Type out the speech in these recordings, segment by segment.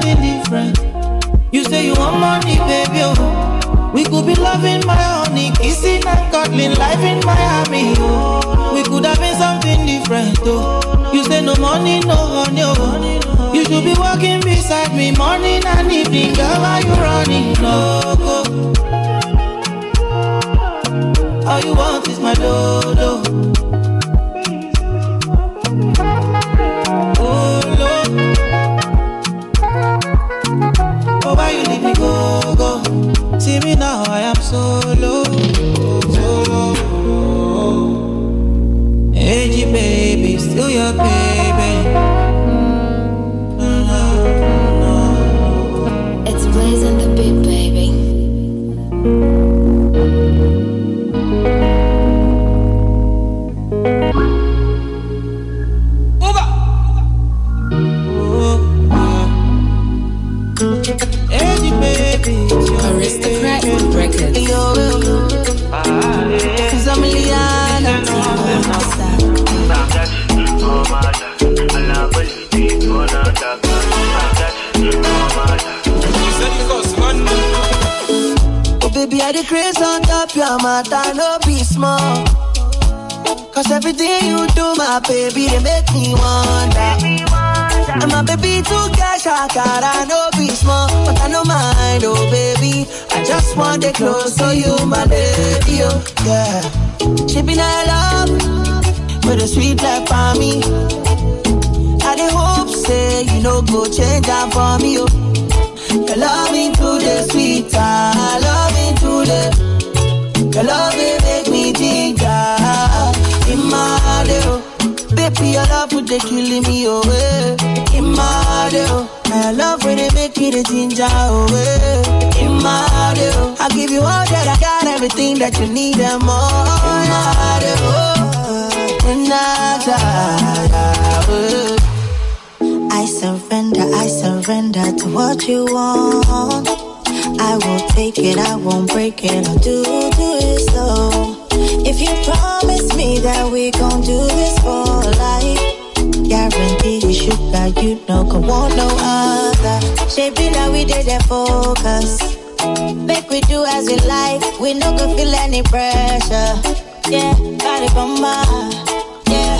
different. You say you want money, baby. Oh. We could be loving my honey, kissing and cuddling, life in Miami. Oh. We could have been something different. Oh. You say no money, no honey. Oh. You should be walking beside me morning and evening. Girl, are you running? No go. All you want is my dodo. see me now, I am solo. Solo. Angie, baby, still your baby. the craze on top your matter, no be small. Cause everything you do, my baby, they make me wonder. And my baby too cash, I got I no be small, but I no mind, oh baby. I just want to close to you, my baby, oh yeah. She be love, with a sweet life for me. I the hope say you know go change that for me, oh. You love me to the sweet, I love it day. Your love will make me ginger. In my heart, oh. Baby, your love would they killing me away. In my heart, oh. My love when they make me the ginger away. Oh, eh. In my heart, oh. I give you all that I got, everything that you need and more. In my heart, oh. When I die, oh, eh. I surrender, I surrender to what you want. I will take it, I won't break it. I'll do, do it slow. If you promise me that we gon' do this for life, guarantee you sugar, you know, can want no other. Shaping now we did that focus. Make we do as we like, we no can feel any pressure. Yeah, got it from my, yeah.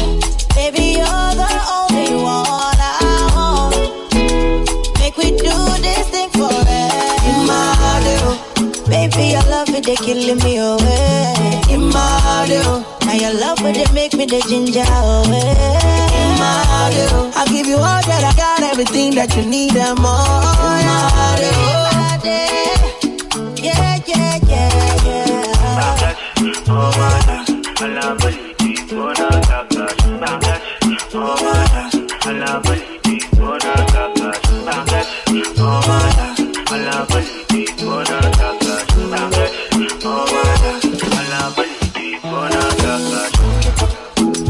Baby, you're the only one. dying for your love, they killing me away. In my heart, oh. Now your love, but they make me the ginger away. In my heart, oh. I give you all that I got, everything that you need and more. In my heart, oh. Yeah, yeah, yeah, yeah. Oh my gosh, I love it. Oh my gosh, oh my gosh, I love it. Oh my gosh, I love it.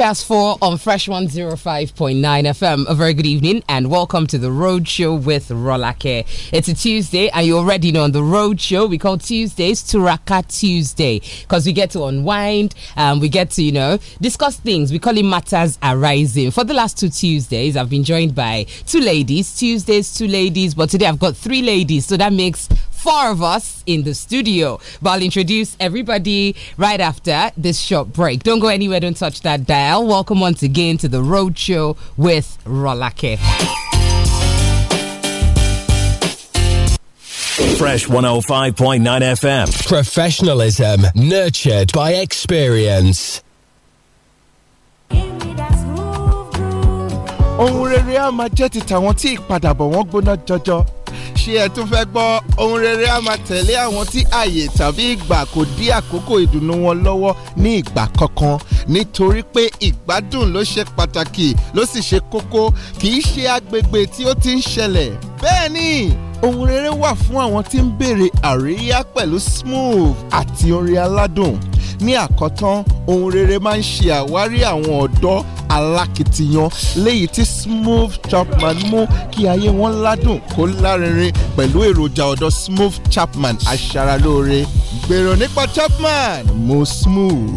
past four on Fresh 105.9 FM. A very good evening and welcome to the Road Show with Rolake. It's a Tuesday and you already know on the Road Show we call Tuesdays Turaka Tuesday because we get to unwind and we get to, you know, discuss things. We call it matters arising. For the last two Tuesdays, I've been joined by two ladies. Tuesdays, two ladies, but today I've got three ladies. So that makes four of us in the studio. But I'll introduce everybody right after this short break. Don't go anywhere, don't touch that dial. Welcome once again to the Road Show with Rolake. Fresh 105.9 FM. Professionalism nurtured by experience. ohun rere á máa jẹ́ ti tàwọn tí ìpadàbọ̀ wọn gbóná jọjọ ṣé ẹ tún fẹ́ gbọ́ ohun rere á máa tẹ̀lé àwọn tí àyè tàbí ìgbà kò dí àkókò ìdùnnú wọn lọ́wọ́ ní ìgbà kankan nítorí pé ìgbádùn ló ṣe pàtàkì ló sì ṣe kókó kì í ṣe agbègbè tí ó ti ń ṣẹlẹ̀ bẹ́ẹ̀ ni ohun rere wà fún àwọn tí ń béèrè àríyá pẹ̀lú smooth àti orin aládùn ní àkọ́tán ohun rere máa ń ṣe àwárí àwọn ọ̀dọ́ alákìtiyan léyìí tí Smooth Chapman mú kí ayé wọn ládùn kó lárinrin pẹ̀lú èròjà ọ̀dọ̀ Smooth Chapman aṣaralóore gbèrò nípa Chapman mo smooth.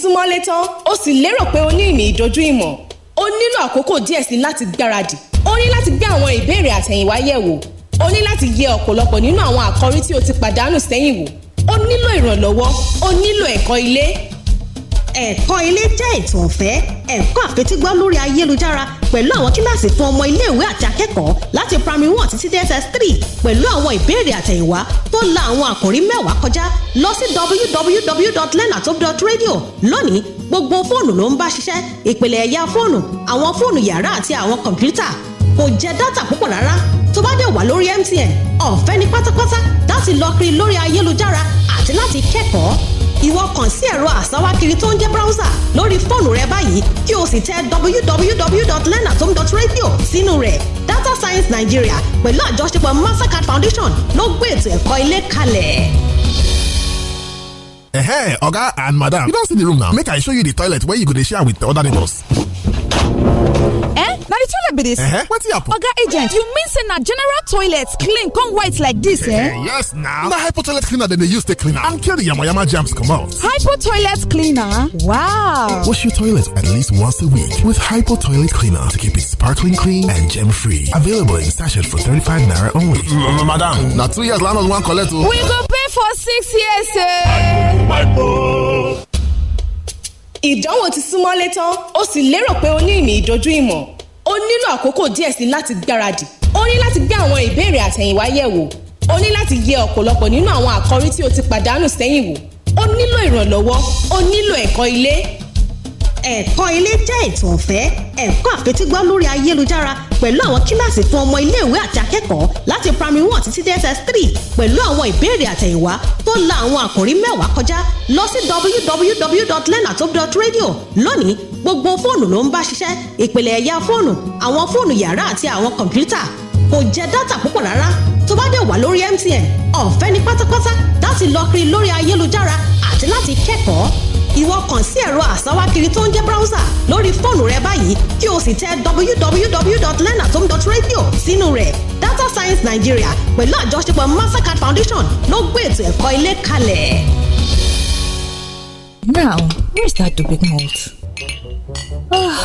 súnmọ́lé tán o sì lérò pé o ní ìmì ìdojú ìmọ̀ o nílò àkókò díẹ̀ sí láti gbáradì o ní láti gbé àwọn ìbéèrè àtẹ̀yìnwá yẹ̀ wò o ní láti yẹ ọ̀pọ̀lọpọ̀ nínú àwọn àkọ́rí tí o ti pàdánù sẹ́yìn wò o nílò ìrànlọ́wọ́ o nílò ẹ̀kọ́ ilé ẹ̀kọ́ ilé jẹ́ ètò ọ̀fẹ́ ẹ̀kọ́ àfetígbọ́ lórí ayélujára pẹ̀lú àwọn kíláàsì fún ọmọ iléèwé àti akẹ́kọ̀ọ́ láti primary one títí dss three pẹ̀lú àwọn ìbéèrè àtẹ̀yìnwá tó la àwọn àkòrí mẹ́wàá kọjá lọ sí www.lenatop.radio lónìí gbogbo fóònù ló ń bá ṣiṣẹ́ ìpìlẹ̀ ẹ̀yà fóònù àwọn fóònù yàrá àti àwọn kọ̀ǹpútà kò jẹ dátà púpọ̀ rárá tó bá dẹ̀ wà lórí MTN ọ̀fẹ́ ní pátápátá láti lọ kiri lórí ayélujára àti láti kẹ́kọ̀ọ́ ìwọ kàn sí ẹ̀rọ àsáwákiri tó ń jẹ́ bíráùsà lórí fóònù rẹ báyìí kí o sì tẹ www.lenatop.radio sínú rẹ̀ dátà science nigeria pẹ̀lú àjọṣepọ̀ mastercard foundation ló gbé ètò ẹ̀kọ́ ilé kalẹ̀. eh oga and madam you don see the room now make i show you the toilet where you go dey share with other neighbors eh na the toilet be dis uh-huh. wetin happen. oga agent you mean say na general toilet clean come white like this, eh? eh yes na na hypo toilet cleaner dem dey use take clean am and kill the yamayama germs comot hypo toilet cleaner wow wash your toilet at least once a week with hypo toilet cleaner to keep it sparkling clean and germ free available in sachet for 35 naira only madam na two years landlord wan collect o oh. we go pay for six years eh ìdánwò ti súnmọ́lé tán o sì lérò pé o ní ìmì ìdojú ìmọ̀ o nílò àkókò díẹ̀ sí láti gbáradì o ní láti gbé àwọn ìbéèrè àtẹ̀yìnwá yẹ̀ wò o ní láti yẹ ọ̀pọ̀lọpọ̀ nínú àwọn àkọ́rí tí o ti pàdánù sẹ́yìn wò o nílò ìrànlọ́wọ́ o nílò ẹ̀kọ́ ilé ẹ̀kọ́ ilé jẹ́ ètò ọ̀fẹ́ ẹ̀kọ́ àfetígbọ́ lórí ayélujára pẹ̀lú àwọn kíláàsì fún ọmọ iléèwé àti akẹ́kọ̀ọ́ láti primary one títí dé ss three pẹ̀lú àwọn ìbéèrè àtẹ̀yìnwá tó la àwọn àkòrí mẹ́wàá kọjá lọ sí www.lenatop.radio lónìí gbogbo fóònù ló ń bá ṣiṣẹ́ ìpìlẹ̀ ẹ̀yà fóònù àwọn fóònù yàrá àti àwọn kọ̀ǹpútà kò jẹ dátà púpọ̀ rárá tó bá dẹ̀ wà lórí MTN ọ̀fẹ́ ní pátápátá láti lọ kiri lórí ayélujára àti láti kẹ́kọ̀ọ́ ìwọ kàn sí ẹ̀rọ àsáwákiri tó ń jẹ́ browser lórí fóònù rẹ báyìí kí o sì tẹ www.learnatom.radio sínú rẹ̀ data science nigeria pẹ̀lú àjọṣepọ̀ mastercard foundation ló gbé ètò ẹ̀kọ́ ilé kalẹ̀. Now, where's that dubic malt? Ah,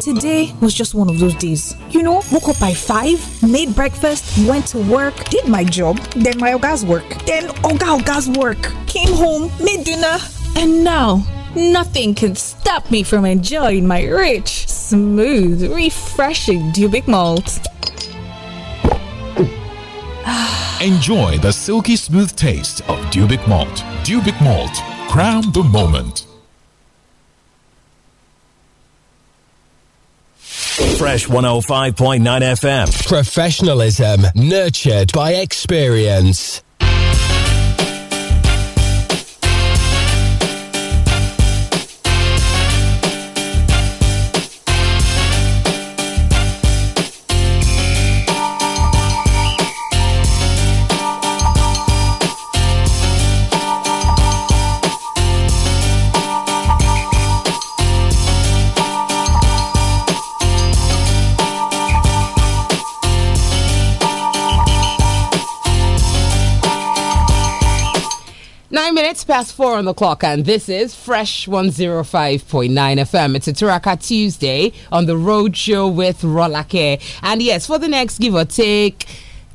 today was just one of those days. You know, woke up by five, made breakfast, went to work, did my job, then my oga's work, then oga oga's work, came home, made dinner And now, nothing can stop me from enjoying my rich, smooth, refreshing Dubic malt. Enjoy the silky smooth taste of Dubic malt. Dubic malt, crown the moment. Fresh 105.9 FM. Professionalism nurtured by experience. past four on the clock, and this is Fresh 105.9 FM. It's a Turaka Tuesday on the road show with Rolake. And yes, for the next give or take,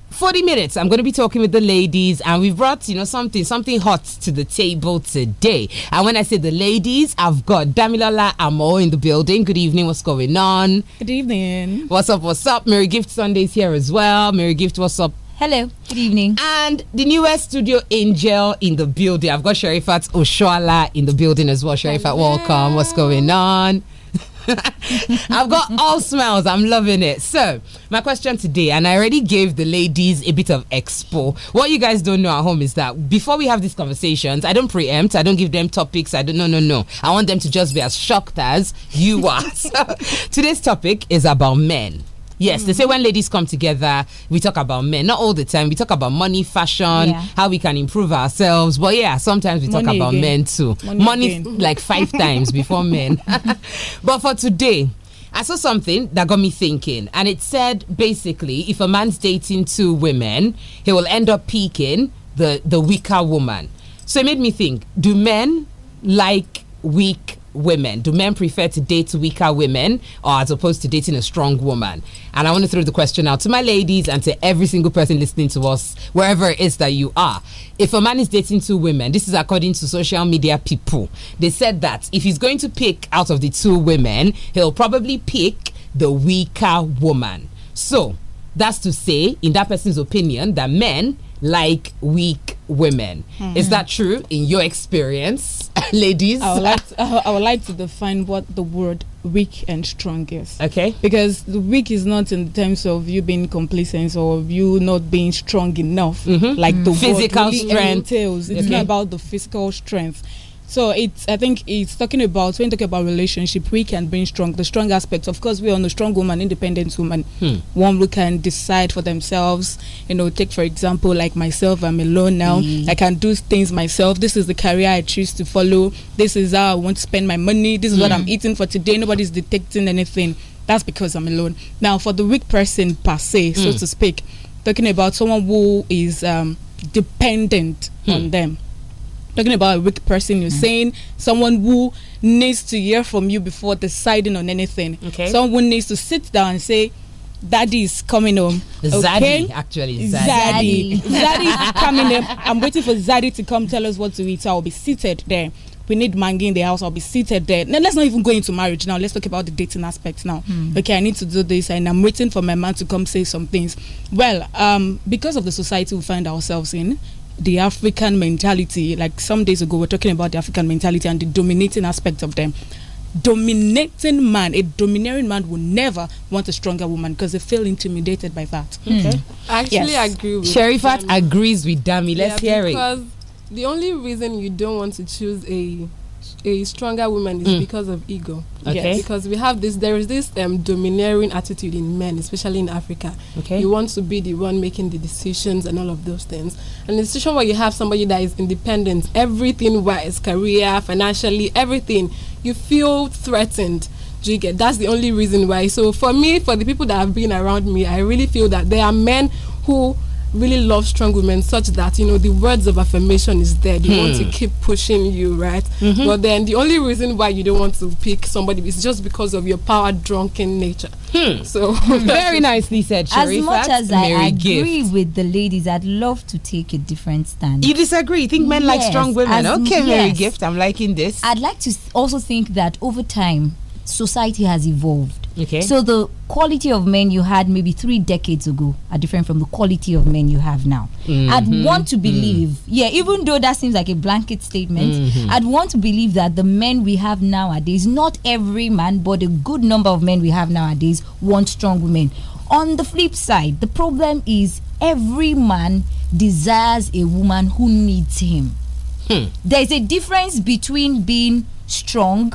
40 minutes i'm going to be talking with the ladies and we've brought you know something something hot to the table today and when i say the ladies i've got damilola amo in the building good evening what's going on good evening what's up what's up mary gift sunday's here as well mary gift what's up Hello, good evening. And the newest studio angel in the building. I've got Sherifat Oshoala in the building as well. Sherifat, welcome. What's going on? I've got all smiles. I'm loving it. So, my question today, and I already gave the ladies a bit of expo. What you guys don't know at home is that before we have these conversations, I don't preempt, I don't give them topics. I don't, no, no, no. I want them to just be as shocked as you are. so, today's topic is about men. Yes, mm. they hmm. say when ladies come together, we talk about men. Not all the time. We talk about money, fashion, yeah. how we can improve ourselves. But yeah, sometimes we money talk about again. men too. Money, money like five times before men. but for today, I saw something that got me thinking, and it said basically, if a man's dating two women, he will end up picking the the weaker woman. So it made me think: Do men like weak women? Do men prefer to date weaker women or as opposed to dating a strong woman? And I want to throw the question out to my ladies and to every single person listening to us, wherever it is that you are. If a man is dating two women, this is according to social media people. They said that if he's going to pick out of the two women, he'll probably pick the weaker woman. So, that's to say, in that person's opinion, that men like weak women. Mm -hmm. Is that true in your experience, ladies? I would, like to, I would like to define what the word weak and strong is. Okay. Because the weak is not in terms of you being complacent or you not being strong enough, mm -hmm. like the mm-hmm. physical word really strength entails. It's okay. not about the physical strength so it's I think it's talking about when talking about relationship, we can bring strong the strong aspects. Of course, we are a strong woman, independent woman, hmm. one who can decide for themselves. You know, take for example like myself, I'm alone now. Mm. I can do things myself. This is the career I choose to follow. This is how I want to spend my money. This is mm. what I'm hmm. eating for today. Nobody's detecting anything. That's because I'm alone. Now, for the weak person per se, mm. so hmm. to speak, talking about someone who is um, dependent on hmm. them talking about a weak person, you're mm saying someone who needs to hear from you before deciding on anything. Okay. Someone needs to sit down and say, Daddy is coming home. Okay? actually. Zaddy. Zaddy. is coming home. I'm waiting for Zaddy to come tell us what to eat. I'll be seated there. We need mangi in the house. I'll be seated there. Now, let's not even go into marriage now. Let's talk about the dating aspect now. Mm. Okay, I need to do this, and I'm waiting for my man to come say some things. Well, um, because of the society we find ourselves in, the African mentality. Like some days ago, we we're talking about the African mentality and the dominating aspect of them. Dominating man, a domineering man will never want a stronger woman because they feel intimidated by that. Hmm. Okay. Mm. I actually yes. agree with Sherifat agrees with Dami. Let's yeah, hear it. Because the only reason you don't want to choose a a stronger woman is mm. because of ego. Okay. Yes. Because we have this, there is this um, domineering attitude in men, especially in Africa. Okay. You want to be the one making the decisions and all of those things. And the situation where you have somebody that is independent, everything wise, career, financially, everything, you feel threatened. Do you get? That's the only reason why. So for me, for the people that have been around me, I really feel that there are men who really love strong women such that you know the words of affirmation is there they hmm. want to hmm. keep pushing you right mm -hmm. but then the only reason why you don't want to pick somebody is just because of your power drunken nature hmm. so hmm. very nicely said Sherry. as much as i agree gift. with the ladies i'd love to take a different stand you disagree you think men yes, like strong women okay yes. Mary gift i'm liking this i'd like to also think that over time society has evolved. Okay. So the quality of men you had maybe three decades ago are different from the quality of men you have now. Mm -hmm. I'd mm-hmm. want to mm. believe, mm. yeah, even though that seems like a blanket statement, mm -hmm. I'd want to believe that the men we have nowadays, not every man, but a good number of men we have nowadays want strong women. On the flip side, the problem is every man desires a woman who needs him. Hmm. There's a difference between being strong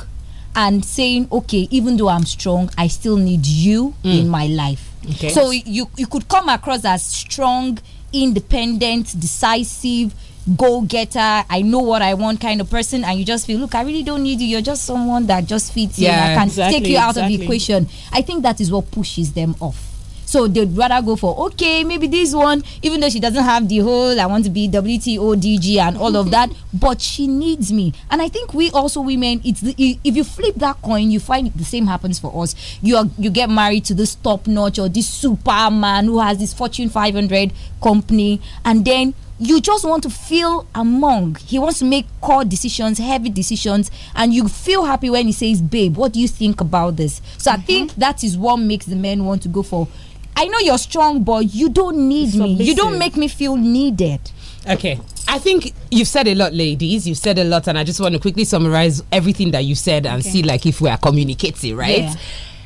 and saying, okay, even though I'm strong, I still need you mm. in my life. Okay. So you you could come across as strong, independent, decisive, go getter, I know what I want kind of person, and you just feel, look, I really don't need you. You're just someone that just fits yeah, in. I can exactly, take you out exactly. of the equation. I think that is what pushes them off. So they'd rather go for okay, maybe this one, even though she doesn't have the whole I want to be WTO DG and all of that, but she needs me. And I think we also women, it's the, if you flip that coin, you find the same happens for us. You are, you get married to this top notch or this superman who has this Fortune 500 company, and then you just want to feel among. He wants to make core decisions, heavy decisions, and you feel happy when he says, Babe, what do you think about this? So mm -hmm. I mm-hmm. think that is what makes the men want to go for I know you're strong, but you don't need me. You don't make me feel needed. Okay. I think you've said a lot, ladies. You've said a lot, and I just want to quickly summarize everything that you said and okay. see like if we are communicating, right? Yeah.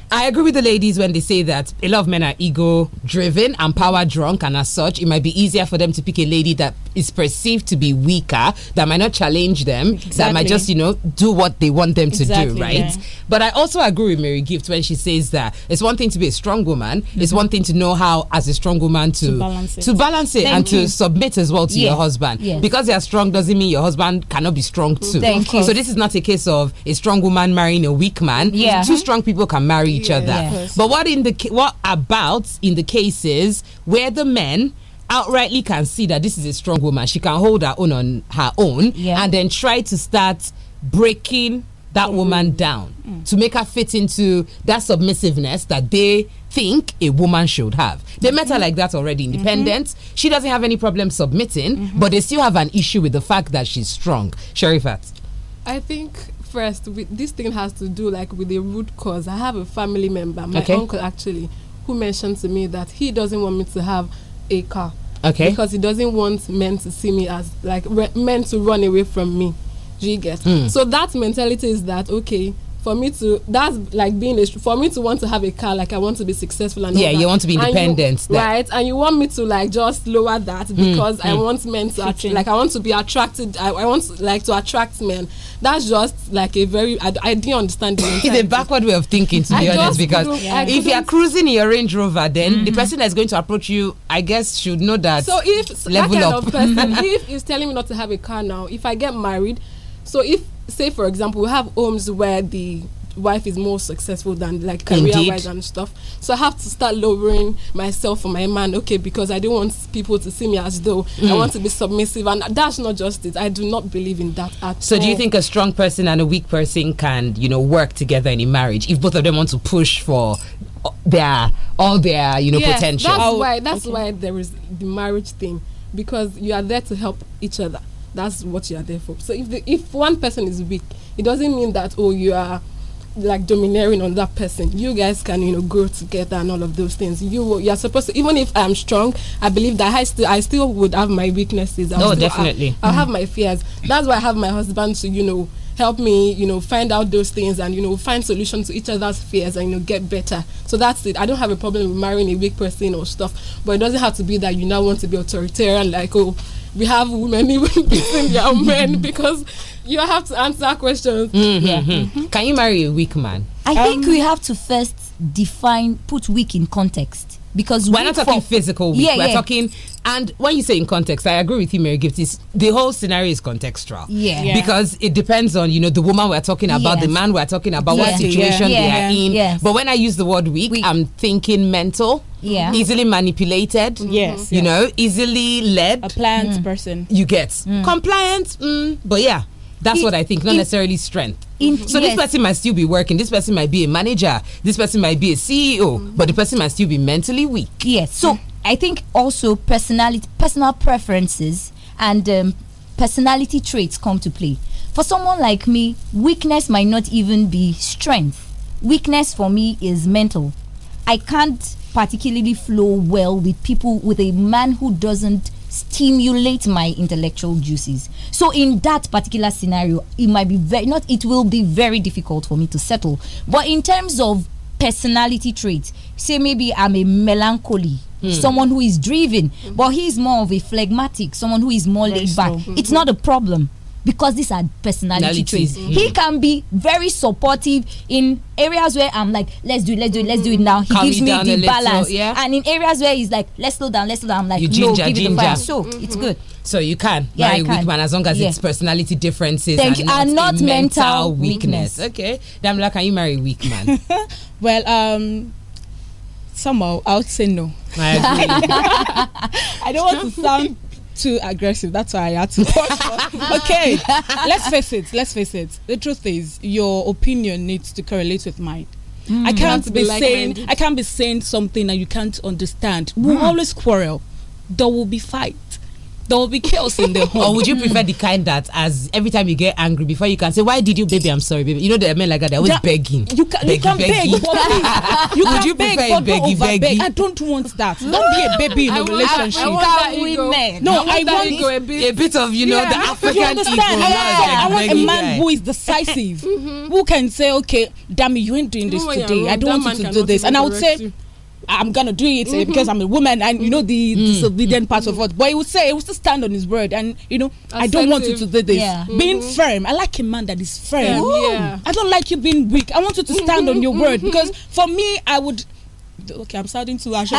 I agree with the ladies when they say that a lot of men are ego driven and power drunk, and as such, it might be easier for them to pick a lady that is perceived to be weaker, that might not challenge them, exactly. that might just, you know, do what they want them exactly, to do, right? Yeah. But I also agree with Mary Gift when she says that it's one thing to be a strong woman, mm -hmm. it's mm-hmm. one thing to know how, as a strong woman, to, to balance it, to balance it and you. to submit as well to your husband. Yes. Because they are strong doesn't mean your husband cannot be strong too. Thank so, you. this is not a case of a strong woman marrying a weak man. Yeah. Two strong people can marry each other. But what in the what about in the cases where the men outrightly can see that this is a strong woman, she can hold her own on her own, yeah. and then try to start breaking that mm-hmm. woman down mm. to make her fit into that submissiveness that they think a woman should have. They mm -hmm. met her mm-hmm. like that already, mm-hmm. independent. Mm -hmm. She doesn't have any problem submitting, -hmm. but they still have an issue with the fact that she's strong. Sherifat. I think first, we, this thing has to do like with the root cause. I have a family member, my okay. uncle actually, who mentioned to me that he doesn't want me to have a car. Okay. Because he doesn't want men to see me as like men to run away from me. Do you get? Mm. So that mentality is that okay? for me to that's like being a for me to want to have a car like i want to be successful and yeah you want to be independent and you, right and you want me to like just lower that mm, because mm, i mm. want men to attract like i want to be attracted I, I, want to, like to attract men that's just like a very i, I didn't understand it's a backward way of thinking to be I honest because yeah. if you're cruising your range rover then mm -hmm. the mm-hmm. person that's going to approach you i guess should know that so if level that kind up. of person if he's telling me not to have a car now if i get married so if say for example we have homes where the wife is more successful than like career wise and stuff. So I have to start lowering myself for my man, okay, because I don't want people to see me as though mm. I want to be submissive and that's not justice. I do not believe in that at so all. So do you think a strong person and a weak person can, you know, work together in a marriage if both of them want to push for their all their, you know, yes, potential? That's oh, why that's okay. why there is the marriage thing. Because you are there to help each other that's what you are there for so if the, if one person is weak it doesn't mean that oh you are like domineering on that person you guys can you know grow together and all of those things you you're supposed to even if i'm strong i believe that i still i still would have my weaknesses oh, I'll no definitely i mm. have my fears that's why i have my husband to you know help me, you know, find out those things and, you know, find solutions to each other's fears and, you know, get better. So that's it. I don't have a problem with marrying a weak person or stuff, but it doesn't have to be that you now want to be authoritarian, like, oh, we have women even beating their men because you have to answer questions. Mm -hmm. Yeah. Mm -hmm. Can you marry a weak man? I um, think we have to first define, put weak in context because we're not talking for, physical week. Yeah, we're yeah. talking and when you say in context, I agree with you, Mary Gift. Is the whole scenario is contextual. Yeah. yeah. Because it depends on you know the woman we're talking about, the man we're talking about, what situation they are in. Yes. But when I use the word weak, weak. I'm thinking mental. Yeah. Easily manipulated. Mm-hmm. Yes. You yes. know, easily led. A planned mm. person. You get mm. compliant. Mm, but yeah that's what I think, not necessarily strength. In, so yes. this person might still be working. This person might be a manager. This person might be a CEO, mm. but the person might still be mentally weak. Yes. So I think also personality, personal preferences, and um, personality traits come to play. For someone like me, weakness might not even be strength. Weakness for me is mental. I can't particularly flow well with people with a man who doesn't stimulate my intellectual juices. So in that particular scenario, it might be very not it will be very difficult for me to settle. But in terms of personality traits, say maybe I'm a melancholy Mm. someone who is driven, mm -hmm. but he's more of a phlegmatic, someone who is more laid back. Mm -hmm. It's not a problem because these are personality traits. Mm. He can be very supportive in areas where I'm like, let's do it, let's do it, let's do it now. He Calm gives me, the balance. Little, yeah. And in areas where he's like, let's slow down, let's slow down. I'm like, you ginger, no, give ginger. it the fire. So mm -hmm. it's good. So you can yeah, marry a weak man as long as yeah. it's personality differences Thank and, you. Not, not mental, mental weakness. weakness. Okay. Damla, can you marry a weak man? well, um, somehow I would say no. I, I don't want to sound too aggressive. That's why I had to. okay, let's face it. Let's face it. The truth is, your opinion needs to correlate with mine. Mm, I can't be, like saying minded. I can't be saying something that you can't understand. We'll mm. always quarrel. There will be fight there will be chaos in the home. or would you prefer the kind that, as every time you get angry, before you can say, "Why did you, baby? I'm sorry, baby." You know the men like that. They're always that, begging. You can, you can beg. you can you beg, but beggy, don't beggy? I don't want that. Don't be a baby in a relationship. I, I no, I want, I want a, bit, a, bit, of you know yeah, the African ego. Yeah, I want a man who is decisive, mm-hmm. who can say, "Okay, damn it, you ain't doing this today. I don't want you to do this," and I would say I'm gonna do it mm -hmm. because I'm a woman and you know the mm. disobedient part of mm. us. But he would say he would still stand on his word and you know I don't want you to do this. Yeah. Being mm-hmm. firm, I like a man that is firm. Yeah. I don't like you being weak. I want you to mm-hmm. stand on your mm-hmm. word because for me I would okay, I'm starting to. okay.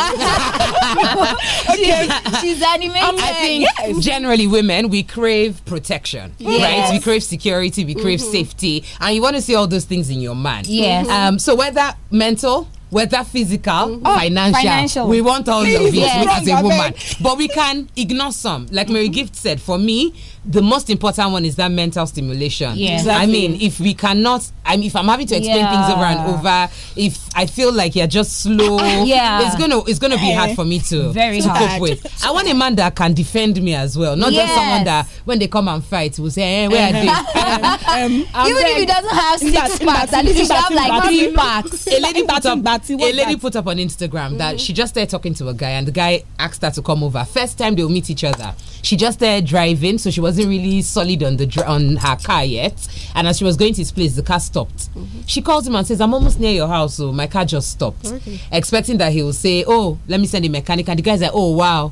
She's, she's animated. I think yes. generally women we crave protection, yes. right? We crave security, we crave mm -hmm. safety, and you want to see all those things in your man. Yes. Um. So whether mental, whether physical, mm-hmm. oh, financial, financial, we want all Please of it yes. as a woman. but we can ignore some. Like Mary mm-hmm. Gift said, for me, the most important one is that mental stimulation. Yeah. Exactly. I mean, if we cannot, I mean, if I'm having to explain yeah. things over and over, if I feel like you're just slow, yeah. it's gonna it's gonna be eh. hard for me to, Very to hard. cope with. I want a man that can defend me as well, not yes. just someone that when they come and fight will say, hey, eh, where are they? um, um, Even then, if he doesn't have six packs, at least he have like three packs. A lady put up Party. What's a lady that? put up on Instagram mm. that she just there talking to a guy, and the guy asked her to come over. First time they'll meet each other. She just there driving, so she wasn't really solid on the on her car yet. And as she was going to his place, the car stopped. Mm -hmm. She calls him and says, "I'm almost near your house, so my car just stopped." Okay. Expecting that he will say, "Oh, let me send the mechanic," and the guy's like, "Oh wow."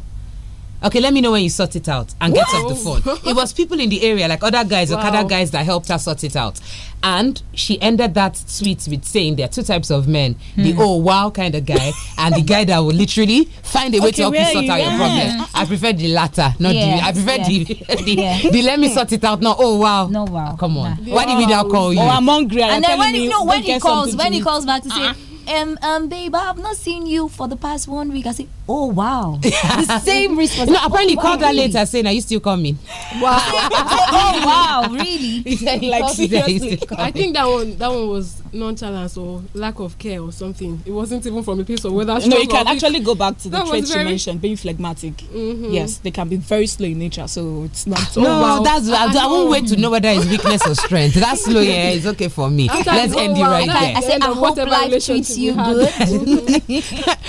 okay, let me know when you sort it out and Whoa. get off the phone. it was people in the area, like other guys, wow. other guys that helped her sort it out. And she ended that tweet with saying there are two types of men the hmm. oh wow kind of guy and the guy that will literally find a way okay, to help you sort you? out yeah. your problem. I prefer the latter, not yes, the I prefer yes. the, the, the, let me sort it out, not oh wow. No wow. come on. Nah. Why did we now call you? Oh, I'm hungry. And, and then when you know when he calls, when he calls back to say, uh um, um, babe, I've not seen you for the past one week. I say, oh, wow. the same response. No, apparently oh, called her really? later saying, are you still coming? Wow. oh, wow, really? like, seriously. I think that one, that one was nonchalance or lack of care or something. It wasn't even from a piece of weather. No, you can actually go back to the trait you mentioned, being phlegmatic. Mm -hmm. Yes, they can be very slow in nature, so it's not. Oh, no, oh, wow. that's I, I, I won't wait to know whether it's weakness or strength. That's slow. Yeah, it's okay for me. Let's end it right I, there. I, I I hope life treats you good.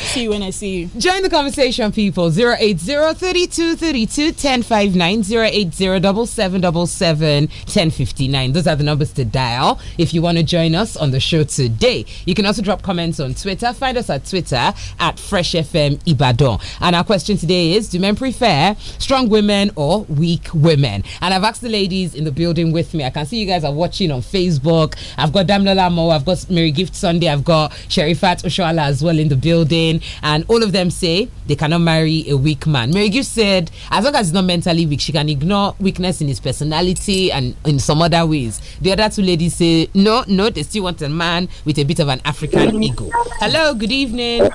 see you when I see you. Join the conversation, people. 080-3232-1059, Those are the numbers to dial if you want to join us on the show today. You can also drop comments on Twitter. Find us at Twitter at Fresh FM Ibadan. And our question today is, do men prefer strong women or weak women? And I've asked the ladies in the building with me. I can see you guys are watching on Facebook. I've got Damla Lamo. I've got Mary Gift Sunday. I've got Sherifat Oshoala as well in the building, and all of them say they cannot marry a weak man. Mary Gibbs said, as long as he's not mentally weak, she can ignore weakness in his personality and in some other ways. The other two ladies say, no, no, they still want a man with a bit of an African ego. Hello, good evening.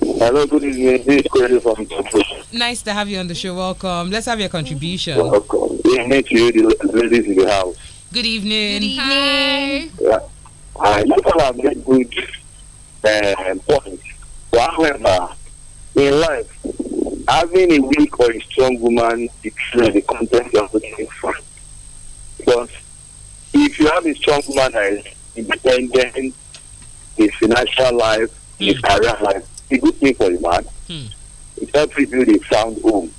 Hello, good evening. This is from Nice to have you on the show. Welcome. Let's have your contribution. Welcome. Evening you, the ladies in the house. Good evening. Good evening. Hi. Yeah. I have good uh, point. I however, in life, having a weak or a strong woman depends the context you're looking for. Because if you have a strong woman that is independent, the financial life, mm. the career life, it's a good thing for a man. Mm. It helps you build a sound home.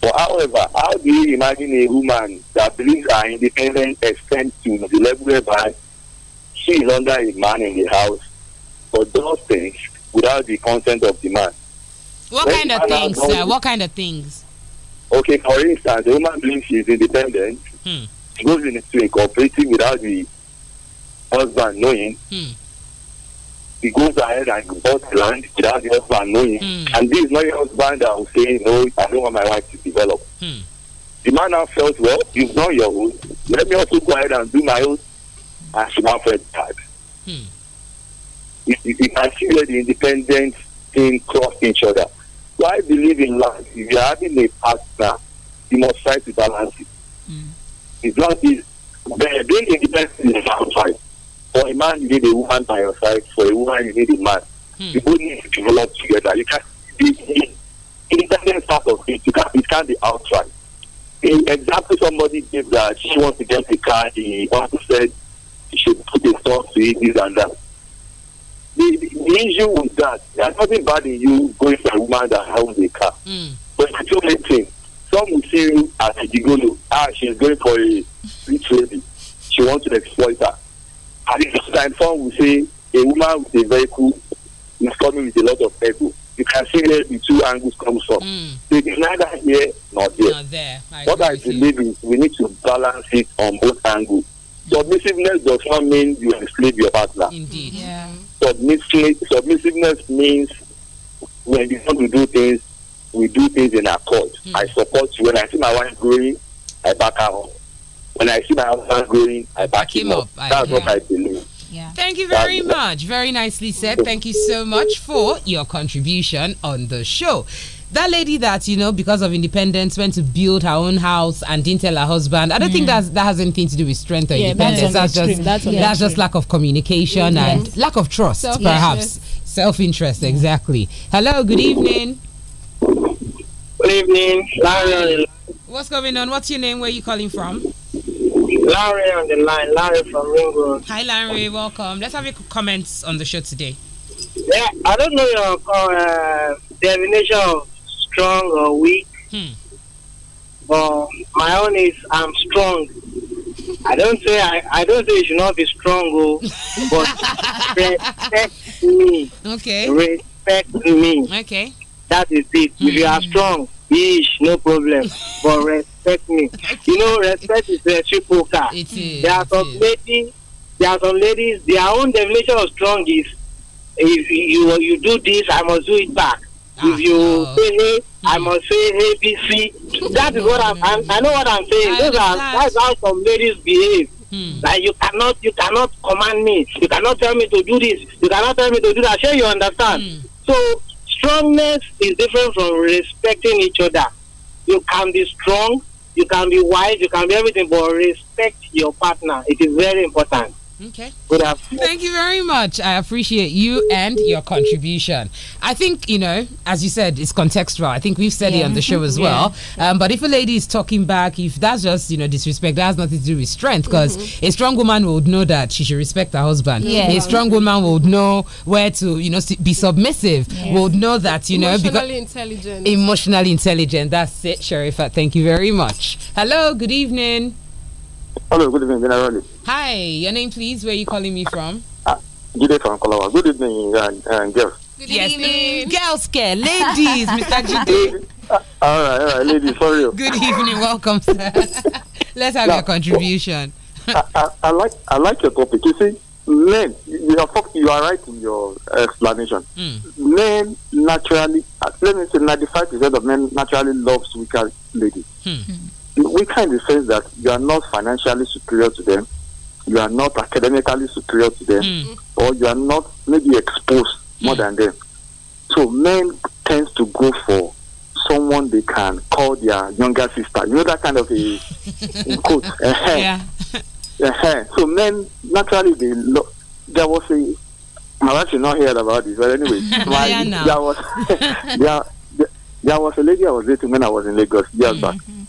But however, how do you imagine a woman that believes her independence extends to the level whereby she is under a man in the house for those things without the consent of the man. What when kind of things, sir? What kind of things? Okay, for instance, a woman believes she is independent. Hmm. She goes into a cooperative without the husband knowing. Hmm. He goes ahead and bought land without the husband knowing. Hmm. And this is not your husband that will say, No, I don't want my wife to develop. Hmm. The man now felt, Well, you've done your own. Let me also go ahead and do my own. And she now felt bad. Hmm you, you, you can the independent thing cross each other. So I believe in life, if you're having a partner, you must try to balance it. Mm. It's not Being independent is downside. For a man, you need a woman by your side. For a woman, you need a man. Mm. You both need to develop together. You can't the independent part of it, you can't, it can't be outside. In example, somebody gave that she wants to get a car, He wants to say she should put a stop to it, this and that issue with that, there's nothing bad in you going for a woman that owns a car. Mm. But it's the only thing. Some will see you as a gigolo. Ah, she's going for a rich lady. She wants to exploit her. At the same time, some will say a woman with a vehicle is coming with a lot of people. You can see where the two angles come from. Mm. it's neither here nor there. Not there. I what I believe is we need to balance it on both angles submissiveness does not mean you enslave your partner. Indeed. Yeah. Submissive, submissiveness means when you want to do things, we do things in accord. Mm. I support you. When I see my wife growing, I back her up. When I see my husband growing, I back, him, up. up. That's I, what yeah. I believe. Yeah. Thank you very much. Very nicely said. Thank you so much for your contribution on the show that lady that you know because of independence went to build her own house and didn't tell her husband i don't mm. think that that has anything to do with strength or yeah, independence that's, that's just that's, that's just lack of communication yes. Mm-hmm. and lack of trust self perhaps self-interest exactly hello good evening good evening larry what's going on what's your name where are you calling from larry on the line larry from ringwood hi larry welcome let's have your comments on the show today yeah i don't know your uh, definition of strong or weak. Hmm. But um, my own is I'm strong. I don't say I, I don't say you should not be strong, oh, but respect me. Okay. Respect me. Okay. That is it. If you are hmm. strong, ish, no problem. but respect me. You know, respect is reciprocal. It is. There are some ladies. There are some ladies. Their own definition of strong is, if you you do this, I must do it back if ah, you say hey i mm. must say hey that is what i'm, I'm i know what i'm saying those are that's how some ladies behave Hmm. Like you cannot, you cannot command me. You cannot tell me to do this. You cannot tell me to do that. Sure, you understand. Hmm. So strongness is different from respecting each other. You can be strong, you can be wise, you can be everything, but respect your partner. It is very important. Okay. Good afternoon. Thank you very much. I appreciate you and your contribution. I think, you know, as you said, it's contextual. I think we've said yeah. it on the show as yeah. well. Um, but if a lady is talking back, if that's just, you know, disrespect, that has nothing to do with strength because mm -hmm. a strong woman would know that she should respect her husband. Yeah. A strong woman would know where to, you know, be submissive, yes. would know that, you know, emotionally Intelligent. Emotionally intelligent. That's it, Sharifa. Thank you very much. Hello, good evening. Hello, good evening, General. Hi, your name, please. Where are you calling me from? Uh, Jide from Kolawa. Good evening, and, uh, and uh, girls. Good yes, evening. girls, care, ladies, Mr. Jide. Ah, all right, all right, ladies, for you. Good evening, welcome, sir. Let's have now, your contribution. I, I, I, like I like your topic. You see, men, you are you are right in your explanation. Mm. Men naturally, let me say, ninety five percent of men naturally loves weaker ladies. Hmm. Hmm weaker in the sense that you are not financially superior to them, you are not academically superior to them, mm. or you are not maybe exposed more hmm. than them. So men tend to go for someone they can call their younger sister. You know that kind of a quote. Uh-huh. Yeah. Uh-huh. So men naturally they lo- there was a I've actually not heard about this, but anyway, my, there was yeah, there, there, was a lady I was dating when I was in Lagos years mm-hmm. back hmm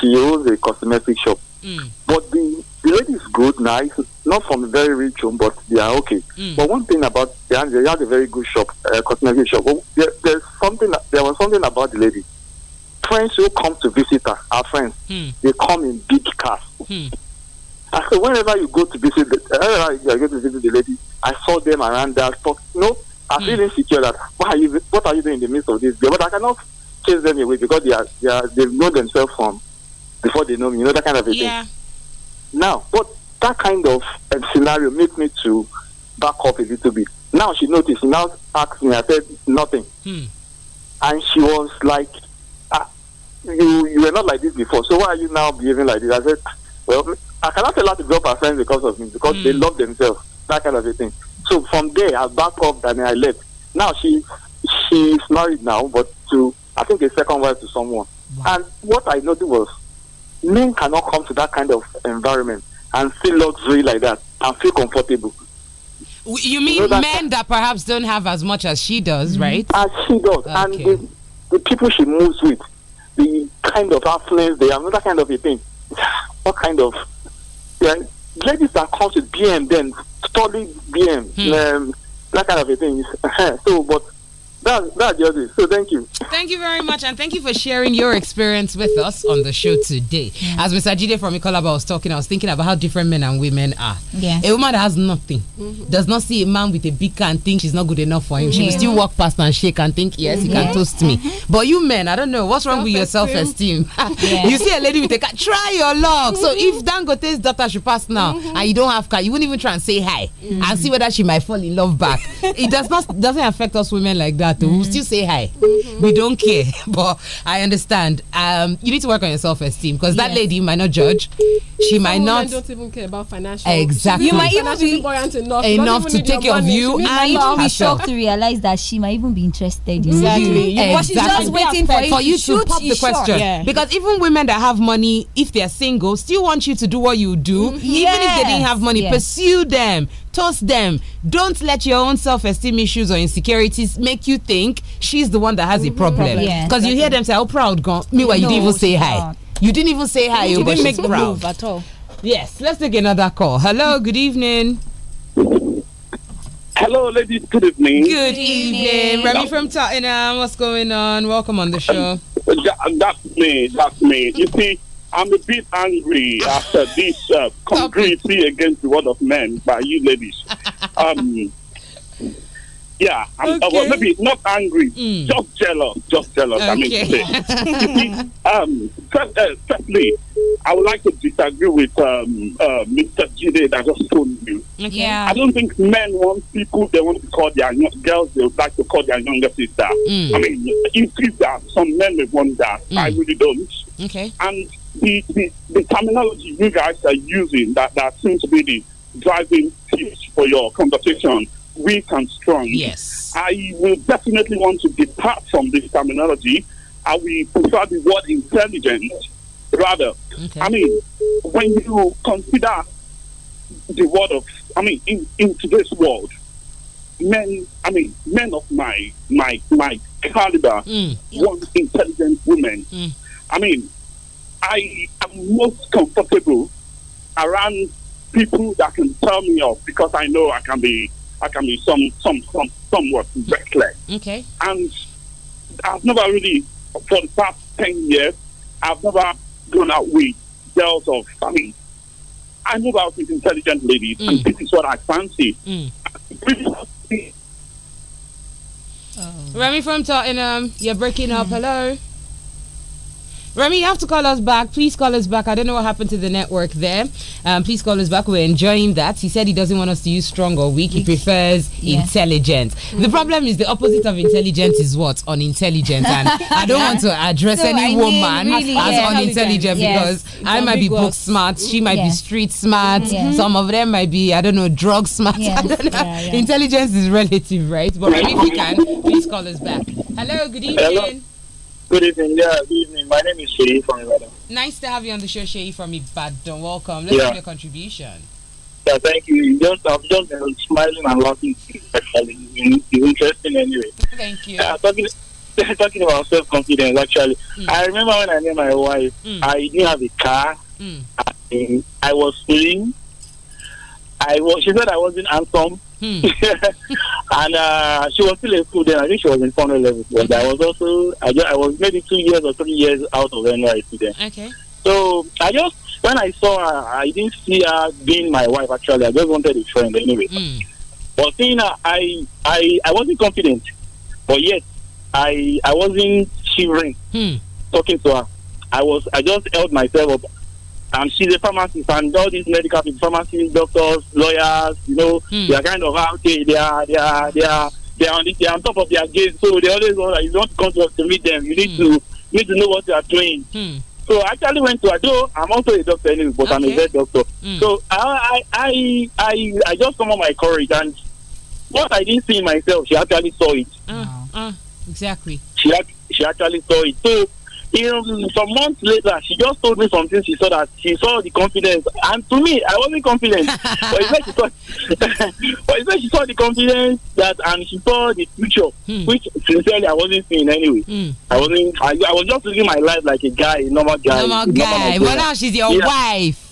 she owns a cosmetic shop. Mm. But the, the lady is good, nice, not from a very rich home, but they are okay. Mm. But one thing about the Andrea, they had a very good shop, uh, cosmetic shop. But there, there's something, there was something about the lady. Friends who come to visit her, our friends, mm. they come in big cars. Mm. I said, whenever you go to visit, the, whenever you go to visit the lady, I saw them around there. I you no, I feel mm. insecure that what are you, what are you doing in the midst of this? But I cannot chase them away because they are, they are they know themselves from before they know me, you know, that kind of a yeah. thing. Now, but that kind of um, scenario made me to back up a little bit. Now she noticed, now asked me, I said nothing. Hmm. And she was like, ah, you, you were not like this before, so why are you now behaving like this? I said, well, I cannot allow to drop her friends because of me, because hmm. they love themselves, that kind of a thing. So from there, I backed up and I left. Now she she's married now, but to I think a second wife to someone. Wow. And what I noticed was men cannot come to that kind of environment and feel luxury like that and feel comfortable. You mean you know that men that perhaps don't have as much as she does, mm-hmm. right? As she does, okay. and the, the, people she moves with, the kind of affluence they have, that kind of a thing. What kind of yeah, ladies that come to BM then solid BM, hmm. um, that kind of a thing. so, but that, that just it. So thank you. Thank you very much, and thank you for sharing your experience with us on the show today. As Mr. Jide from Ikolaba was talking, I was thinking about how different men and women are. Yes. A woman that has nothing mm -hmm. does not see a man with a big car and think she's not good enough for him. She will still walk past and shake and think, yes, he can toast me. Mm-hmm. But you men, I don't know what's wrong with your self-esteem. You see a lady with a car, try your luck. So if mm-hmm. Dangote's daughter should pass now mm-hmm. and you don't have car, you wouldn't even try and say hi and see whether she might fall in love back. it does not doesn't affect us women like that. Lato. Mm. Mm-hmm. We'll still say hi. Mm-hmm. We don't care. But I understand. Um, you need to work on your self esteem because yes. that lady might not judge. She Some might not. don't even care about financial. Exactly. You might even be enough, enough to take care of you. and You might even be shocked to realize that she might even be interested in exactly. you. Exactly. But she's just waiting for, for you to pop the question. Yeah. Because even women that have money, if they're single, still want you to do what you do. Mm-hmm. Even if they didn't have money, yes. pursue them toss them. Don't let your own self esteem issues or insecurities make you think she's the one that has mm -hmm. a problem. Because yeah, you hear them say, Oh, proud girl. Meanwhile, no, you didn't even say hi. Not. You didn't even say hi. You didn't make proud. Move at all. Yes, let's take another call. Hello, good evening. Hello, ladies. Good evening. Good, evening. Remy from Tottenham. What's going on? Welcome on the show. That, that's me. That's me. You see, I'm a bit angry after this uh, conspiracy against the word of men by you ladies. Um, yeah, I'm, uh, okay. maybe not angry, mm. just jealous, just jealous. Okay. I mean, um, uh, firstly, I would like to disagree with um, uh, Mr. Jide that just told you. Yeah. I don't think men want people they want to call their girls they would like to call their younger sister. Mm. I mean, if it's that, some men may want that. Mm. I really don't. Okay. And the, the, the terminology you guys are using that that seems to be the driving force for your conversation weak and strong. Yes. I will definitely want to depart from this terminology. I will prefer the word intelligent rather. Okay. I mean, when you consider the word of, I mean, in, in today's world, men, I mean, men of my my my caliber mm. want intelligent women. Mm. I mean, I am most comfortable around people that can tell me off because I know I can be I can be some, some, some, somewhat reckless. Okay. And I've never really, for the past 10 years, I've never gone out with girls of, I mean, I move out with intelligent ladies, mm. and this is what I fancy. Mm. oh. Remy from Tottenham, um, you're breaking mm. up. Hello. Remy, you have to call us back. Please call us back. I don't know what happened to the network there. Um, please call us back. We're enjoying that. He said he doesn't want us to use strong or weak. He prefers yeah. intelligent. Mm. The problem is the opposite of intelligence is what? Unintelligent. And I don't want to address so, any I woman mean, really, as yeah. unintelligent yes. because I might be book smart, she might be street smart, mm -hmm. some of them might be, I don't know, drug smart. Yes. Know. Intelligence is relative, right? But Remy, if you can, please call us back. Hello, good evening. Hello. Good evening. Yeah, good evening. My name is Sheyi from Ibadan. Nice to have you on the show, Sheyi from Ibadan. Welcome. Let's yeah. have your contribution. Yeah, thank you. you just, I'm just uh, smiling and laughing. Actually, it's interesting anyway. Thank you. talking, talking about self confidence, actually, mm. I remember when I met my wife, mm. I didn't have a car. Mm. I, I was swimming. I was. She said I wasn't handsome. Hmm. and uh, she was still in school then. I think she was in final level. But I was also, I, just, I was maybe two years or three years out of NYC then. Okay. So I just, when I saw her, I didn't see her being my wife actually. I just wanted a friend anyway. Hmm. But seeing her, I, I, I wasn't confident. But yet, I, I wasn't shivering hmm. talking to her. I was, I just held myself up and she's a pharmacist, and all these medical people, pharmacists, doctors, lawyers, you know, mm. they are kind of out there, they are, they are, they are, they are on, this, they are on top of their game, so they always want like, you don't come to, to meet them, you need mm. to you need to know what you are doing. Mm. So I actually went to Ado. I'm also a doctor anyway, but okay. I'm a vet doctor. Hmm. So I, I I I just summoned my courage, and what I didn't see myself, she actually saw it. Uh, uh, exactly. She she actually saw it. So um, some months later, she just told me something. She saw that she saw the confidence, and to me, I wasn't confident. but it's like she saw, but it's like she saw the confidence that, and she saw the future, mm. which sincerely I wasn't seeing anyway. Hmm. I wasn't. I, I, was just living my life like a guy, a normal guy, normal guy. Normal but now she's your yeah. wife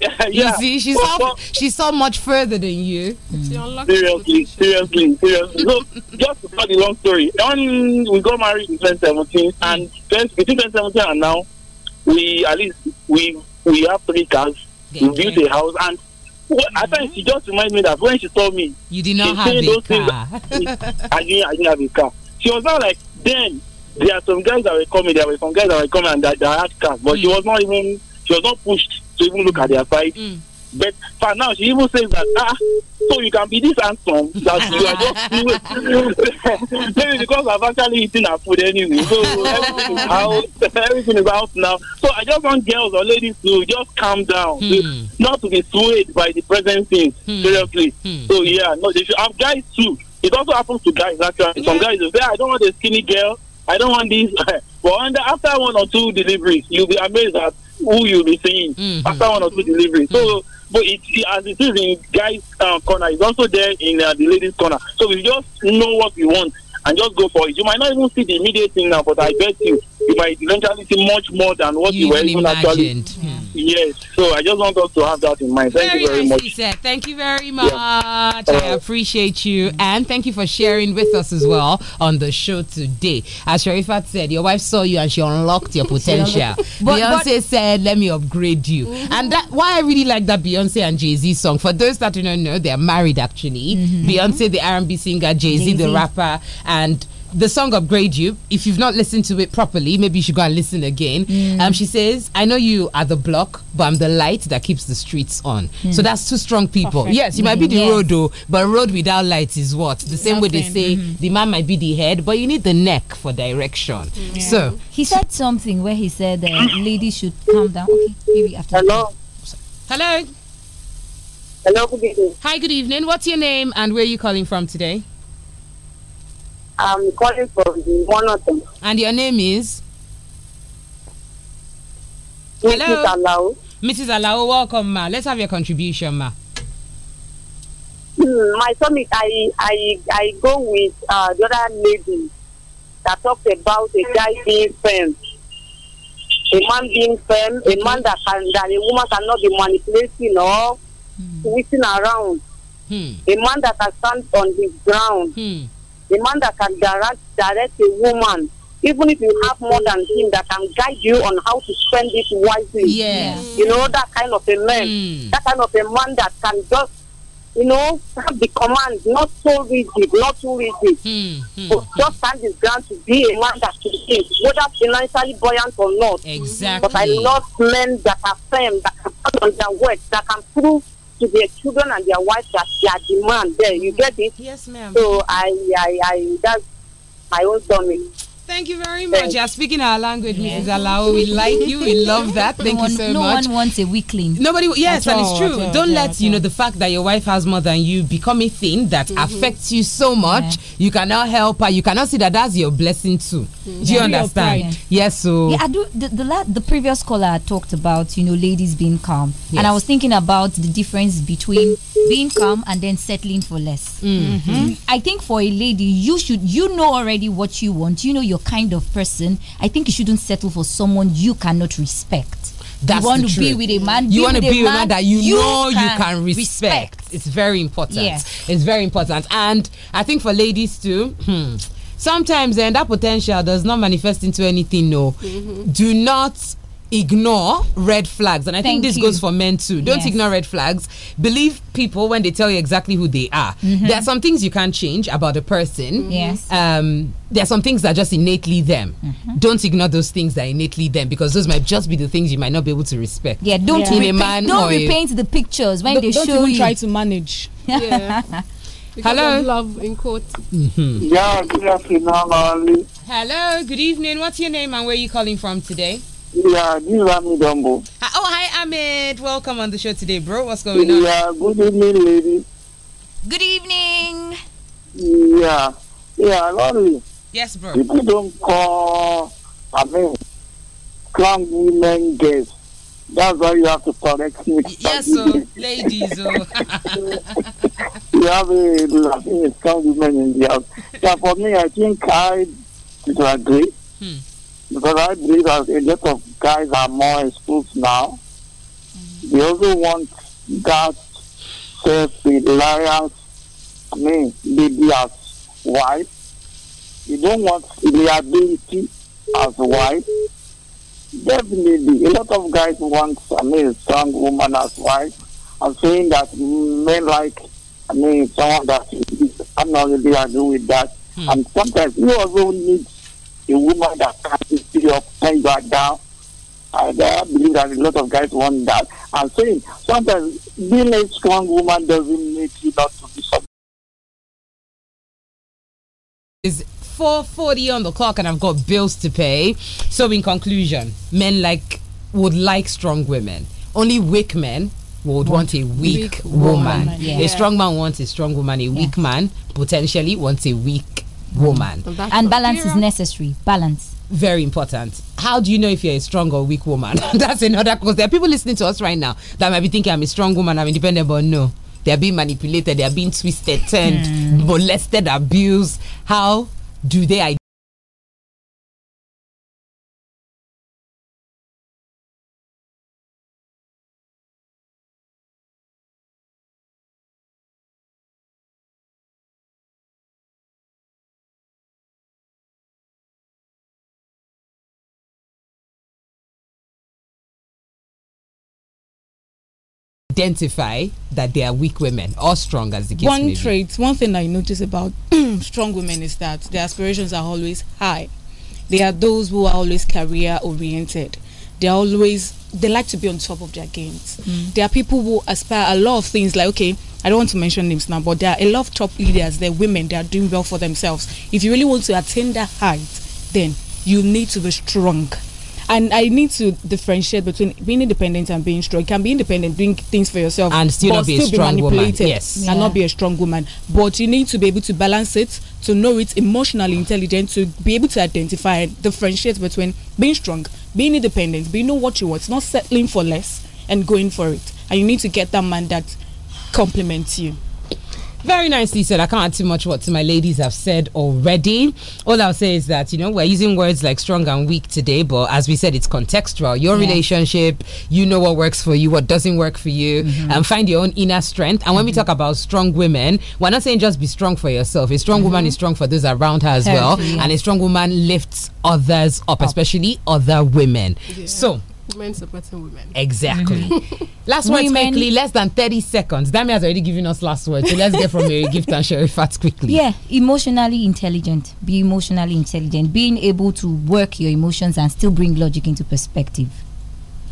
yeah. You see, she's well, so, well, she's so much further than you. Seriously, seriously, seriously. so, just to tell the long story, When we got married in 2017, and between 2017 and now, we at least we we have three cars. Yeah, we built a house, and well, mm -hmm. I think she just reminded me that when she told me you did not have a car, things, I didn't, I didn't have a car. She was not like then. There are some guys that were coming. There were some guys that were coming and that, that had cars, but mm. she hmm. was not even. She was not pushed to even look at their side. Mm. But for now, she even says that, ah, so you can be this handsome that you are just maybe because I've actually eaten her food anyway. So everything is out, everything is out now. So I just want girls or ladies to just calm down, mm. to, not to be swayed by the present things, mm. seriously. Mm. So yeah, no, they should have guys too. It also happens to guys actually. Yeah. Some guys will say, I don't want a skinny girl, I don't want this. but under, after one or two deliveries, you'll be amazed that who you'll be seeing mm -hmm. after one or two deliveries. Mm -hmm. So, mm-hmm. but it, it, as it is in guys' uh, corner, it's also there in uh, the ladies' corner. So we just know what we want and just go for it. You might not even see the immediate thing now, but I bet you you might eventually see much more than what you, you were even imagined. actually. Hmm. Yes, so I just want us to have that in mind. Thank very you very much. Said. Thank you very much. Yeah. I uh, appreciate you, and thank you for sharing with us as well on the show today. As Sharifat said, your wife saw you and she unlocked your potential. but, Beyonce but, said, "Let me upgrade you," mm -hmm. and that why I really like that Beyonce and Jay Z song. For those that do not know, they're married actually. Mm -hmm. Beyonce, the R&B singer, Jay Z, Jay -Z. the rapper, and the song upgrade you if you've not listened to it properly maybe you should go and listen again mm. um, she says i know you are the block but i'm the light that keeps the streets on mm. so that's two strong people Perfect. yes you mm. might be the yes. road though but road without light is what the same Nothing. way they say -hmm. the man might be the head but you need the neck for direction yeah. so he said something where he said uh, lady should calm down okay maybe after hello hello hello good evening hi good evening what's your name and where are you calling from today I'm calling from them. And your name is? Hello. Mrs. Alao. Mrs. Alao, welcome, ma. Let's have your contribution, ma. Hmm, my summit, I, I, I go with uh, the other lady that talked about a guy being firm, a man being firm, a man that can that a woman cannot be manipulating or mm. twisting around, hmm. a man that can stand on his ground. Hmm a man that can direct, direct a woman even if you have more than him that can guide you on how to spend it wisely. Yes. You know, that kind of a man. Mm. That kind of a man that can just, you know, have the command, not so rigid, not too rigid. Mm. Mm. But hmm. just stand his ground to be a man that can, think, whether financially buoyant or not. Exactly. But I love men that are firm, that can stand on their work, that can prove to their children and their wives that their demand. There, you get it? Yes, ma'am. So I, I, I, that's my own stomach. Thank you very much. you are speaking our language, yeah. Mrs. Alao. We like you. We love that. Thank no you so no much. No one wants a weakling. Nobody. Yes, and it's true. All, Don't all, let you know the fact that your wife has more than you become a thing that mm -hmm. affects you so much. Yeah. You cannot help her. You cannot see that that's your blessing too. Mm -hmm. Do you understand? Yes. So yeah, I do. The the, the previous caller talked about you know ladies being calm, yes. and I was thinking about the difference between being calm and then settling for less. Mm -hmm. I think for a lady, you should you know already what you want. You know your your kind of person, I think you shouldn't settle for someone you cannot respect. That's you want to be with a man. You want to be with a man, that you, you know can you can respect. respect. It's very important. Yeah. It's very important. And I think for ladies too, hmm, sometimes and that potential does not manifest into anything. No, mm -hmm. do not ignore red flags. And I Thank think this you. goes for men too. Don't yes. ignore red flags. Believe people when they tell you exactly who they are. Mm -hmm. There are some things you can't change about a person. Mm-hmm. Yes. Um, there are some things that are just innately them. Mm -hmm. Don't ignore those things that are innately them because those might just be the things you might not be able to respect. Yeah, don't yeah. man don't repaint the pictures when they don't show even you. try to manage. Yeah. Hello. love in court. Mm-hmm. Yeah, good afternoon, Hello, good evening. What's your name and where are you calling from today? Yeah, this is Dumbo. Oh, hi, Ahmed. Welcome on the show today, bro. What's going yeah, on? Yeah, good evening, ladies. Good evening. Yeah, yeah, Lori. Yes, bro. People don't call, I mean, strong women gays. That's why you have to correct me. Yes, so, ladies. Oh. you have a Latin strong women in the house. Yeah, for me, I think I disagree. Hmm because I believe that a lot of guys are more exposed now. Mm-hmm. They also want that self-reliance, I mean, maybe as wife. You don't want reliability as wife. Definitely, a lot of guys want, I mean, a strong woman as wife. I'm saying that men like, I mean, someone that is, I'm not really agree with that. Mm. And sometimes you also need a woman that can it up, then you are down. And I believe that a lot of guys want that. I'm saying sometimes being a strong woman doesn't make you not to be submissive. Is 4:40 on the clock, and I've got bills to pay. So, in conclusion, men like would like strong women. Only weak men would want, a weak, weak woman. woman. Yeah. A strong man wants a strong woman. A yeah. weak man potentially wants a weak woman. So and balance is necessary. Balance very important. How do you know if you're a strong or weak woman? That's another because there are people listening to us right now that might be thinking I'm a strong woman, I'm independent, but no. They are being manipulated, they are being twisted, turned, mm. molested, abused. How do they identify? identify that they are weak women or strong as the case one trait one thing i notice about strong women is that their aspirations are always high they are those who are always career oriented they're always they like to be on top of their games mm. there are people who aspire a lot of things like okay I don't want to mention names now, but there are a lot of top leaders, they're women, they are doing well for themselves. If you really want to attain that height, then you need to be strong and I need to differentiate between being independent and being strong. You can be independent, doing things for yourself, and still not be still a strong be manipulated woman. Yes, yeah. not be a strong woman. But you need to be able to balance it, to know it emotionally intelligent, to be able to identify and differentiate between being strong, being independent, being know what you want, not settling for less, and going for it. And you need to get that man that compliments you. Very nicely said. I can't add too much what my ladies have said already. All I'll say is that, you know, we're using words like strong and weak today, but as we said, it's contextual. Your relationship, you know what works for you, what doesn't work for you, mm -hmm. and find your own inner strength. And when mm -hmm. we mm-hmm. talk about strong women, we're not saying just be strong for yourself. A strong mm -hmm. woman is strong for those around her as Healthy. well. And a strong woman lifts others up, up. especially other women. Yeah. So, men supporting women. Exactly. last words women. quickly, less than 30 seconds. Dami has already given us last words. So let's get from Mary, gift and share facts quickly. Yeah, emotionally intelligent. Be emotionally intelligent. Being able to work your emotions and still bring logic into perspective.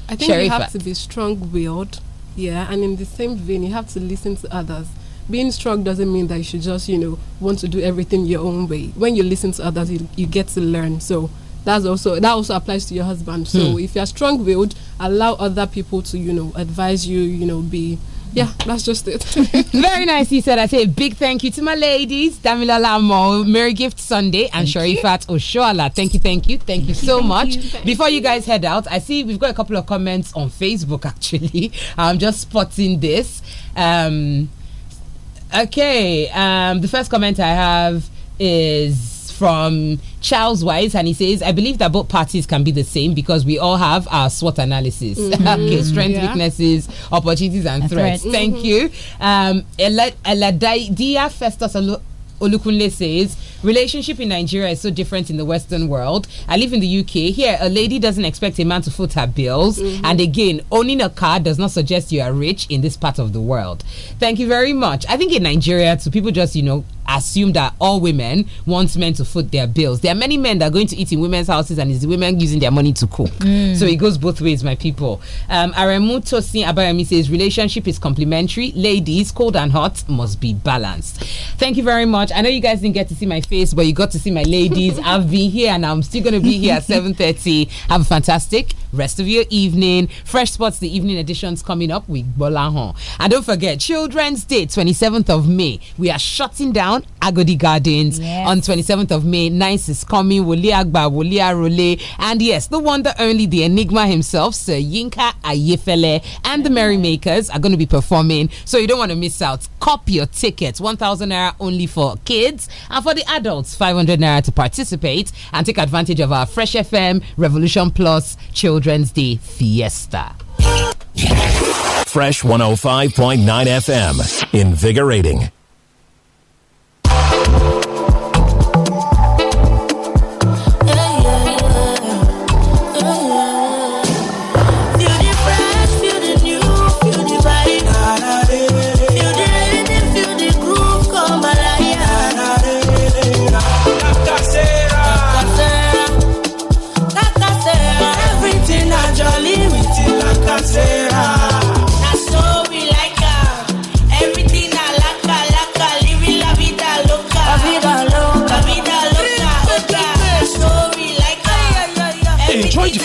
I think you have to be strong willed. Yeah, and in the same vein, you have to listen to others being strong doesn't mean that you should just you know want to do everything your own way when you listen to others you, you get to learn so that's also that also applies to your husband. So hmm. if you're strong willed, allow other people to, you know, advise you, you know, be yeah, that's just it. Very nice, You said. I say a big thank you to my ladies, Damila Lamo, Merry Gift Sunday, and Sharifat Oshoala. Thank you, thank you, thank you so thank much. You, Before you guys head out, I see we've got a couple of comments on Facebook actually. I'm just spotting this. Um, okay, um, the first comment I have is from Charles Wise, and he says, I believe that both parties can be the same because we all have our SWOT analysis. Mm -hmm. okay, strengths, yeah. weaknesses, opportunities, and threats. Threat. Thank mm -hmm. you. Um, Eladiah Festus Olukunle says, relationship in Nigeria is so different in the Western world. I live in the UK. Here, a lady doesn't expect a man to foot her bills. Mm -hmm. And again, owning a car does not suggest you are rich in this part of the world. Thank you very much. I think in Nigeria, too, people just, you know, assume that all women want men to foot their bills. There are many men that are going to eat in women's houses and it's the women using their money to cook. Mm. So it goes both ways, my people. Um, Aremu Tosin Abayomi says relationship is complementary. Ladies, cold and hot must be balanced. Thank you very much. I know you guys didn't get to see my face, but you got to see my ladies. I've been here and I'm still going to be here at 7.30. Have a fantastic rest of your evening. Fresh spots, the evening editions coming up with Bolahon. And don't forget, Children's Day, 27th of May. We are shutting down Agodi Gardens yes. on 27th of May. Nice is coming. Wole Agba, Wole Arole. And yes, the one, only, the enigma himself, Sir Yinka Ayefele, and the Merrymakers are going to be performing. So you don't want to miss out. Copy your tickets. 1,000 naira only for kids. And for the adults, 500 naira to participate and take advantage of our Fresh FM Revolution Plus Children's Day Fiesta. Fresh 105.9 FM. Invigorating.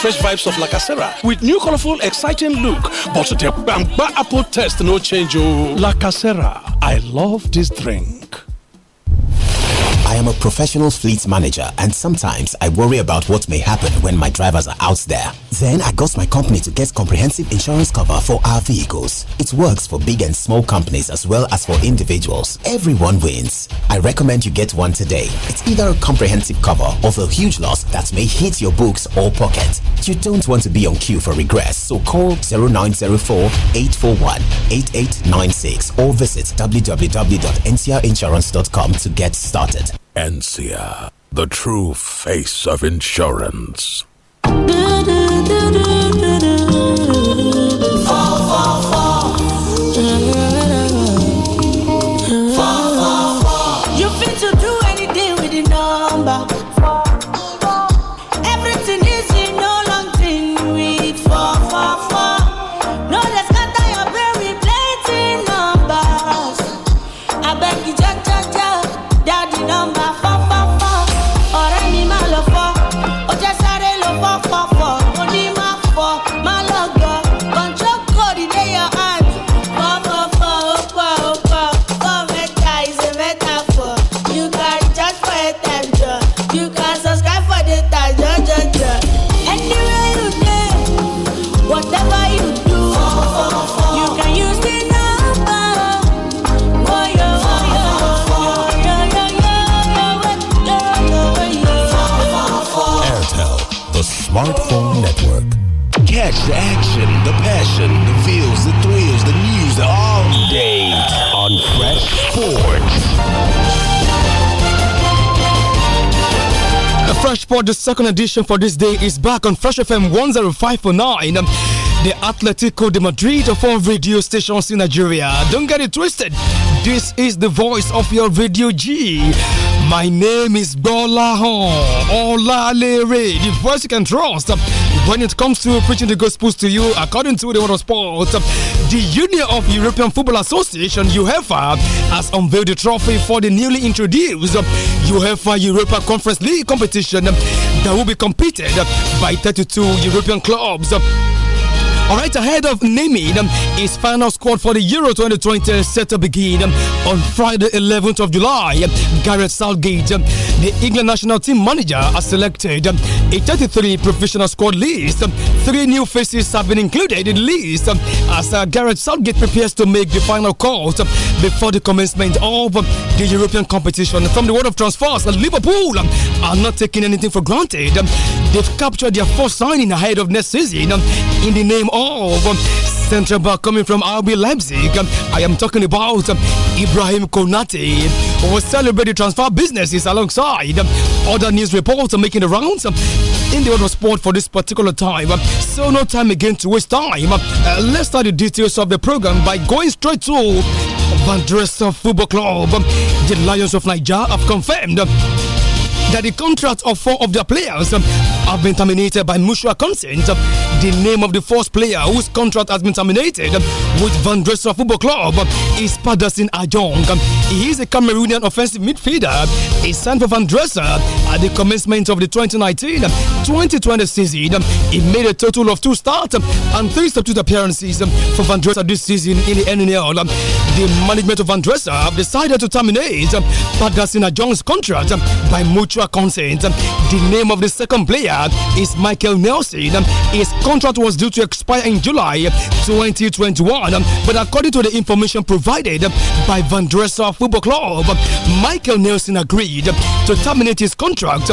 fresh vibes of La with new colorful, exciting look. But the Bamba apple taste no change, oh. La I love this drink. I am a professional fleet manager and sometimes I worry about what may happen when my drivers are out there. Then I got my company to get comprehensive insurance cover for our vehicles. It works for big and small companies as well as for individuals. Everyone wins. I recommend you get one today. It's either a comprehensive cover or the huge loss that may hit your books or pocket. You don't want to be on queue for regress, so call 0904 841 8896 or visit www.ncrinsurance.com to get started. Encia, the true face of insurance. Fall, fall, fall. catch the action, the passion, the feels, the thrills, the news all day on Fresh Sports. Fresh Sports the second edition for this day, is back on Fresh FM 105.9. the Atletico de Madrid of all radio stations in Nigeria. Don't get it twisted. This is the voice of your radio G. My name is Bola Hon Olalere, the voice you can trust when it comes to preaching the gospel to you. According to the World of Sport, the Union of European Football Association UEFA has unveiled the trophy for the newly introduced UEFA Europa Conference League competition that will be competed by 32 European clubs. All right, ahead of naming um, his final squad for the Euro 2020 set to begin um, on Friday, 11th of July, Garrett um, Gareth Southgate, the England national team manager, has selected a 33 professional squad list. Three new faces have been included in the list as Garrett uh, Gareth Southgate prepares to make the final call before the commencement of the European competition. From the world of transfers, uh, Liverpool are not taking anything for granted. They've captured their first signing ahead of next season in the name of um, centre back coming from RB Leipzig. I am talking about Ibrahim Konate, who will celebrating transfer businesses alongside other news reports making the rounds in the world of sport for this particular time. So, no time again to waste time. Uh, let's start the details of the program by going straight to Van Football Club. The Lions of Niger have confirmed that the contracts of four of their players have been terminated by mutual consent. The name of the first player whose contract has been terminated with Van Dresser Football Club is Paderson Ajong. He is a Cameroonian offensive midfielder. He signed for Van Dresser at the commencement of the 2019-2020 season. He made a total of two starts and three substitute appearances for Van Dresser this season in the NNL. The management of Van Dresser have decided to terminate Paderson Ajong's contract by mutual are the name of the second player is Michael Nelson. His contract was due to expire in July 2021, but according to the information provided by Van Dresser Football Club, Michael Nelson agreed to terminate his contract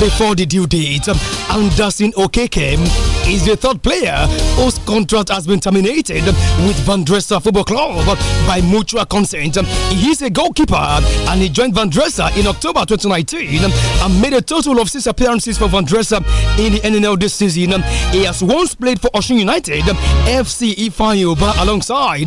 before the due date. Anderson came is the third player whose contract has been terminated with Van Dresser Football Club by mutual consent. He is a goalkeeper and he joined Van Dresser in October 2019 and made a total of six appearances for Van Dresser in the NNL this season. He has once played for Oshun United, FC Ifanyoba alongside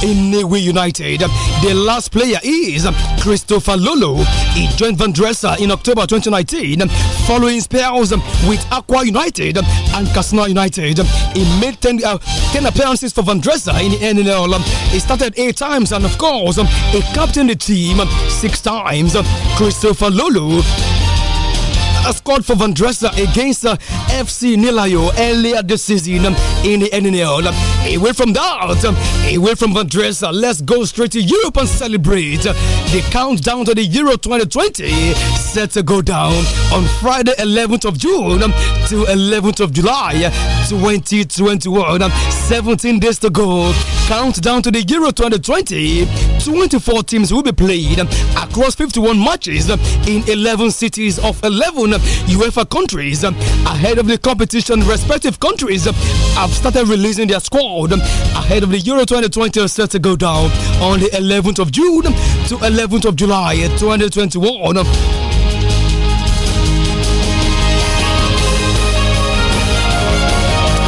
Inewe United. The last player is Christopher Lolo. He joined Van Dresser in October 2019 following spells with Aqua United and Casino Arsenal United. He made 10, uh, 10 appearances for Van Dresser in the NNL. he started eight times, and of course, he captained the team six times. Christopher Lulu scored for Vandressa against uh, FC Nilayo earlier this season um, in the NNL. Away from that, away um, from Vandressa, let's go straight to Europe and celebrate the countdown to the Euro 2020 set to go down on Friday, 11th of June um, to 11th of July uh, 2021. 17 days to go. Countdown to the Euro 2020. 24 teams will be played across 51 matches in 11 cities of 11 uh, UEFA countries uh, ahead of the competition. Respective countries uh, have started releasing their squad ahead of the Euro 2020 set to go down on the 11th of June to 11th of July 2021.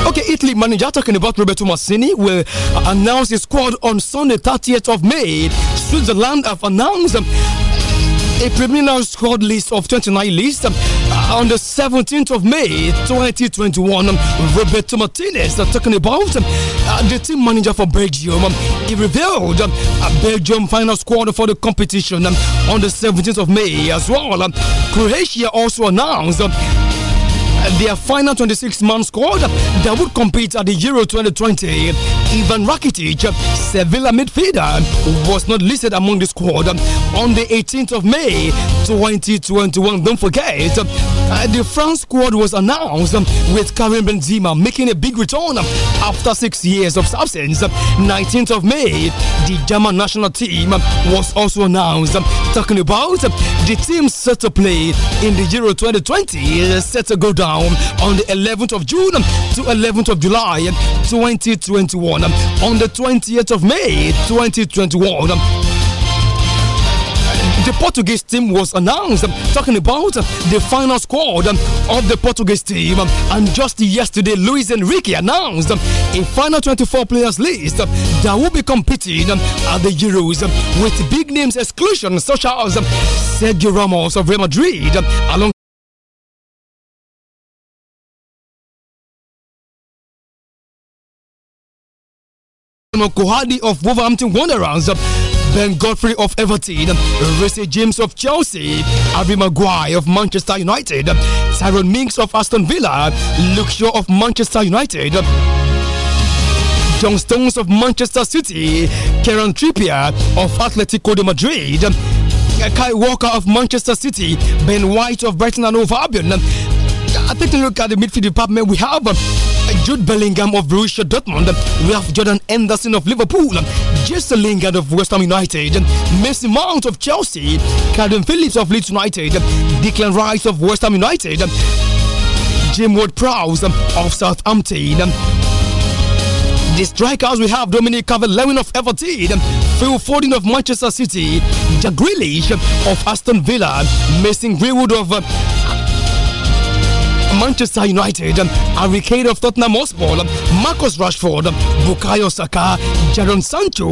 Okay, Italy manager talking about Roberto Mancini will announce his squad on Sunday 30th of May. Switzerland have announced a preliminary squad list of 29 list uh, on the 17th of May 2021. Roberto Martinez uh, talking about uh, the team manager for Belgium. He revealed a Belgium final squad for the competition um, on the 17th of May as well. Um, Croatia also announced um, their final 26 man squad that would compete at the Euro 2020. Ivan Rakitic, Sevilla midfielder, was not listed among the squad on the 18th of May 2021. Don't forget, uh, the France squad was announced with Karim Benzema making a big return after six years of absence. 19th of May, the German national team was also announced. Talking about the team set to play in the Euro 2020, set to go down down on the 11th of June to 11th of July 2021. On the 20th of May 2021, the Portuguese team was announced, talking about the final squad of the Portuguese team. and just yesterday, Luis Enrique announced a final 24 players list that will be competing at the Euros with big names exclusion such as Sergio Ramos of Real Madrid along Desmond Kohadi of Wolverhampton Wanderers. Ben Godfrey of Everton, Racy James of Chelsea, Harry Maguire of Manchester United, Tyrone Minks of Aston Villa, Luke Shaw of Manchester United. John Stones of Manchester City, Karen Trippier of Atletico de Madrid, Kai Walker of Manchester City, Ben White of Brighton and Hove Albion. Taking a look at the midfield department, we have Jude Bellingham of Borussia Dortmund. We have Jordan Anderson of Liverpool, Jesse Lingard of West Ham United, Mason Mount of Chelsea, Calvin Phillips of Leeds United, Declan Rice of West Ham United, Jim Ward Prowse of Southampton. The strikers we have Dominic Calvert-Lewin of Everton, Phil Foden of Manchester City, Jack Grealish of Aston Villa, Mason Greenwood of Manchester United, um, Harry Kane of Tottenham Hotspur, um, Marcus Rashford, um, Bukayo Saka, Jadon Sancho,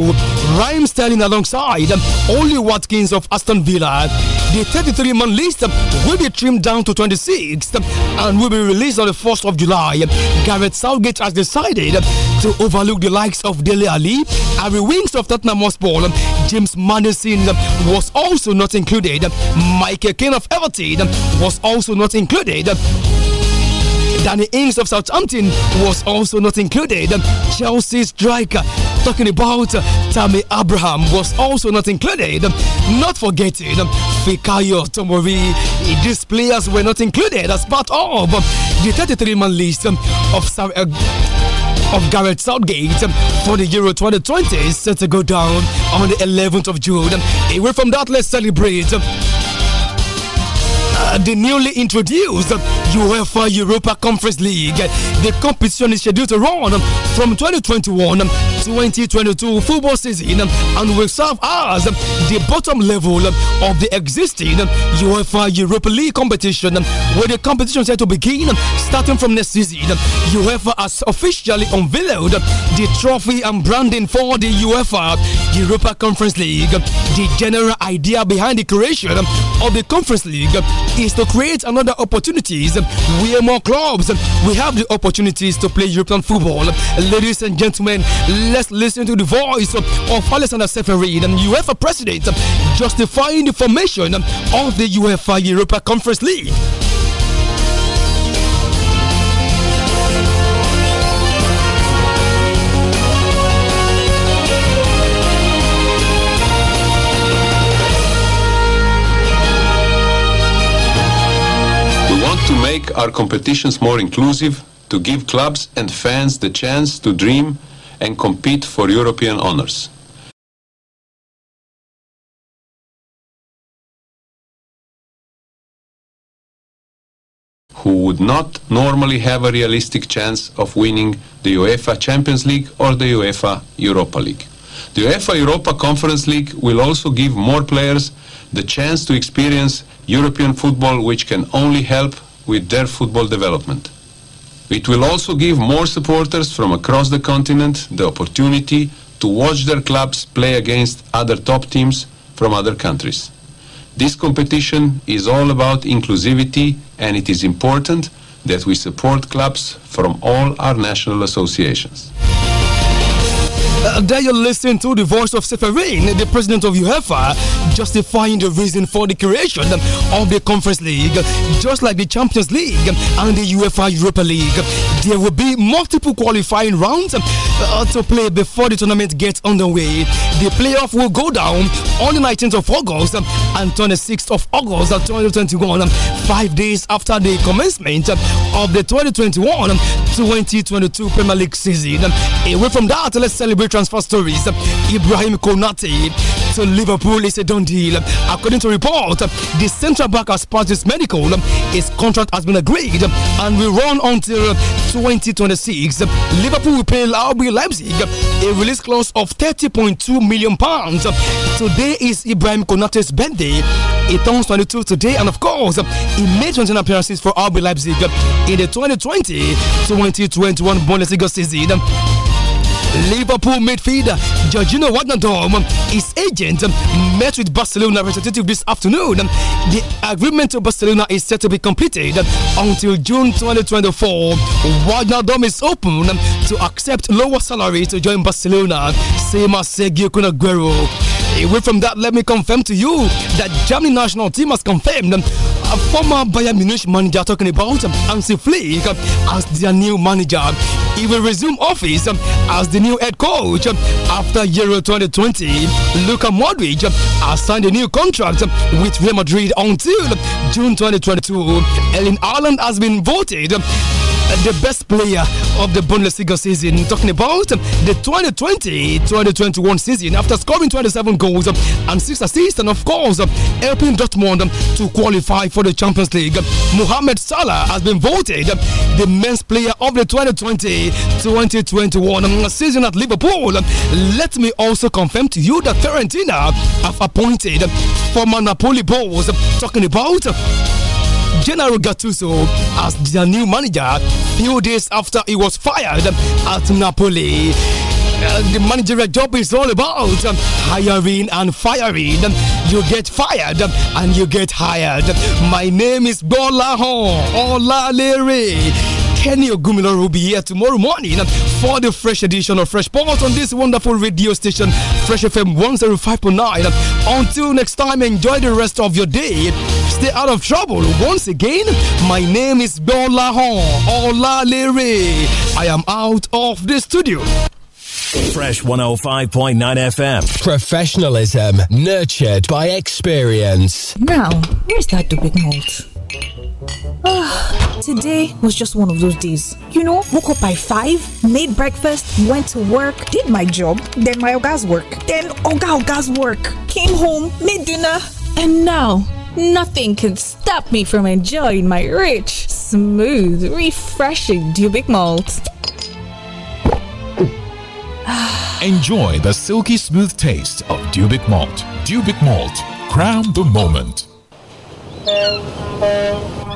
Ryan Sterling alongside Oli Watkins of Aston Villa. The 33-man list will be trimmed down to 26 and will be released on the 1st of July. Gareth Southgate has decided to overlook the likes of Dele Ali, Harry Wings of Tottenham Hotspur, James Madison was also not included, Michael Kane of Everton was also not included. Danny Ings of Southampton was also not included. Chelsea striker, talking about uh, Tammy Abraham, was also not included. Not forgetting um, Fikayo Tomori. These players were not included as part of um, the 33 man list um, of uh, of Gareth Southgate for the Euro 2020 set to go down on the 11th of June. Away from that, let's celebrate. Uh, the newly introduced UEFA Europa Conference League. The competition is scheduled to run from 2021 2022 football season and will serve as the bottom level of the existing UEFA Europa League competition, where the competition is set to begin starting from next season. UEFA has officially unveiled the trophy and branding for the UEFA Europa Conference League. The general idea behind the creation of the Conference League is to create another opportunities where more clubs we have the opportunities to play European football. Ladies and gentlemen, let's listen to the voice of Alexander Seferin, UEFA president, justifying the formation of the UEFA Europa Conference League. make our competitions more inclusive, to give clubs and fans the chance to dream and compete for European honors. Who would not normally have a realistic chance of winning the UEFA Champions League or the UEFA Europa League. The UEFA Europa Conference League will also give more players the chance to experience European football, which can only help with their football development. It will also give more supporters from across the continent the opportunity to watch their clubs play against other top teams from other countries. This competition is all about inclusivity and it is important that we support clubs from all our national associations. Uh, there you listen to the voice of Seferin, the president of UEFA, justifying the reason for the creation of the Conference League, just like the Champions League and the UEFA Europa League. There will be multiple qualifying rounds uh, to play before the tournament gets underway. The playoff will go down on the 19th of August and 26th of August 2021, five days after the commencement of the 2021-2022 Premier League season. Away from that, let's celebrate transfer stories. Ibrahim Konate to Liverpool is a done deal. According to report, the central back has passed his medical. His contract has been agreed and will run until 2026. Liverpool will pay RB Leipzig a release clause of 30.2 million pounds. Today is Ibrahim Konate's birthday. He turns 22 today, and of course, he made 20 appearances for RB Leipzig in the 2020-2021 Bundesliga season. Liverpool midfielder Jorginho Wijnaldum, his um, agent, um, met with Barcelona representative this afternoon. Um, the agreement to Barcelona is set to be completed until June 2024. Wijnaldum is open to accept lower salary to join Barcelona, same as Sergio Kun Away from that, let me confirm to you that Germany national team has confirmed a former Bayern Munich manager talking about Hansi Flick as their new manager he will resume office um, as the new head coach um, after Euro 2020. Luka Modric um, has signed a new contract with Real Madrid until June 2022. Ellen Ireland has been voted the best player of the Bundesliga season. Talking about the 2020-2021 season after scoring 27 goals and 6 assists and of course helping Dortmund to qualify for the Champions League. Mohamed Salah has been voted the men's player of the 2020-2021 season at Liverpool. Let me also confirm to you that Fiorentina have appointed former Napoli boss talking about General Gattuso as their new manager few days after he was fired at Napoli. Uh, the managerial job is all about um, hiring and firing. Um, you get fired um, and you get hired. Um, my name is Bola Hon Olalere. Kenny Ogumilor will be here tomorrow morning um, for the fresh edition of Fresh Pulse on this wonderful radio station, Fresh FM 105.9. Um, until next time, enjoy the rest of your day. Stay out of trouble. Once again, my name is Bola Hon Olalere. I am out of the studio. Fresh 105.9 FM. Professionalism nurtured by experience. Now, where's that duplicate malt? Ah, today was just one of those days. You know, woke up by 5, made breakfast, went to work, did my job, then my oga's work, then oga oga's work, came home, made dinner, and now nothing can stop me from enjoying my rich, smooth, refreshing Dubik malt. Enjoy the silky smooth taste of Dubic Malt. Dubic Malt, crown the moment.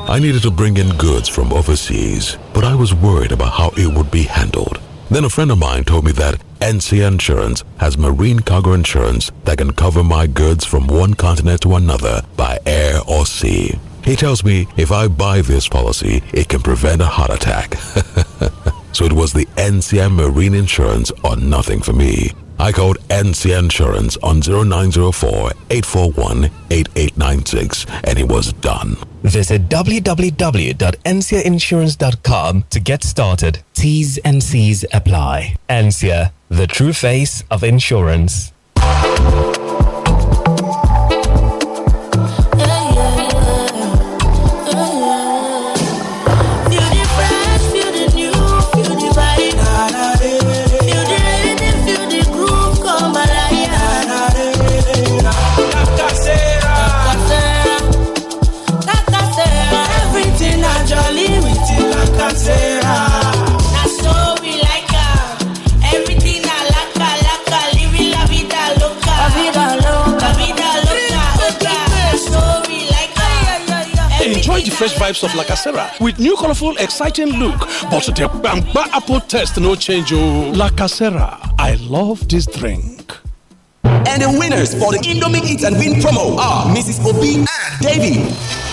I needed to bring in goods from overseas, but I was worried about how it would be handled. Then a friend of mine told me that NC Insurance has marine cargo insurance that can cover my goods from one continent to another by air or sea. He tells me if I buy this policy, it can prevent a heart attack. So it was the NCM Marine Insurance or nothing for me. I called NCM Insurance on 0904 841 8896 and it was done. Visit www.ncminsurance.com to get started. T's and C's apply. NCA, the true face of insurance. fresh vibes of La Casera with new colorful, exciting look. But the Bamba apple taste no change, oh. Casera, I love this drink. And the winners for the Indomie Eat and Win promo are Mrs. Obi and Davy.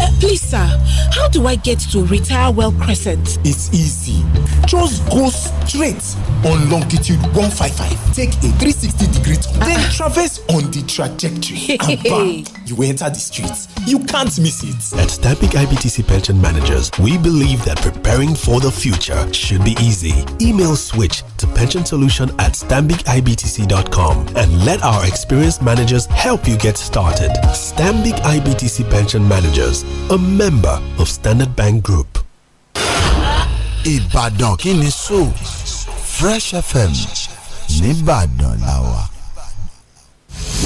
Uh, please, sir, how do I get to Retire Well Crescent? It's easy. Just go straight on longitude 155. Take a 360 degree turn, uh -uh. then ah. traverse on the trajectory and back. you enter the streets. You can't miss it. At Stabic IBTC Pension Managers, we believe that preparing for the future should be easy. Email switch to pension solution at stambicibtc.com and let our experienced managers help you get started. Stambic IBTC Pension Managers, a member of Standard Bank Group. Ibadan kini Fresh FM Nìbàdàn our.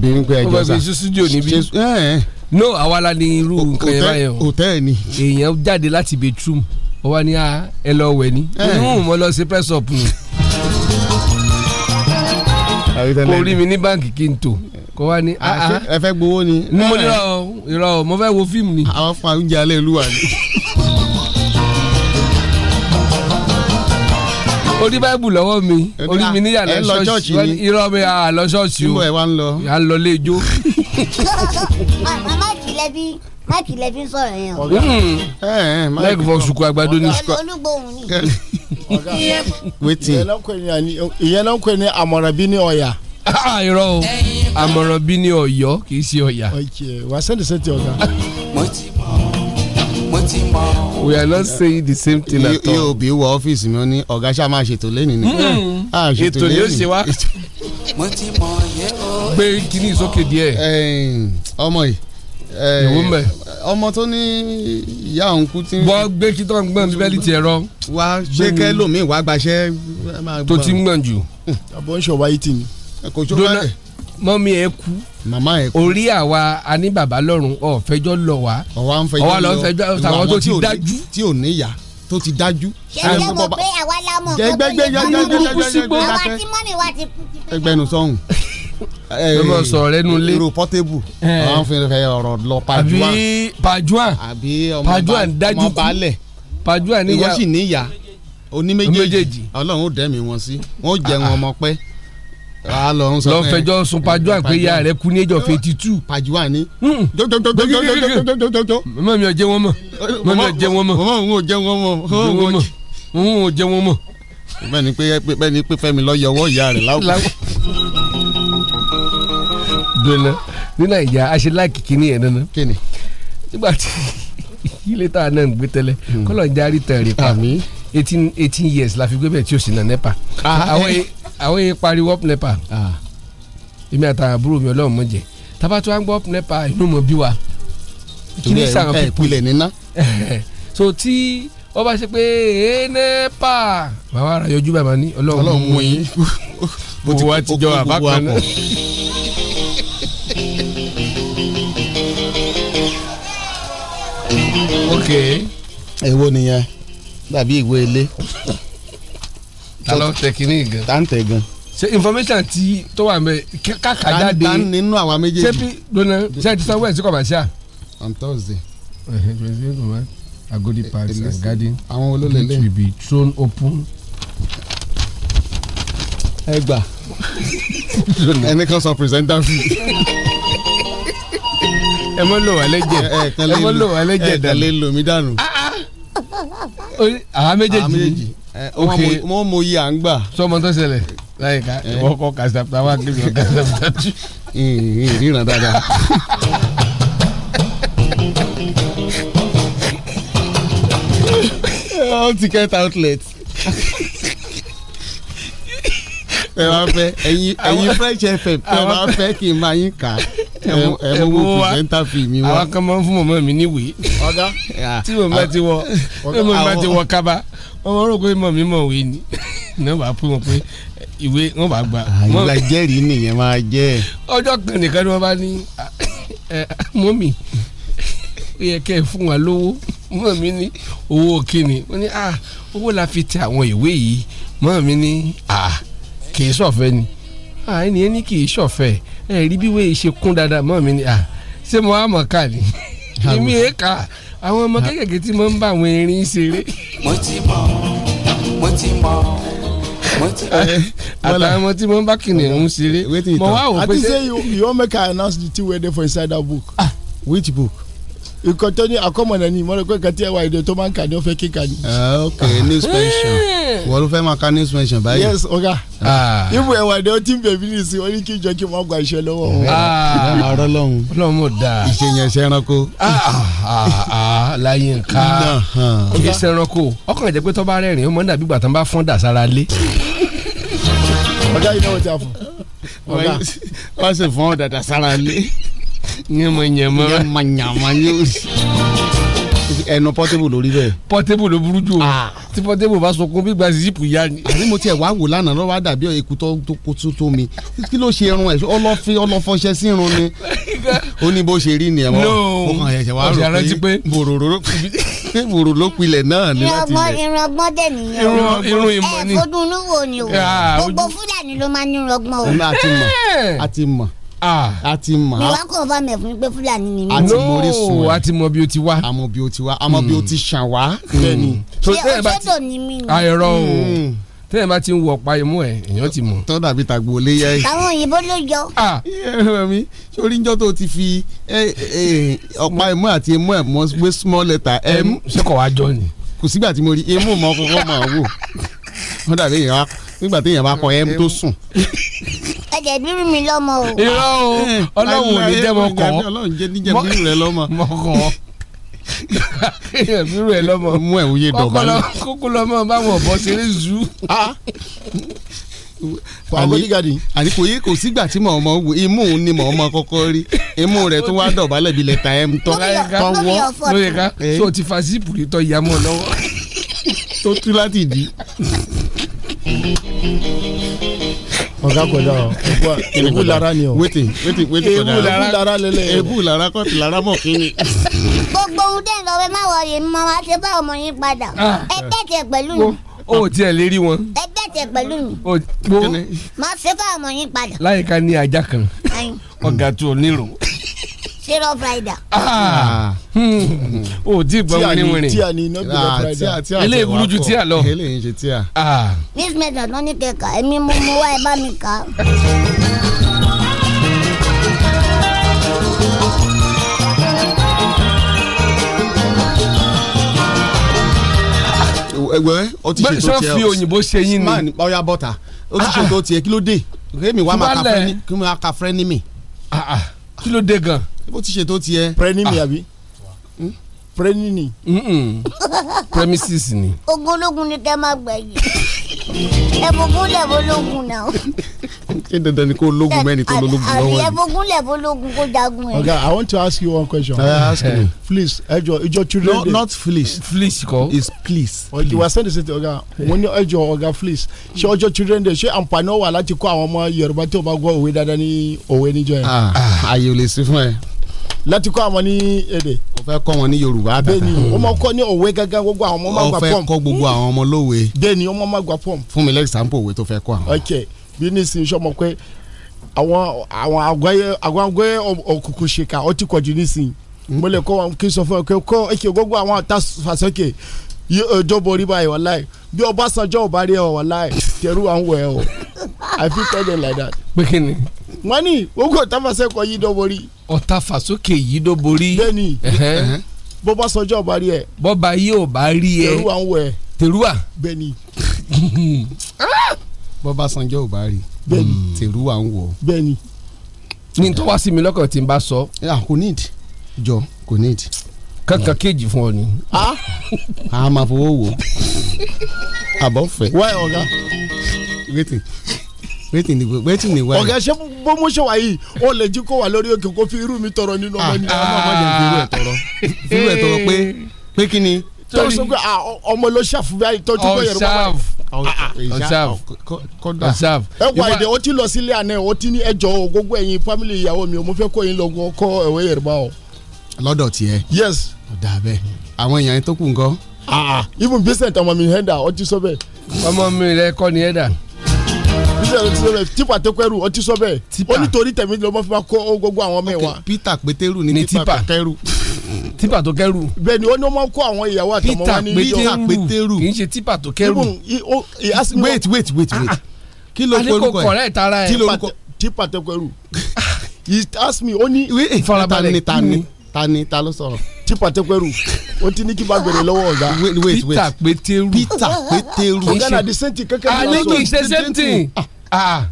obìnrin pé ẹjọ́ sá ọmọ studio níbí eh, eh. no àwa la ní irú nǹkan yẹn báyẹn o ni èèyàn jáde láti bedroom ó wá ní ah, ẹ lọ wẹ̀ ni inú eh. mo lọ sí press up nù kò rí mi ní báǹkì kí n tò kò wá ní. Ah, ah, ẹ fẹ́ gbowó ni. mo ní irọ́ mo fẹ́ wo fíìmù ni. àwọn fún oúnjẹ alẹ́ ìlú wa ni. orí báìbù lọ́wọ́ mi orí ah, mi níyà lọ ṣọ́ọ̀ṣì irọ́ mi à lọ ṣọ́ọ̀ṣì o à ń lọ lé ijó. máìkì lẹ́bí máìkì lẹ́bí sọ̀rọ̀ yẹn o. Hmm. Eh, eh, máìkì fọ sùkú àgbàdo ní sùkú. olúgbòhùn ni. wetin. ìyẹn náà ń pè ní àmọ̀ràn bí ní ọ̀yà ah, irọ́ o àmọ̀ràn bí ní ọ̀yọ́ kì í ṣe ọ̀yà. wà á sẹ́ni sẹ́ni ti ọ̀gá. we are not saying the same thing at all. yóò bí wọ ọ́fíìsì mi ó ní ọ̀gá ṣáà máa ṣètò lẹ́nu ni. Ah, ètò ni ó ṣe wá. gbé kíní sókè díẹ̀. ọmọ yìí ìwú mbẹ. ọmọ tó ní ìyá òun kú tí. bọ́ gbé kí tó ń gbọ́n bíbélì tiẹ̀ rọ. wá ṣé kẹ́ lómi wá gbaṣẹ́. tó ti ń gbọ̀n jù. àbọ̀ ń ṣọ̀wá yìí tì ní. kò tó bá rẹ̀. mọ́mí ẹ kú màmá ẹ̀ kú orí àwa àní bàbá lọ́run ọ̀fẹ́jọ́ lọ wá ọ̀wá ń fẹjọ́ lọ àwọn tó ti dájú tí ò ní yá tó ti dájú. ṣé ẹ mọ̀ pé àwa la mọ̀ kọ́ tó yẹ kó ní burúkú sígbó àwa tí mọ́mì wa ti kú. ẹgbẹ́nu sọ́hùn ẹ mọ sọ̀rọ̀ lẹ́nu lé irú pọtébù àwọn fi fẹ ọ̀rọ̀ lọ pajua àbí pajua àbí ọmọ ah. pẹ lọ fẹjọ́ sun pajúwà pé ya rẹ kú ní ẹjọ́ fetí tù. pajúwà ni. mọ mi ò jẹ wọn mọ mọ mi ò jẹ wọn mọ. mọ òun ò jẹ wọn mọ. òun ò jẹ wọn mọ. bẹ́ẹ̀ni pé bẹ́ẹ̀ni pé Fẹ́mi lọ yọwọ́ ìyá rẹ̀ láwùjọ. dùnà ní nàìjíríà a ṣe láìkì kíní yẹn nínú. kíni. nígbà tí ilé tá a náà ń gbé tẹ́lẹ̀ hmm. kọ́lọ̀ ń járí tẹ̀rẹ̀ pa eighteen eighteen years la fi gbé bẹ̀ tí o sì nà nẹ́pà. Ah. àwọn àwọn èèyàn pariwo up nepa ah. èmi àtàwọn àbúrò mi ọlọ́run mọ̀ jẹ́ tábà tó wá gbọ́ up nepa inú mọ̀ bí wa kí ní sàn án pípé so tí wọ́n bá ṣe pé ee nepa bàbá ara yọjú bàbá ní ọlọ́run mú yín gbogbo wa ti jọ àbá kan náà. ok. nìyẹn dàbí ìwé ilé. ta ló gan. ta ṣe information ti tó wà mẹ káka jáde. ta nínú àwa méjèèjì. ṣé bí dona ṣe ti sanwó ẹ̀ sí commercial. on thursday. Agodi Park and Garden àwọn olólèlè will be thrown open. ẹ gbà ẹnì kan sọ presenter fee. ẹ mọ lò wà lẹ́jẹ̀ ẹ mọ lò wà lẹ́jẹ̀ dànù. ẹ kàn lè dànù. àwa méjèèjì Eh, ok wọn mọ iye à ń gbà. sọmọ tó ṣẹlẹ̀ láyìíká eh. ìwọ kọ kàṣàpútà wà kébì ọ kàṣàpútà jù. ríran dáadáa. all ticket outlet. ẹ wá fẹ́ ẹyin ẹyin Fresh FM ẹ wá fẹ́ kí n máa yín kà á ẹ mú wo pìrìsẹ́ńtà fi mi wá. àwọn kan máa ń fún mọ̀mọ́ mi níwèé. ọ̀gá tí mọ̀mọ́ ti ti wọ kaba wọ́n rò pé mọ̀ mí mọ̀ wé ni náà wàá pé wọn pé ìwé wọn bá gba. àyíká ah, jẹ́rìí nìyẹn máa jẹ́. ọjọ́ kan nìkan ni wọ́n bá ní ah, eh, mọ́mì ó yẹ kẹ́ ẹ̀ fún wa lówó mọ́mì ní owó kíni wọ́n ní ah, owó la fi tẹ àwọn ìwé yìí mọ́mì ní kì í ṣọ̀fẹ́ ni ẹni ẹni kì í ṣọ̀fẹ́ ẹ̀ rí bí wéyìí ṣe kún dáadáa mọ́mì ní ṣé mo á mọ̀ ká ni. èmi ẹ kà àwọn ọmọ kékèké tí mo ń bá àwọn erin ṣeré. mo ti mọ mo ti mọ àtàwọn tí mo ń bá kìnìún ṣeré mo wá òpin. àti say you you wan make i announce the thing wey dey for inside that book. ah which book nǹkan tó ní àkọ́mọ̀nà ni mo rò tí ẹ wà èdè tó máa ń kà ní ó kíkà ni. Ah, ok news pension hmm. wọ́n ló fẹ́ máa ka news pension báyìí. yes ọ̀gá ah. ibu ẹ̀wà èdè ó ti ń bèbí nìsí ó ní kí n jọ kí n máa gba iṣẹ́ lọ́wọ́ wọn. ọ̀rọ̀ ah. lọ́hùn lọ́hùn mo da. ìṣèyàn ẹsẹ̀ ẹranko. láyé nǹka ẹsẹ̀ ẹranko ọkàn ìjẹ́ pé tó bá rẹ́rìn-ín ó mọ̀ dàbí ìgbà tó ń bá fọ́n dà sára lé. ọ̀gá yìí náà ó ti à fún. ọ̀gá wọ́n sì fọ́n dàdà sára lé yẹmọyẹmọ yẹmọyẹmọ yóò sì ẹnu pọtébù lórí bẹ́ẹ̀. pọtébù ló burú jù o ah. tí pọtébù bá sunkún bí gba zipu ya ni. àbí mo tiẹ̀ wá wò lánàá lọ́wọ́ àdàbí eku tó kó tó mi kí ló ṣe irun ẹ̀ ọlọ́fin ọlọ́fọṣẹ́ sí irun ni ó ní bó ṣe rí ni ẹ̀wọ̀n ó kàn ṣẹ̀ṣẹ̀ wá rò pé bòrò ló pilẹ̀ náà ni láti ilẹ̀. irun ọgbọ́n dẹ̀ nìyẹn o irun ìmọ̀ ni ẹ̀ fojú inú wo ni o ah, gbogbo fúlàní ló máa ní irun ọgbọ́n o. a ti mọ̀ a ti mọ̀ Ah. a ti mọ̀ a. mi wá kò bá mi fún pé fúlàní ni mi. a ti mọ orí sùn ẹ a ti mọ bí o ti wá. a mọ bí o ti wá a mọ bí o ti hmm. ṣàn wá. Hmm. bẹ́ẹ̀ni ṣé òṣèlú ni mi ni. àìrọ ah, o hmm. tẹ́yìn bá ti ń wọ ọ̀pá imú ẹ̀ èèyàn ti mọ̀. tọ́ dàbí tàgbò lé yẹ. àwọn òyìnbó ló jọ. Ah. mi sórí njọ́ tó ti fi ọ̀pá imú àti imú ẹ̀ gbé small letter m. ṣé kò wá jọ ni. kò sígbà tí mo rí imú mọ́ kọ́kọ́ mọ̀ wò. wọ́n dàbí èèyàn nígbà tí bá kọ m tó sùn jẹ bírù mi lọ́mọ o. irọ́ o eh, ọlọ́run ò ní jẹ́ mọ kàn ọ́ ọlọ́run jẹ́ níjẹ́ bírù rẹ lọ́mọ. mọ kàn ọ́ bírù rẹ lọ́mọ. mú ẹ̀ wúyé dọ̀bálẹ̀. kókó lọ́mọ báwọn ọ̀bọ ṣeré zu àní kò yí kò sígbà tí mò ń mọ wò imú ni mò ń mọ kọ́kọ́ rí imú rẹ̀ tó wá dọ̀bálẹ̀ bí lẹ́tà ẹ̀ ń tọ́ tọ́ wọ́ lóye ká tó ti fa zipu rí tọ́ ìyá mọ́ lọ́wọ́ tó tú láti dì í ọ̀gá kọjá o ebu lara ni o wetin wetin wetin kọjá ebu lara lele ebu lara kọ́ ti lara mọ̀ kí gbogbo ohun tẹ́ ń lọ bẹ́ẹ̀ má wọlé mọ́ wá ṣe bá ọmọ yín padà ah. ẹ tẹ̀sẹ̀ pẹ̀lú mi. o tiẹ̀ lérí wọn. ẹ tẹ̀sẹ̀ pẹ̀lú mi. o gbó má ṣe bá ọmọ yín padà. láyìíká ní ajá kan ọ̀gá tó o nílò ṣé rough rider. o ti gbọ́ wíníwíní tíà ni iná bí rough rider eléyìí burú ju tíà lọ eléyìí ń ṣe tíà. miss ah. method wọn ní kẹka èmi mú mú wá ẹ bá mi kà á. ẹgbẹ́ ọ ti ṣètò tiẹ̀ bẹ́ẹ̀ sọ fi òyìnbó ṣe yín ni man ọya bọ́tà ó ti ṣètò tiẹ̀ kí ló dé kémi wá máa ka fẹ́ ní mi kí ló dé gan. bó ti ṣètò tiẹ̀. prẹ́ni mi ah. àbí hmm? prẹ́ni ni. premises ni. ogologun ni kẹ́ máa gbẹ̀yìn ẹ̀bùn kúnlẹ̀ ológun náà. ṣé dandan ni kó lógun mẹ́rin kó lógun lọ́wọ́ ni. àríyẹ́bógún lẹ̀bó lógun kó jagun ẹ̀. ọ̀gá I want to ask you one question. I ask you. Eh, please ẹjọ ìjọ children no, not please. please kọ. is please. ọ̀gá wa sẹ́ni sẹ́ni ọ̀gá mo ní ẹjọ ọ̀gá please ṣé ọjọ́ children day ṣé àǹfààní wà láti kọ́ àwọn ọmọ Yorùbá tí o bá gbọ́ òwe dáadáa ní òwe níjọ yẹn. ààyè ah, ah, ò lè sí fún ẹ. láti kọ́ àwọn ní èdè. o fẹ́ kọ́ wọn ní Yorùbá. bẹ́ẹ̀ni o máa kọ́ ní òwe gángan gbogbo okay bí nísìnyí sọmọ pé àwọn àwọn àgbáyé àgbáyé òkùnkùn ṣèkà ọtí kọjú nísìnyí mo lè kọ́ wọn kí n sọ fún ọ pé kọ́ ẹ kì í gbogbo àwọn ọ̀tá fàṣọkè yí ọjọ́ borí báyìí wàláì bí Ọbásanjọ́ ò bá rí ọ wàláì tẹ̀rù à ń wẹ̀ ọ I fit tell them like that. pé kí ni. wọ́n ní gbogbo ọ̀tá fàṣọkè yìí dó borí. ọ̀tá fàṣọkè yìí dó borí. bẹ́ẹ̀ni bọ́básanjọ́ ò bá rí ẹ. bọ́ba yìí ò bá rí ẹ. tẹ̀rù à ń wẹ̀. tẹ̀rù à. bẹ́ẹ̀ni. bọ́básanjọ́ ò bá rí bẹ́ẹ̀ni hmm, tèrú wa ń wọ̀ bẹ́ẹ̀ni. ní tó wá sí mi lọ́kàn tí n bá sọ. Ah, kò ní ìdí jọ kò ní ìdí. kankan hmm. kejì fún ọ ni. Ah. a máa fowó wò àbọ̀ fẹ́. wáyé ọ̀gá. wetin ni wetin ni wáyé. ọ̀gá ṣé bó mo ṣe wà yìí ó lè jí kó wà lórí òkè kó fi irú mi tọrọ nínú ọmọ ah, ní ọmọ ọmọ jẹ fi irú ẹ tọrọ fi irú ẹ tọrọ pé pé kí ni tó sọ pé ah, ọmọ ló ṣàfù bí tó ti gbọ́ yorùbá wáyé ọ̀ṣàf ọ̀ṣàf ẹ wà èdè ó ti lọ sílé àná ó ti ní ẹjọ́ gbogbo ẹ̀yin fámìlì ìyàwó mi ò mo fẹ́ kó yín lọ kọ́ ẹ̀wẹ́ yorùbá o. lọ́dọ̀ tiẹ̀. yes. ọ̀dà bẹ́ẹ̀ àwọn èèyàn yẹn tó kù ń kọ́. Ah, ah. even Vincent ọmọ mi hẹ́ndà ó ti sọ bẹ́ẹ̀. ọmọ mi rẹ kọ́ ni hẹ́ndà tipa tẹkẹrù ọtí sọ bẹ́ẹ̀ ó nítorí tẹmí lọmọ fi máa kó gbogbo àwọn mẹ́wàá. peter pétérù ni tipa kẹrù tipa tó kẹrù. bẹ́ẹ̀ni ó ní wọn kó àwọn ìyàwó àtọmọ wọn ní peter pétérù kì í ṣe tipa tó kẹrù. Oh, wait wait wait wait ah, ah. kí ló korúkọ ẹ kí ló korúkọ tipa tẹkẹrù he asked me ó ní. farabalẹ̀ ta ni ta hmm. ta ló sọ̀rọ̀. tipa tẹkẹrù o ti ní kí n bá bẹ̀rẹ̀ lọ́wọ́ ọ̀gá. wait wait peter peteru peter peteru. ọ̀gá na the same thing kankan. a ní kì í ṣe same thing. Ah. Ah.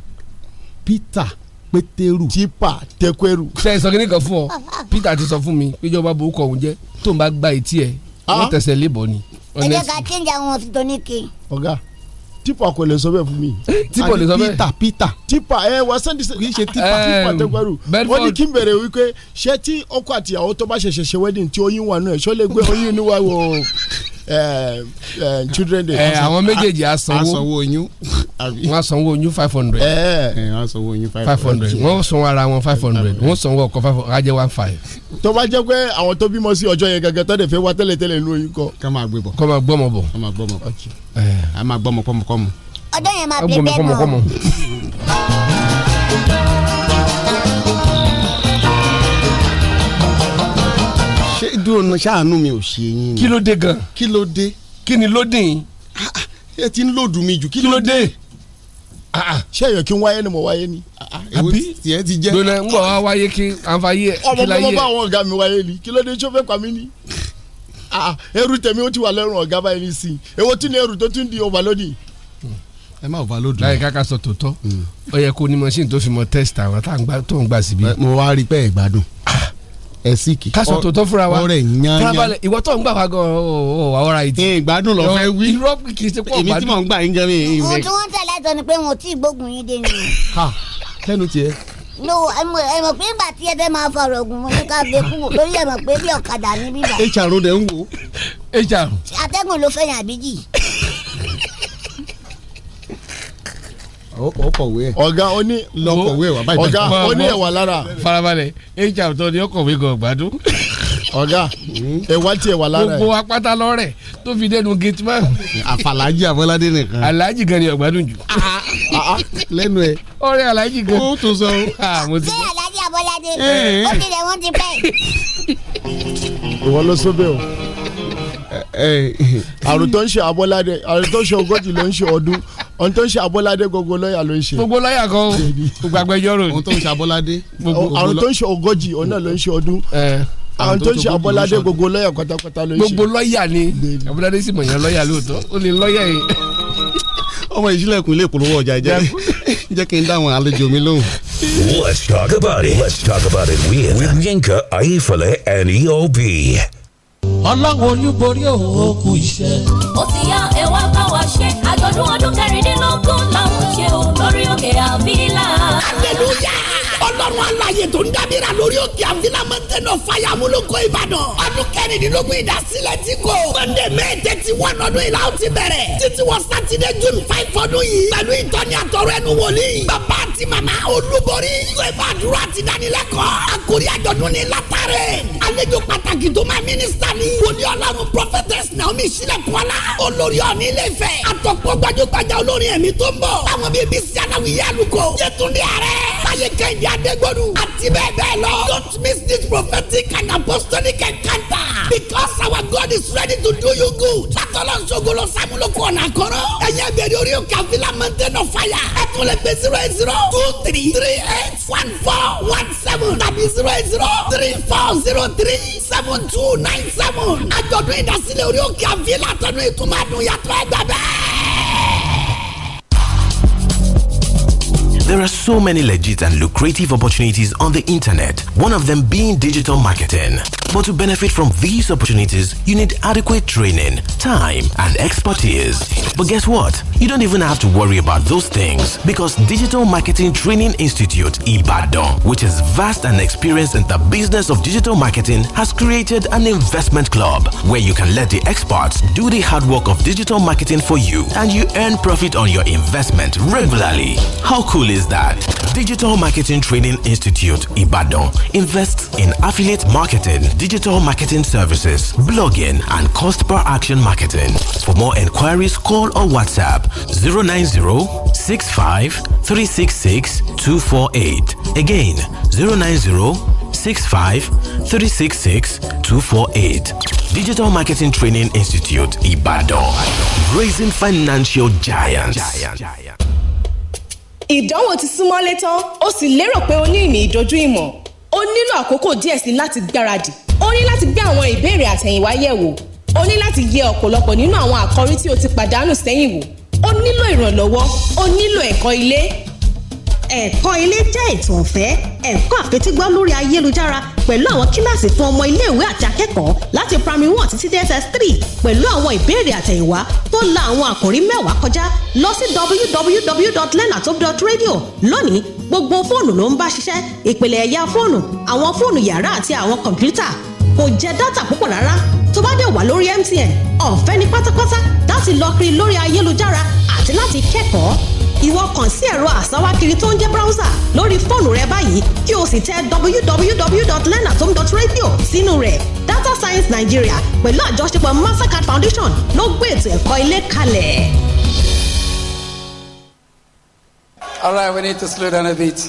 peter peteru. tipa tẹkweru. ṣe é sọ kí ni kan fún ọ peter ti sọ fún mi pé ìjọba burúkú ọ̀hún jẹ́ tó ń bá gba etí ẹ̀ wọ́n ah. tẹ̀sẹ̀ lébọ̀ ni. ẹ jẹ́ ká change àwọn ọ̀sìn tó ní kí. ọ̀gá tipa kò lè sọ bẹ́ẹ̀ fún mi. tipa lè sọ bẹ́ẹ̀ peter peter tipa ẹ wà sẹ́ndí sẹ́ndí kì ṣe tipa tipa tẹ́gbẹ́rù wọ́n ní kí n bẹ̀rẹ̀ wípé ṣé tí ọkọ àtìyàwó tó bá ṣẹ̀ṣẹ̀ ṣe wedding tí oyún wà náà ṣó lè gbé oyún níwáwó Eh, eh, children day. ẹ eh, àwọn méjèèjì á sanwó oyún wọ́n á sanwó oyún five hundred. ẹ wọ́n á sanwó oyún five hundred. wọ́n sanwó ara wọn five hundred wọ́n sanwó ọkọ five hundred ajẹ́ one five. tó bá jẹ́ pé àwọn tó bímọ sí ọjọ́ yẹn gẹ́gẹ́ tó dẹ̀ fẹ́ wá tẹ́lẹ̀tẹ́lẹ̀ nínú oyún kọ. kọ́ máa gbé bọ̀. kọ́ máa gbọ́mọ bọ̀. kọ́ máa gbọ́mọ kọ́ mu. ọdún yẹn máa bẹ bẹ́ẹ̀ mọ́. ṣé dùn ṣàánú mi ò ṣe yín ni. kí ló dé gan. kí ló dé. kí ni ló dín ah, ah, ẹ ti ń lòdù mi jù kí ló dé. Ah, ṣé ẹ̀yọ̀ kí n wáyé ni mo wáyé ni. àbí tiẹ̀ ti jẹ́. dona n bọ̀ wá wáyé kí àǹfààní ẹ̀ kí láyé ẹ̀. ọmọ mi bá àwọn ọ̀gá mi wáyé ni kí ló dé sọ́fẹ́ pa mí ni. ẹrù tèmi ó ti wà lẹ́rùn ọ̀gá báyìí ní sìn èwo tí ni ẹrù tó tún di overloading ẹ má overload. láyé káka sọ tòótọ́ hmm. ó yẹ kó ní machine tó fi mọ test àwọn tó ń gbà síbi. mo wá rí pé ẹ gbádùn ẹ sì kì. káṣọ tó tó fúnra wa ọ̀rẹ́ yan yan ìwọ tó ń gbà wá gan ọ wà ọ̀rá ìdí. ìgbádùn lọ fẹ́ wí irọ́ kì í ṣe pọ̀ gbádùn. èmi tí mò ń gbà yín jẹun yìí. ohun tí wọ́n tẹ̀lé ẹ̀tọ́ ni pé wọn ò tí ì gbógun yín dé ni. ha lẹ́nu tiẹ̀. no ẹ mọ̀ pé ìgbà tí ẹ fẹ́ máa fọ̀rọ̀ ògùn mo ní ká gbé kú lórí ẹ mọ̀ pé bí ọ̀kadà ní bíbá. hr dẹ̀ ń wo. hr. atẹ́gùn ló fẹ́ àbíjì. ọkọ̀wé. ọ̀gá ó ní lọ́kọ̀wé wà báyìí. ọ̀gá ó ní ẹ̀wà lára. farabalẹ̀ hr tó ní ọkọ̀wé gan gbádùn. ọ̀gá hmm. ẹ̀wà tiẹ̀ wà lára ẹ̀. gbogbo apáta lọ́rẹ̀ tó fi dẹnu gate man. àfàlájì àfọládé nìkan. alájì gan ni ọ̀gbádùn jù. Ah, ah, lẹ́nu ẹ̀. ọ̀rẹ́ alájì gan. ó tún sọ. bẹ́ẹ̀ alájì àfọládé ó ti rẹ̀ wọ́n ti pẹ́. ìwọ ló sóbẹ̀ o eh, eh. àrùn tó ń ṣe abọ́ládé àrùn tó ń ṣe ogójì ló ń ṣe ọdún ohun tó ń ṣe abọ́ládé gbogbo lọ́ọ̀yà ló ń ṣe. gbogbo lọ́ọ̀yà kan gbogbo agbẹjọ́rò ni. ohun tó ń ṣe abọ́ládé. àwọn tó ń ṣe ogójì òun náà ló ń ṣe ọdún àwọn tó ń ṣe abọ́ládé gbogbo lọ́ọ̀yà pátápátá ló ń ṣe. gbogbo lọ́ọ̀yà ni abọ́ládé sì mọ̀yàn lọ́ọ̀yà lóòótọ́ ó ní lọ́ọ̀yà yìí. ọmọ ìṣílẹ̀kùn ilé ìpolówó ọjà ìjẹ́ jẹ́ kí n dáhùn àlejò mi lóhùn. Let's talk about it. Let's talk about it with, with Yinka Ayifale and EOB. ọlọ́run olúborí òun ó kú iṣẹ́. ó ti yá ẹ bá wa ṣe ká àjọ̀dún ọdún kẹrìndínlógún làwọn ṣe ò lórí òkè àbílà. hallelujah ọlọ́run alaye tó ń dábìrà lórí òkè àfilámọ́tẹ́nà fàyàmúlòkọ ìbàdàn ọdún kẹrìndínlógún ìdásílẹ̀ ti kò sunday may thirty one ọdún ìlà ó ti bẹ̀rẹ̀ títí wọ sátidé june five ọdún yìí pẹ̀lú ìtọ́ni àtọ̀rọ̀ ẹnu wòlíì bàbá àti màmá olúborí ìwé àdúrà àti ìdánilẹ́kọ̀ọ́ àkórí àjọ̀dún ní látàrẹ̀ àlejò pàtàkì tó máa mínísítà ní wòlíì ọlọ́run prophetess naomi sílẹ̀kùnọ́lá olórí ọ̀ní ilé-ifẹ̀ àtọ̀pọ̀ gbajúgbajà olórin ẹ̀mí tó ń bọ̀ àwọn bíi bíi sí aláwìyé àlùkò yẹtùndí ààrẹ gbẹgbẹgbọdu àti bẹ́ẹ̀ bẹ́ẹ̀ lọ. don't miss this prophetic and apostolic encounter because our God is ready to do you good. látọ̀lọ́ nsogolo samuloko ọ̀nà kọ́rọ́. ẹ̀yẹ bẹ̀rẹ̀ orí o kàfílà mountain of fire. ẹ tún lè pe zero eight zero two three three eight one four one seven tàbí zero eight zero three four zero three seven two nine seven. àjọ̀dún ìdásílẹ̀ orí o kàfílà tọ́nu ìtumọ̀ àdùn yàtọ̀ ẹgbẹ́ bẹ́ẹ̀. There are so many legit and lucrative opportunities on the internet, one of them being digital marketing. But to benefit from these opportunities, you need adequate training, time, and expertise. But guess what? You don't even have to worry about those things because Digital Marketing Training Institute Ibadan, which is vast and experienced in the business of digital marketing, has created an investment club where you can let the experts do the hard work of digital marketing for you and you earn profit on your investment regularly. How cool is that? Digital Marketing Training Institute Ibadan invests in affiliate marketing digital marketing services, blogging, and cost per action marketing. For more inquiries, call or WhatsApp 090 65 366 248. Again, 090 65 366 248. Digital Marketing Training Institute, Ibadan. Raising financial giants. Ìdánwò ti súnmọ́lé tán, ó sì lérò pé o ní ìmì ìdojú ìmọ̀. Ó nílò àkókò díẹ̀ sí láti gbáradì o ní láti gbé àwọn ìbéèrè àtẹ̀yìnwá yẹ̀ wò o ní láti yẹ ọ̀pọ̀lọpọ̀ nínú àwọn àkọ́rí tí o ti pàdánù sẹ́yìn wò o nílò ìrànlọ́wọ́ o nílò ẹ̀kọ́ ilé ẹ̀kọ́ ilé jẹ́ ètò ọ̀fẹ́ ẹ̀kọ́ àfetígbọ́ lórí ayélujára pẹ̀lú àwọn kíláàsì fún ọmọ iléèwé àti akẹ́kọ̀ọ́ láti primary one títí dé ss three pẹ̀lú àwọn ìbéèrè àtẹ̀yìnwá tó la àwọn àkòrí mẹ́wàá kọjá lọ sí www.lenatop.radio lónìí gbogbo fóònù ló ń bá ṣiṣẹ́ ìpìlẹ̀ ẹ̀yà fóònù àwọn fóònù yàrá àti àwọn kọ̀ǹpútà kò jẹ dátà púpọ̀ rárá tó bá dẹ̀ wà lórí MTN ọ̀fẹ́ ní pátápátá láti lọ kiri lórí ayélujára àti láti kẹ́kọ̀ọ́ ìwọ kàn sí ẹ̀rọ àsáwákiri tó ń jẹ́ browser lórí fóònù rẹ báyìí kí o sì tẹ www.learnatom.radio sínú rẹ̀ data science Nigeria pẹ̀lú àjọṣepọ̀ Mastercard Foundation ló gbé ètò ẹ̀kọ́ ilé kalẹ̀. All right, we need to slow down a bit.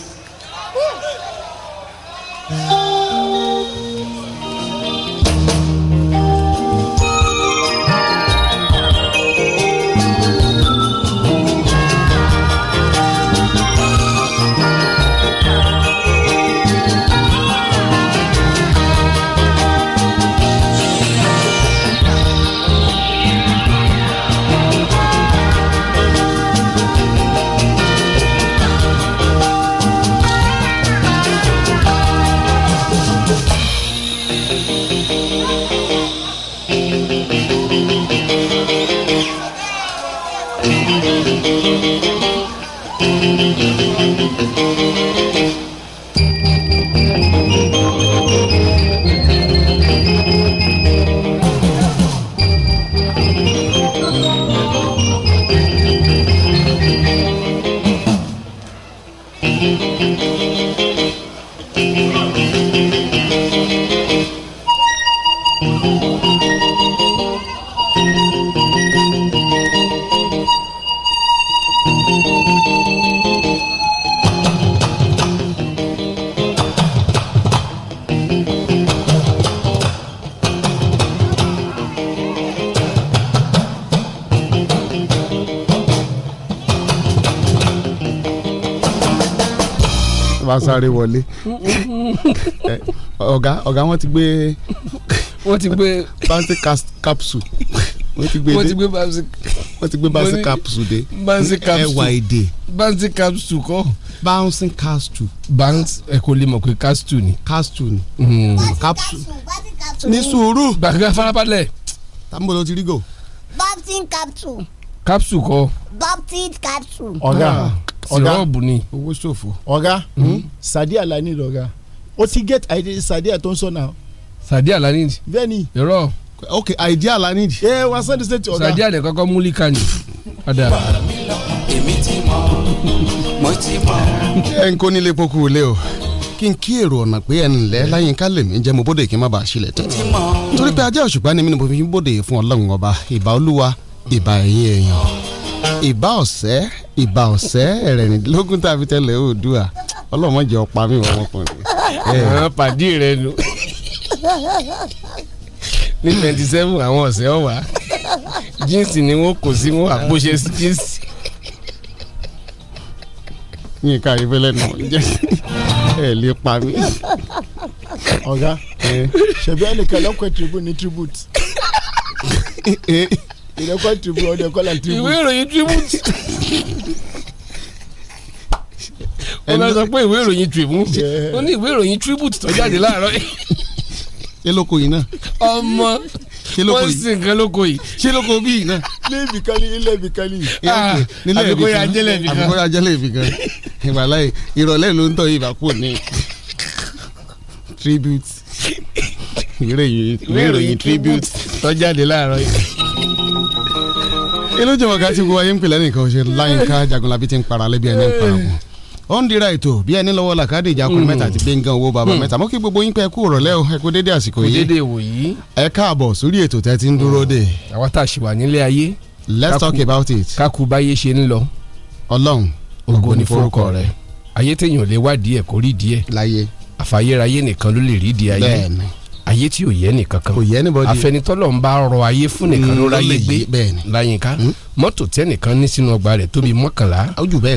Thank you. bá sáré wọlé eh, ọ̀gá ọ̀gá wọ́n ti gbé wọ́n ti gbé bouncy capsule wọ́n ti gbé dé wọ́n ti gbé bouncy capsule dé ẹwà èdè bouncy capsule kọ́ bouncy capsule bounce ẹ kò lè mọ̀ pé capsule ni capsule ni hmm. capsule Ni sùúrù gbàgbé farabalẹ̀. tambo ló ti rí gò. bouncy capsule capsule kọ. boptin capsule. ọ̀gá ah, ọ̀gá sirọ́ọ̀bù ni. owó ṣòfò. ọ̀gá hmm? Sàdí Àlàní lọ̀gá o ti get idea Sàdí àtọ́ ń sọ náà. Sàdí Àlàní. bẹ́ẹ̀ni. irọ́. ok idea Àlàní. ẹ eh, wá sẹ́ni sẹ́ni ọ̀gá. Sàdí Àlẹ́ kọ́kọ́ múlíkà ni. padà. èmi ti mọ mo ti mọ. ẹ ń kó nílé pokùn ilé o kí n kí èrò ọ̀nà pé ẹn lẹ́ láyé ká lèmi jẹ́ mo bóde kí n má bàa sílẹ̀ tẹ̀. nítorí pé ajá òṣùpá ni mí ni mo fi bóde fún ọlọ́run ọba ìbá olúwa ìbà ẹ̀yìn èèyàn ìbà ọ̀sẹ́ ìbà ọ̀sẹ́ ẹ̀rẹ̀nìdínlógún tàbí tẹ́lẹ̀ oòdùà ọlọ́mọdé ọ̀pá mi wọ́n ọmọkùnrin. ẹ̀rọ pàdé rẹ nu ní twenty seven àwọn ọ̀sẹ̀ ọ̀wà jíǹsì ni wọ́n kò sí wọn àpòṣe jíǹsì. yín ká ìfẹ́lẹ́ nù ẹ lè pa mí. ọ̀gá ṣebí ẹnìkan lọ́kọ̀ tribute ní tribute ìrẹ́kọ̀ tìbú ọ̀dẹ̀kọ̀ là tìbú. ìwé ìròyìn tribute wọ́n bá sọ pé ìwé ìròyìn tribute wọ́n ní ìwé ìròyìn tribute tó jáde láàárọ̀ yìí. ṣé lóko yìí náà. ọmọ wọ́n sì nǹkan lóko yìí. ṣé lóko bí yìí náà. léèbì kan ní léèbì ah, kan ní. àbíkóyè ajẹ́lẹ̀ ibì kan. àbíkóyè ajẹ́lẹ̀ ibì kan. ìbàláyé ìrọ̀lẹ́ ló ń tọ́ ìbàkú ní tribute ìwé ìròyìn tribute tó jáde láàárọ̀ yìí inú jọ̀wọ́ ká ti wọ ayé ń pèlẹ́ nìkan ṣe láyínká jagunlabi ti ń para lẹ́bi ẹni ń para wọn ó ń dira ètò bí ẹni lọ́wọ́ làkàdé ìjàkùn mẹ́ta àti gbẹ̀ngàn owó bàbá mẹ́ta mọ́ kí gbogbo yín pẹ́ kú rọ̀lẹ́ o ẹ kú dédé àsìkò yìí dédé wò yìí ẹ káàbọ̀ sórí ètò tẹ́ ti ń dúró dè. àwa tá a ṣì wà nílé ayé. let's talk about it. kákú báyé ṣe ń lọ. ọlọ́run ògo ni forúkọ rẹ ayé téèyàn lè wádìí ẹ kó rí díẹ̀. láyé àfàyèrayé nìkan ló lè rí di ayé. bẹ́ẹ̀ni ayé tí ò yẹ nìkan kan àfẹnitọ́lọ̀ ń bá rọ ayé fún nìkan ló mm, ráyé gbé láyínká mm. mọ́tò tẹ́nìkan ní sínú ọgbà rẹ̀ tóbi mọ́kànlá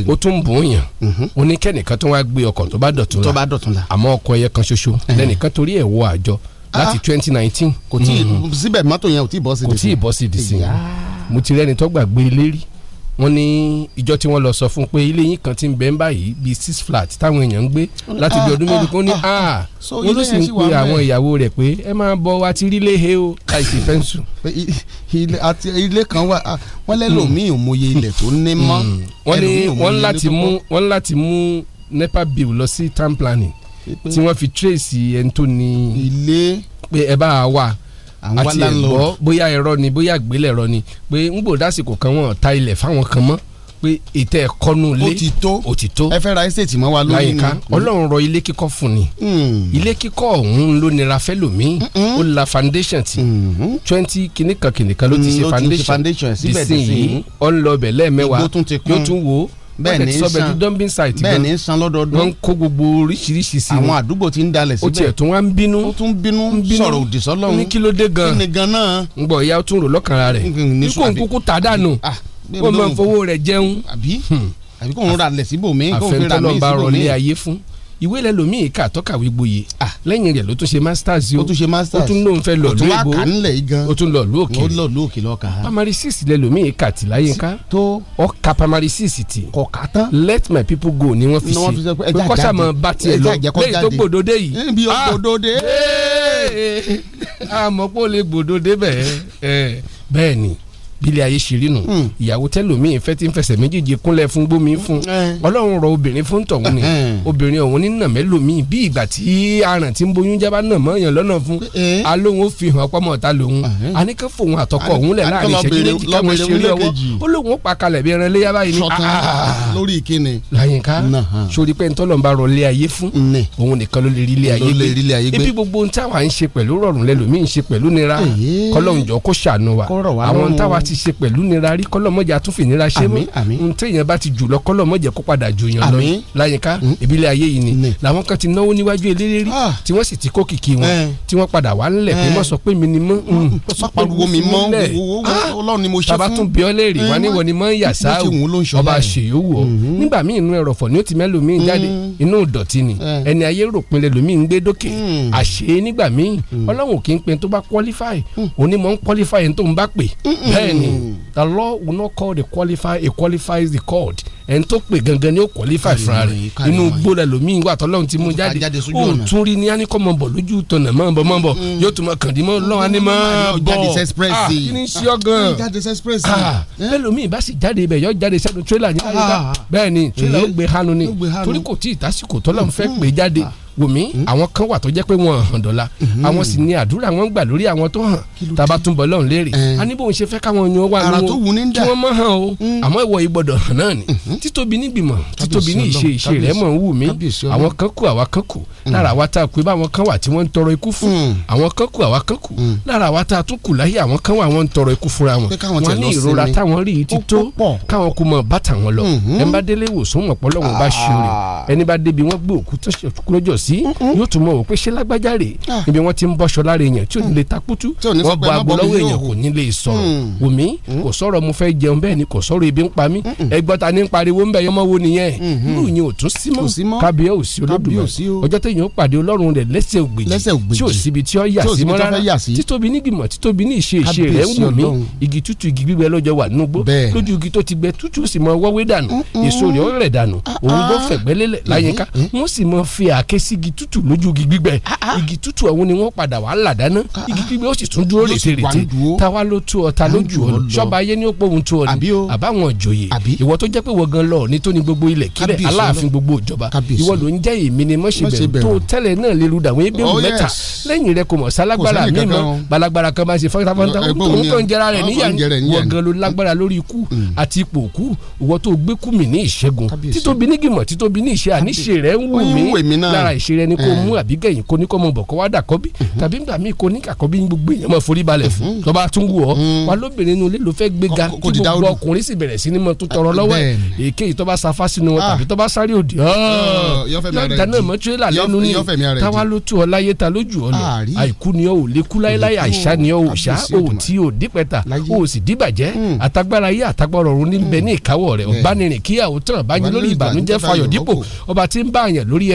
ó tún bùn yàn ó mm-hmm. tó wá gbé ọkọ̀ tó bá dọ̀tún la àmọ́ ọkọ̀ ẹyẹ kan ṣoṣo eh. lẹ́nìkan torí ẹ̀ wọ àjọ láti ah. twenty nineteen. kò tí mm-hmm. síbẹ̀ mọ́tò yẹn ò tí ì bọ́ sí i dì sí. mo ti rẹ́ni tó gbàgbé lérí wọ́n ní ìjọ tí wọ́n lọ sọ fún pé ilé yín kan ti ń bẹ báyìí bíi six flat táwọn èèyàn ń gbé láti bí ah, ọdún mélòó kan ní a ah, ah, wọ́n ló sì ń pe àwọn ìyàwó rẹ̀ pé ẹ máa bọ̀ wá ti rí léhe o láìsí fẹ́ǹsù. ilé kan wà wọ́n lẹ́lò míì ò ilẹ̀ tó ní mọ́. Hmm. wọ́n ní wọ́n láti láti mú nepa bill lọ sí town planning tí wọ́n fi trace ẹni tó ní ilé pé ẹ bá a wà àwọn wá láńlọ bóyá ẹ̀rọ ni bóyá àgbélẹ̀ ẹ̀rọ ni pé ń gbò dásìkò kan wọ́n ta ilẹ̀ fáwọn kan mọ́ pé ètò ẹ̀kọ́ lé ó ti tó ẹ fẹ́ ra estate mọ́ wa lórí ni ọlọ́run rọ ilé kíkọ́ fún ni hmm. ilé kíkọ́ ọ̀hún ló nira fẹ́ ó la foundation ti mm-hmm. twenty kìnnìkan kìnnìkan ló ti se mm, foundation síbẹ̀ sí yìí ọ̀nlọ́bẹ̀ lẹ́ẹ̀mẹ́wàá yóò tún wo bẹ́ẹ̀ ní san bẹ́ẹ̀ ní san lọ́dọọdún wọ́n ń kó gbogbo oríṣiríṣi sí i àwọn àdúgbò ti ń dalẹ̀ síbẹ̀ o tiẹ̀ tún wá ń bínú ó tún bínú sọ̀rọ̀ òdì sọ́lọ́run ní kí ló dé gan ní gan náà ń gbọ́ ìyá tún rò lọ́kànra rẹ̀ ní kò ń kúkú tà dànù ah, ó máa ń fowó rẹ̀ jẹun hmm. àbí kò ń ra lẹ̀ síbòmí kò ń fi ra mí síbòmí ìwé ilẹ̀ lomiin kà tọ́kàwé gboyè lẹ́yìn rẹ̀ ló tún ṣe masters o ó tún ṣe masters ó tún lóun fẹ́ lọ lú èbó ó tún lọ lú òkè ó lọ lú òkè lọ́ka. primary six ilẹ̀ lomiin kà tí láyé ká tó ọkà primary six ti kọ̀ọ̀ká tán let my people go ni wọ́n fi ṣe pé kọ́sà mọ̀ bá tiẹ̀ lọ lẹ́yìn tó gbòdódé yìí. níbi ó ah! gbòdódé. àmọ́ pé ó lè gbòdódé bẹ́ẹ̀ bẹ́ẹ̀ ni bílẹ̀ ayé ṣe rí nù hmm. ìyàwó tẹ́lòmíì fẹ́ ti ń fẹsẹ̀ méjèèjì kúnlẹ̀ fún gbómi fún hmm. eh. ọlọ́run rọ obìnrin fún tọ̀hún ni hmm. obìnrin ọ̀hún ní nàmẹ́lòmíì bí ìgbà tí aràn tí ń boyún jábá nà mọ́ èèyàn lọ́nà fún eh. alóhun ó fi hàn ọpọ́ mọ́ta lòun àníkàn eh. fòun àtọkọ òun lẹ̀ láàrin ìṣẹ́jú méjì káwọn ṣe rí ọwọ́ ó lóun ó pa kalẹ̀ bí ẹran léyà báyìí ní ah, ah, ah, lórí ìkíni. láyínká sori pé ntọ́lọ̀ wa àwọn táwa ti ṣe pẹ̀lú nira rí kọ́lọ́mọ́jà tún fi nira ṣe mú n téèyàn bá ti jù lọ kọ́lọ́mọ́jà kó padà jù yàn lọ láyìnká mm. ìbílẹ̀ ayé yìí ni làwọn kan ti náwó níwájú eléré rí ah. tí wọ́n sì ti kó kìkì wọn eh. tí wọ́n padà wá ńlẹ̀ pé mọ̀ eh. sọ pé mi ni mọ́ pariwo mi mọ́ ọlọ́run ni mo ṣe fún ah. taba tún bí ọ léèrè wá ní wọ́n ni mọ́ mm. ń yà sáà ọba ṣèyówó mm-hmm. nígbà míì inú ẹrọ̀fọ̀ ni ó ti mẹ́lòmíì mm. jáde inú ìdọ̀tí ni eh. ẹni ayé ròpin lẹ́lòmíì ń gbé dókè àṣe nígbà míì ọlọ́run kì í pe tó bá qualify onímọ̀ ń qualify tó ń bá pè bẹ́ẹ̀ ni ni hmm. the law will not call the qualify. a qualifier is the court. ẹni tó pè gangan ni ó qualify fúnra rẹ̀ inú gbólẹ̀ lomi ìwà àtọ́lọ́run ti mú jáde ó tún rí ní áníkọ́ mọ̀ bọ̀ lójú tọ̀nà mọ̀ bọ̀ mọ̀ bọ̀ hmm. yóò tún mọ̀ kàn mọ̀ lọ́wọ́ ni mọ̀ bọ̀ ah kí ni ṣe ọ gan hmm, ah, eh? bẹ́ẹ̀ lomi ìbá sì jáde ibẹ̀ yọ jáde sẹ́nu tírélà ní àyíká bẹ́ẹ̀ ni tírélà eh? ó gbé hánu ni torí kò tí ì tásìkò tọ́lọ́run fẹ́ pè jáde ah wòmí hmm? àwọn kan wà tó jẹ́ pé wọ́n hàn dọ́là hmm. àwọn sì ní àdúrà wọn gbà lórí àwọn tó hàn tàbá tún bọ̀ lọ́hùn léèrè a ní bóun ṣe fẹ́ káwọn yan wà ní o kí wọ́n mọ̀ hàn o hmm. àmọ́ ìwọ ìgbọ́dọ̀ hàn náà ni títóbi nígbìmọ̀ títóbi ní ìṣe ìṣe rẹ̀ mọ̀ ń wù mí àwọn kan kù àwa kan kù lára àwa tá a pè bá àwọn kan wà tí wọ́n ń tọrọ ikú fún àwọn kan kù àwa kan kù lára àwa tá tún kù láyé àwọn kan wà wọ́n ń tọrọ ikú fúnra wọn wọ́n ní ìrora táwọn rí i ti káwọn kú mọ̀ bàtà wọn lọ ẹ̀ bá délé ìwòsàn mọ̀pọ̀ bá ṣe rè ah. ẹni bá débi wọ́n gbé òkú tó ṣe kúrọ́jọ́ sí yóò tún mọ̀ wò pé ṣé lágbájá rè ah. ibi wọ́n ti ń bọ́ ṣọlá rè yẹn tí ò ní lè takutu wọ́n gba agbo lọ́wọ́ èèyàn kò ní lè sọ̀rọ̀ mm. wùmí mm. kò sọ̀rọ̀ mo fẹ́ jẹun bẹ́ẹ̀ ni kò sọ̀rọ̀ ebi ń pa mí ẹgbọ́n ta ni ń pariwo ńbẹ yọmọ wo nìyẹn mm-hmm. irú yẹn ò tún sí mọ́ kábíyà ò sí olódùmọ̀ ọjọ́ téèyàn ó pàdé ọlọ́run rẹ̀ lẹ́sẹ̀ ògbèjì tí ò síbi tí ó yà sí mọ́ rárá títóbi nígbìmọ̀ títóbi ní ìṣe ìṣe rẹ̀ ń wùmí igi tútù igi gbígbẹ lọ́jọ́ wà núgbó lójú igi tó ti gbẹ tútù sì mọ wọ́wé dànù èso rẹ̀ ó rẹ̀ dànù ah, òun ló ah. fẹ̀gbẹ́ lélẹ̀ mm-hmm. láyínká wọ́n sì mọ fi àké sí sí igi tútù lójú igi gbígbẹ ah, ah. igi tútù ọ̀hún ni wọ́n padà wà á là dáná ah, igi gbígbẹ ó sì tún dúró rètè rètè táwa ló tú ọ ta lójú ọ ṣọba ayé ni ó pọ̀ ohun tó ọ ni àbáwọn ìjòyè ìwọ tó jẹ́ pé wọ́n gan lọ ní tó ní gbogbo ilẹ̀ kílẹ̀ aláàfin gbogbo ìjọba ìwọ ló ń jẹ́ èmi ni mọ̀ṣẹ̀bẹ̀rù tó tẹ́lẹ̀ náà lè rúdà wọ́n ebéèrú oh, mẹ́ta lẹ́yìn rẹ kò mọ̀ sálágbára mi mọ̀ balagbara kan máa ṣe fọ́ntáfọ́ntá ṣe rẹ ni kò mú eh. àbígẹ̀yìn kò ní kò mọ bọ̀ kó wá dàkọ́bí mm-hmm. tàbí nígbà míì kò ní kàkọ́bí ní gbogbo èèyàn máa forí balẹ̀ fún mm-hmm. tó bá tún wù ọ́ mm-hmm. wa lóbìnrin nu ilé ló fẹ́ gbéga tí gbogbo ọkùnrin sì bẹ̀rẹ̀ sí ni mo tún tọrọ ah, lọ́wọ́ ẹ̀ èké yìí tó bá sínú wọn ah. tàbí tó sáré òdì yọ̀ǹda ah. mọ́ tirẹ́là lẹ́nu ni táwa ló tú ọ o ò tí o dípẹ́ta o ò sì díbàjẹ́ hmm. àtagbára yé àtagbára ọ̀run ní bẹ ní hmm. ìkáwọ́ rẹ̀ ọ̀gbánirin kíyàwó tán bá yín lórí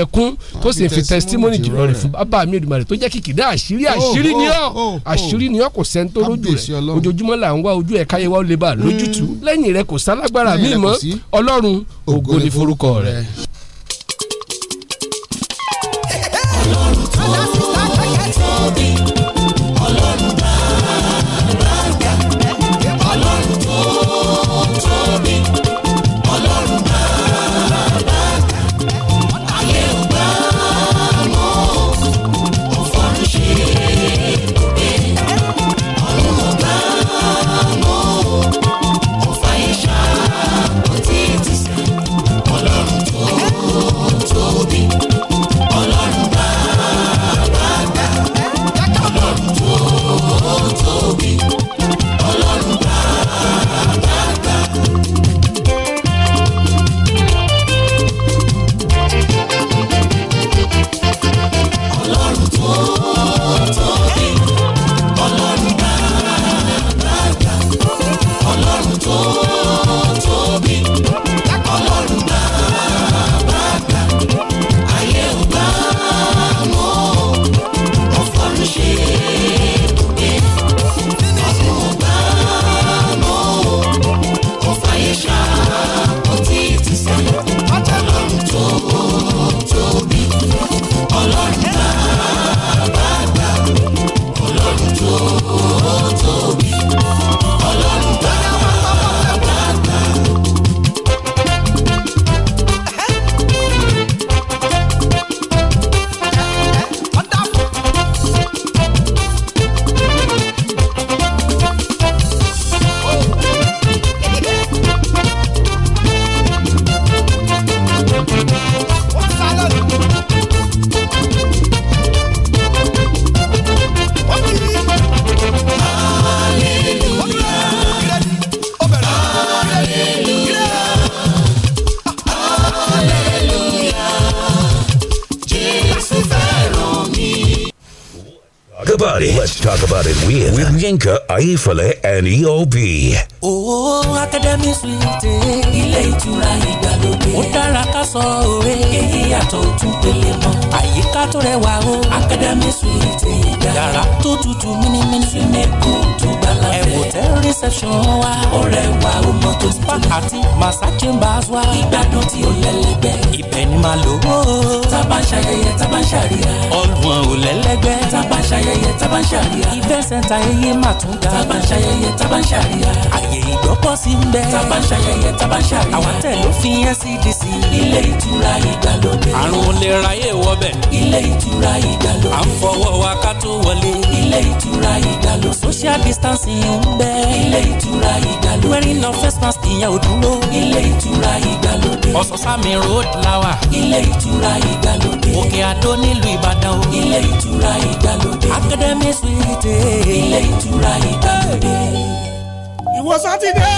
sì fi testimony jùlọ rẹ fún bàbá mi Èdùmàrè tó jẹ́ kìkìdá àṣírí oh, àṣírí ni ọ́ oh, oh, àṣírí ni ọ́ kò sẹ́ni tó rójú ojoojúmọ́ là ń wá ojú ẹ̀ káyé wa ó lè bá lójútùú mm. lẹ́yìn rẹ̀ kò sálágbára mi mọ́ Ọlọ́run ògo ni forúkọ rẹ̀. Gienke confection wa. ọ̀rẹ́ wa o mọ tó ti tó. pàkàtí massa chambers wa. ìgbádùn tí ó lẹ́lẹ́gbẹ́. ibẹ̀ ni màá lò ó. tábà ń ṣayẹyẹ tábà ń ṣàríyá. ọlùwọ̀n ò lẹ́lẹ́gbẹ́. tábà ń ṣayẹyẹ tábà ń ṣàríyá. ìfẹ́ sẹ́ńtà ẹyẹ mà tún ga. tábà ń ṣayẹyẹ tábà ń ṣàríyá. àyè ìgbọ́kọ̀ sí ń bẹ. tábà ṣayẹyẹ tábà ń àwọn tẹ̀ ló fi NCDC. ilé ìtura ìgbàlódé. àrùn olè ra yé wọbẹ̀. ilé ìtura ìgbàlódé. à ń fọwọ́ wa ká tó wọlé. ilé ìtura ìgbàlódé. social distancing ń bẹ. ilé ilé ìtura ìgbàlódé. wearing no face mask ìyẹn ò dúró. ilé ìtura ìgbàlódé. ọ̀sán-sámi road lawa. ilé ìtura ìgbàlódé. òkè àdó nílùú ìbàdàn o. ilé ìtura ìgbàlódé. academy suite. ilé ìtura ìgbàlódé. ìwòsàn ti dé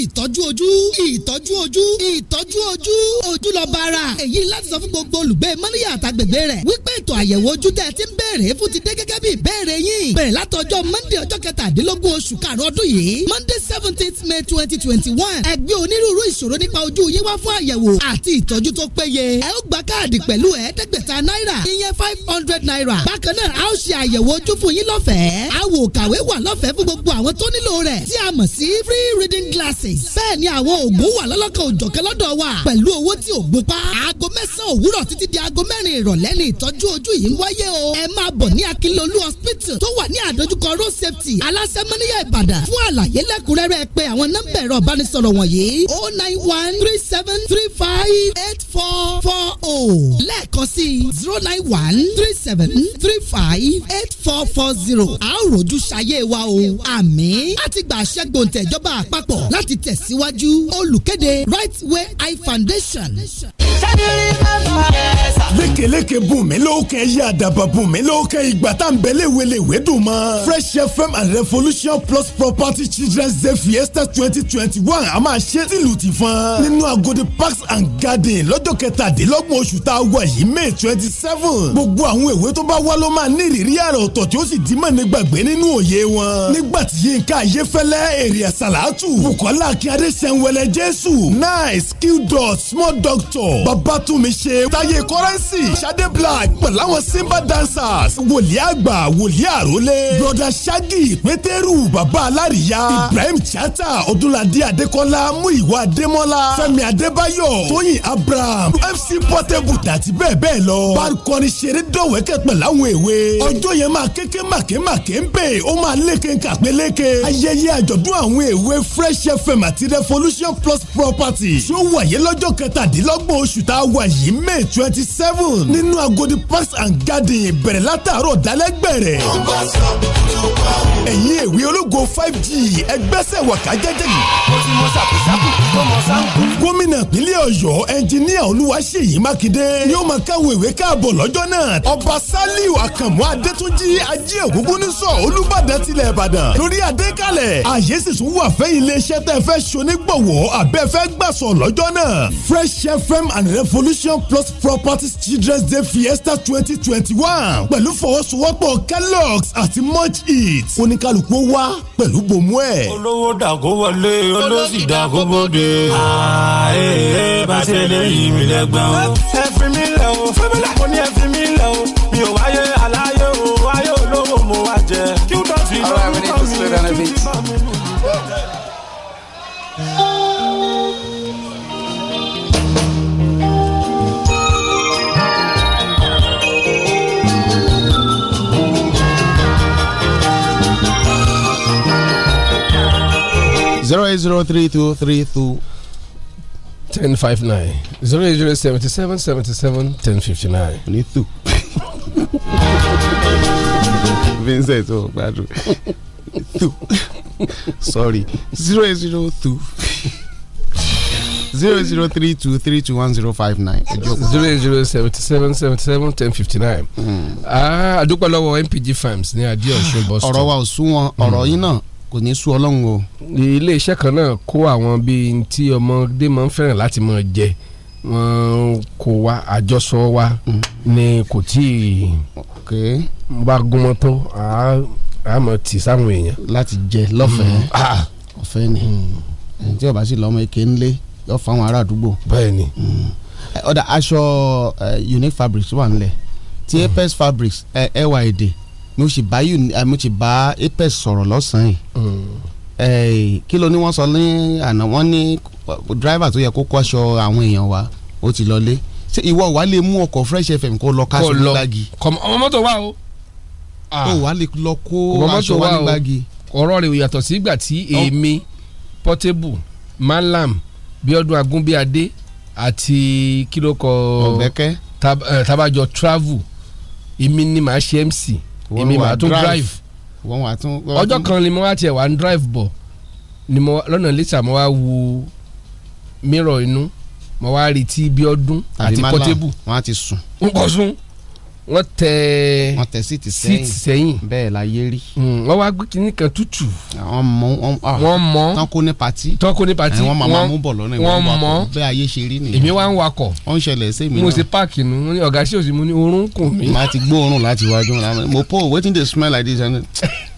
ìtọ́jú ojú ìtọ́jú ojú ìtọ́jú ojú ojú lọ bá ara èyí láti sọ fún gbogbo olùgbé mọ́níyà àtàgbègbè rẹ̀ wípé ètò àyẹ̀wò ojú tẹ̀ ti ń bẹ̀rẹ̀ fún ti d látọjọ́ monday ọjọ́ kẹtàdínlógún oṣù karùn ọdún yìí monday seventeenth may twenty twenty one ẹgbẹ́ onírúurú ìṣòro nípa ojú yín wá fún àyẹ̀wò àti ìtọ́jú tó péye ẹ ó gba káàdì pẹ̀lú ẹ̀ẹ́dẹ́gbẹ̀ta náírà ìyẹn five hundred naira bákan náà a ó ṣe àyẹ̀wò ojú fún yín lọ́fẹ̀ẹ́ àwò kàwé wà lọ́fẹ̀ẹ́ fún gbogbo àwọn tó nílò rẹ̀ tí a mọ̀ sí free reading glasses bẹ́ẹ̀ ni àwọn oògùn wà lọ́lọ́kan òjọ̀kan lọ́dọ̀ wa pẹ̀lú owó tí ò gbópa aago mẹ́sàn-án òwúrọ̀ títí di aago mẹ́rin ìrọ̀lẹ́ ni ìtọ́jú ojú yìí ń wáyé o ẹ máa bọ̀ ní akínlolú hospital tó wà ní àd ìdojúkọ road safety aláṣẹ mọ́níyà ìbàdàn fún àlàyé lẹ́kùnrẹ́rẹ́ pé àwọn nọ́mbà ẹ̀rọ ìbánisọ̀rọ̀ wọ̀nyí o nine one three seven three five eight four four o oh lẹ́ẹ̀kan sí zero nine one three seven three five eight four four zero a ó rojú ṣayé wa o àmín láti gba àṣẹ gbòǹtẹ̀ àpapọ̀ láti tẹ̀síwájú olùkéde right way eye foundation. lékeleke bùnmi lókè yí àdàbà bùnmi lókè ìgbà tá à bẹ̀lẹ̀ wẹlẹ̀ wẹ́dùn mọ́ fresh fm and revolution plus property children's day fiesta twenty twenty one a máa ṣe tìlù ti fún. nínú agodi parks and garden lọ́jọ́ kẹtàdínlọ́gbọ̀n oṣù tá a wà yìí may twenty seven. gbogbo àwọn èwe tó bá wá ló máa ní ìrírí àrà ọ̀tọ̀ tí ó sì dì mọ́ ní gbàgbé nínú òye wọn. nígbà tí yínká ayéfẹ́lẹ́ èrè àsàlátù bukola akínyadé sẹ́ńwẹ́lẹ́ jésù nice qdot small doctor babatunmi ṣe táyé kọ́rẹ́nsì sade black pẹ̀láwọn simba dancers wòlíì àgbà wòlíì àrólé broda shaggy pétérù bàbá alárìíyá ibrahim chata odúnladé adékọ́lá múyìwá adémọ́lá fẹ́mi adébáyọ̀ tóyìn abraham fc portable àti bẹ́ẹ̀ bẹ́ẹ̀ lọ barikọrin ṣeré dọ̀wẹ́kẹ̀ pẹ̀lú àwọn èwe ọjọ́ yẹn máa kéke màkè màkè ń bè ó máa léke kàpéléke ayẹyẹ àjọ̀dún àwọn èwe fresh fm àti revolution plus property ṣó wáyé lọ́jọ́ kẹtàdínlọ́gbọ̀n oṣù tá a wà yìí may twenty seven nínú agodi parks and gardens bẹ̀rẹ̀ látàárọ̀ dálẹ́ gbẹ̀rẹ̀ ẹ̀yin èwe ológo five g ẹgbẹ́sẹ̀ wọ̀ká jẹ́jẹ́ yìí. mo ti mọ sàkúsàkù tó mọ sáńkù. gómìnà ìpínlẹ̀ ọ̀yọ́ ẹnjiníà olúwaṣèyí mákindé yóò máa káwọn ìwé káàbọ̀ lọ́jọ́ náà. ọba saliu àkànmú adétúnjì ajé ògúngúnnísọ̀ olúbàdàn tilẹ̀ ìbàdàn lórí adékalẹ̀. àyè sì tún wà fẹ́ iléeṣẹ́ tẹ́ fẹ́ ṣonígbọ̀wọ́ abẹ́ fẹ́ gbàsọ̀ lọ́jọ́ náà. fresh fm and revolution plus properties children's day fiesta twenty twenty one pẹ̀lú fọwọ́sowọ́pọ̀ kellogg's àti much it oníkálukú wá pẹ̀lú bòmú ẹ̀. olówó dàgó wọlé olóṣì dàgó bóde. ààyè bá ṣe lè yí mi lẹ́gbẹ̀ẹ́ o. ẹ fi mi lẹ̀ o fẹ́mi lẹ̀ mo ní ẹ fi. zero eight zero three two three two ten five nine zero eight zero seventy seven seventy seven ten fifty nine. ní tù. Vincent ò oh, gbádùn two sorry zero eight zero two zero zero three two three two one zero five nine. zero eight zero seventy seven seventy seven ten fifty nine. àdúpọ̀ hmm. ah, lọ́wọ́ MPG farms ní adé ọ̀ṣun boston. ọ̀rọ̀ wa ò sún wọn ọ̀rọ̀ yín náà kò ní sú ọlọ́run o. ilé iṣẹ́ kan náà kó àwọn bíi tí ọmọdé máa ń fẹ́ràn láti máa jẹ wọ́n kó wa àjọsọ wa ni kò tí ì bá gúnmọ́ tó àmọ́ tì sáwọn èèyàn. láti jẹ lọ́fẹ̀ẹ́ mm. ah. ọ̀fẹ́ ni mm. ẹni tí ó bá sì lọ́mọ èké ńlé yọ fáwọn ará àdúgbò. bẹ́ẹ̀ni. Mm. ọ̀dà aṣọ unique fabrics wà nílẹ̀ tí apes fabrics ẹ wà èdè mo sì bá eh, mo sì bá apex sọ̀rọ̀ lọ́sàn-án yìí hmm. eh, kí ló ní wọ́n sọ ní àná wọ́n ní eh, dírìvà tó yẹ kó kó aṣọ àwọn èèyàn wa ó ti lọlé ṣé ìwọ wàá lè mú ọkọ̀ fresh fm kó lọ káṣọ ní gbági. ọmọ mọ́tò wa o. ó ah. wàá lè lọ kó aṣọ wa ní gbági. ọ̀rọ̀ rẹ̀ ò yàtọ̀ sí ìgbà tí èmi portable malam bíọ́dún agúnbíadé àti kílókọ ọ̀bẹ́kẹ́ tabajọ travel èmi ni màá ṣe mc èmi màá tún drive ọjọ́ kan ni mo wá tiẹ̀ wá ń drive bọ̀ ni mo lọ́nà lẹ́tà mo wá wo mírọ̀ inú mo wá rí tí bí ọdún àti pọ́tébù wọ́n á ti sùn. n kò sùn wọ́n tẹ wọ́n tẹ síìtì sẹ́yìn síìtì sẹ́yìn bẹ́ẹ̀ la yé rí. Hmm, wọ́n wá gbé kínní kan tútù. wọ́n mọ ah, wọ́n mọ tán kó ní pati tán kó ní pati wọ́n máa mú bọ̀ lọ́nà ìwọ́n mọ bẹ́ẹ̀ ayé ṣe rí nìyẹn. èmi wá ń wakọ̀ ó ń ṣẹlẹ̀ sí mi náà mo ṣe páàkì nu ọ̀gá sí òsì mo ní orun kùn mí. má ti gbóòórùn láti wájú mo po wetin dey smell like this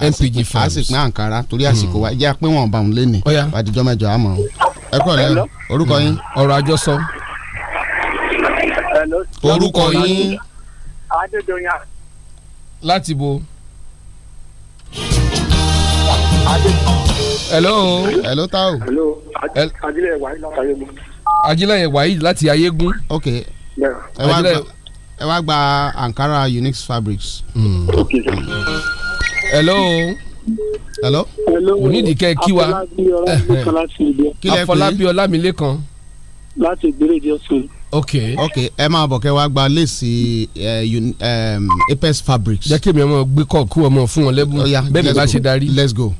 npg farms a sì pín àǹkárá torí àsìkò hmm. wa jẹ́ pé wọ́n bá òun léni bàdìjọ́ mẹ́jọ àmọ́ ẹ kúrò lẹ́yìn orúkọ yín ọ̀rọ̀ àjọsọ. orúkọ yín. adédọ̀yà. láti bo. hello. hello tao. hello ajílẹ̀ wàhíì láti ayégún. ajílẹ̀ wàhíì láti ayégún. ok ẹ wá gba ankara unique fabrics. Mm. okay. Hmm hello. hello. kò nídìí kẹ́ ẹ kí wa. Afọlábí Ọlámilékan. láti ìgbéléde ọ̀sùn. ok ok ẹ máa bọ̀ kẹ́ wá gba léèsì Apex Fabrics. jẹ́ kí èmi ọmọ gbé kọ́ kú ọmọ fún wọn lẹ́bùn bẹ́ẹ̀ ni bá ṣe darí. let's go.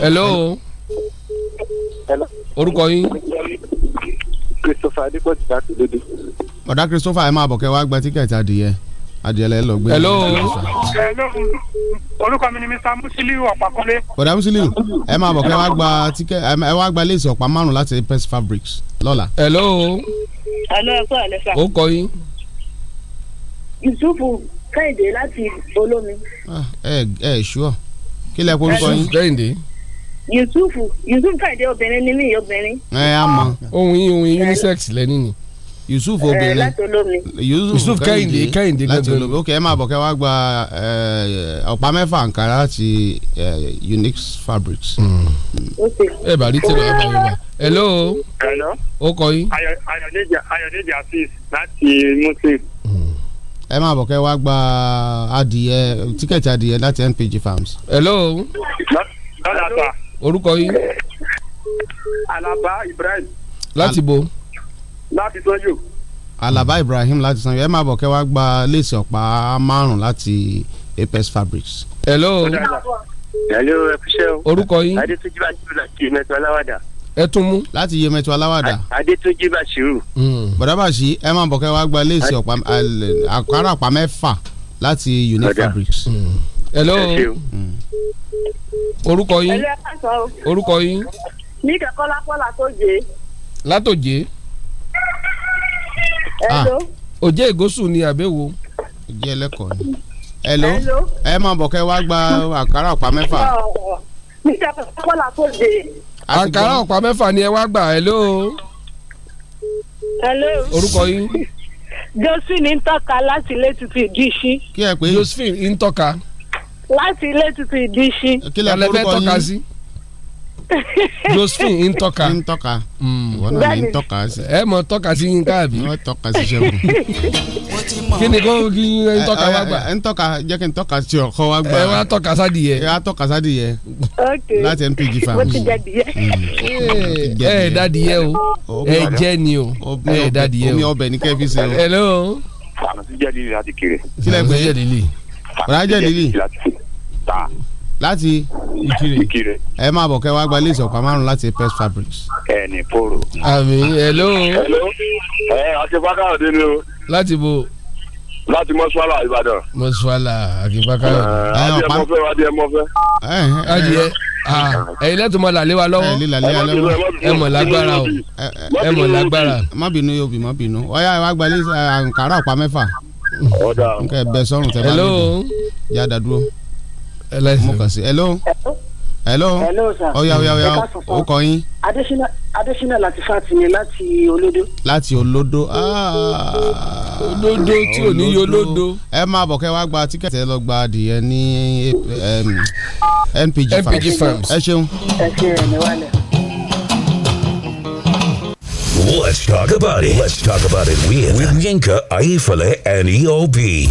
hello. orúkọ yín. Christopher adigun ti dá sí lóde. ọ̀dà Christopher ẹ máa bọ̀ kẹ́ wá gba tíkẹ́ẹ̀tì adìyẹ adìyẹlẹ lọ gbé. hello. orúkọ mi ni mr musiliu ọ̀pákúnlé. bọ̀dà musiliu ẹ máa bọ̀ kẹ́ ẹ wá gba tíkẹ́ ẹ wá gba léèsì ọ̀pá márùn láti press fabrics lọ́la. hello. hello ẹ kọ́ ẹ lẹ́sà. ó kọ yín. yusufu kẹ́hìndé láti olómi. Ah, ẹ ẹ ṣúọ kí lẹ korúkọ yín. kẹ́hìndé. yusufu yusufu kẹ́hìndé obìnrin ni mí obìnrin. ẹ á mọ ohun yín ohun yín unisex lẹ́ni ni yusuf eh, obìnrin yusuf kẹ́hìndé kẹ́hìndé láti ok ẹ máa bọ̀ kẹ́ wá gba eh, ọ̀pá mẹ́fà àǹkárá láti eh, unix fabrics. Hmm. ẹ bá rí tẹ́lẹ̀ ẹ bá rí bá. hello. hello. kọ yín. ayọ̀dèjì ayọ̀dèjì láti muslim. Hmm. ẹ máa bọ̀ kẹ́ wá gba adìyẹ tíkẹ́ẹ̀tì adìyẹ láti npg farms. hello. lọ́dà ta. orúkọ yín. alaba ibrahim. láti bo láti sanyo. alaba ibrahim láti sanyo ẹ máa bọ̀ kẹ́ wá gba léèsì ọ̀pá márùn-ún láti apex fabrics. hello. hello ẹ fi ṣe o. orúkọ yín. adétúnjì bàṣírù láti yemẹtu aláwàdà. ẹ tún mú. láti yemẹtu aláwàdà. adétúnjì bàṣírù. Hmm. bọ̀dá bàṣí ẹ máa bọ̀ kẹ́ wá gba léèsì ọ̀pá àkàrà ọ̀pá mẹ́fà láti unique fabrics. Hmm. hello. Hmm. orúkọ yín. orúkọ yín. ní kẹ́kọ́ lápọ́ látòjé. látòjé òjé ah, ìgòsù ni àbẹ̀wò. òjé ẹlẹ́kọ̀ọ́ ni. hello ẹ máa bọ̀ kẹ́ wá gba àkàrà ọ̀pá mẹ́fà. mr kọ́lá tó dé. àkàrà ọ̀pá mẹ́fà ni ẹ wá gbà hello. hello. orúkọ yín. josephine ń tọ́ka láti ilé tuntun ìdíṣí. kí ẹ pé josephine ń tọ́ka. láti ilé tuntun ìdíṣí. kí lẹ fẹ́ tọ́ka sí josephine ń tọ́ka ń tọ́ka ìwọ náà ní ń tọ́ka sí. ẹ mọ tọ́ka sí yín káàbí. wọ́n tọ́ka sí sẹ́gun. kí ni kó kí n tọ́ka wá gbà. n tọ́ka jẹ́ kí n tọ́ka sí ọkọ wá gbà. ẹ wá tọ́ka sádi yẹ. ẹ wá tọ́ka sádi yẹ. láti npg farm. wọ́n ti jáde yẹ. ẹ ẹ dadi yẹ o ẹ jẹ ni o ẹ ẹ dadi yẹ o. omi ọbẹ̀ ní kẹ́fí se o. hello. sàmùsí jẹ́ lílì láti kiri. sílẹ̀ pé jẹ́ lílì. sàmùsí jẹ́ lílì láti kiri láti ìkirè ìkirè ẹ máa bọ̀ kẹ́ wá gba ilé ìsọ̀kan márùn láti pest fabrics. ẹ ní poro. àmì hello. hello ẹ akínfáká òde ni o. láti bo. láti mọ́ṣúálà ìbàdàn. mọ́ṣúálà akínfáká òde. adìẹ mọ́fẹ́ adìẹ mọ́fẹ́. adìẹ ẹyin lẹ́tọ̀ mọ́ làlẹ́ wa lọ́wọ́ ẹ mọ̀ lágbára o ẹ mọ̀ lágbára. má bínú yóò bí má bínú ọ̀yá ẹ wá gba ilé àǹkárá ọ̀pá mẹ́fà. ọ̀dà. nkẹ́ bẹ sọ́run tẹ́ bá mi. hello. yá dá ẹlẹ́sìn mú sí hello. hello. hello sir. ọ̀ya ọ̀ya ọ̀ya o kọ yín. adesina adesina latifat ni láti olódó. láti olódó ah. olódó tí ò ní yí olódó. ẹ máa bọ̀ kẹ́ wá gba tíkẹ́tì ẹ lọ gba adìyẹ ní NPG Farms ẹ ṣeun. ẹ ṣe ẹ̀ wálẹ̀. Let's talk about it. Let's talk about it with, with Yinka Aifale and EOB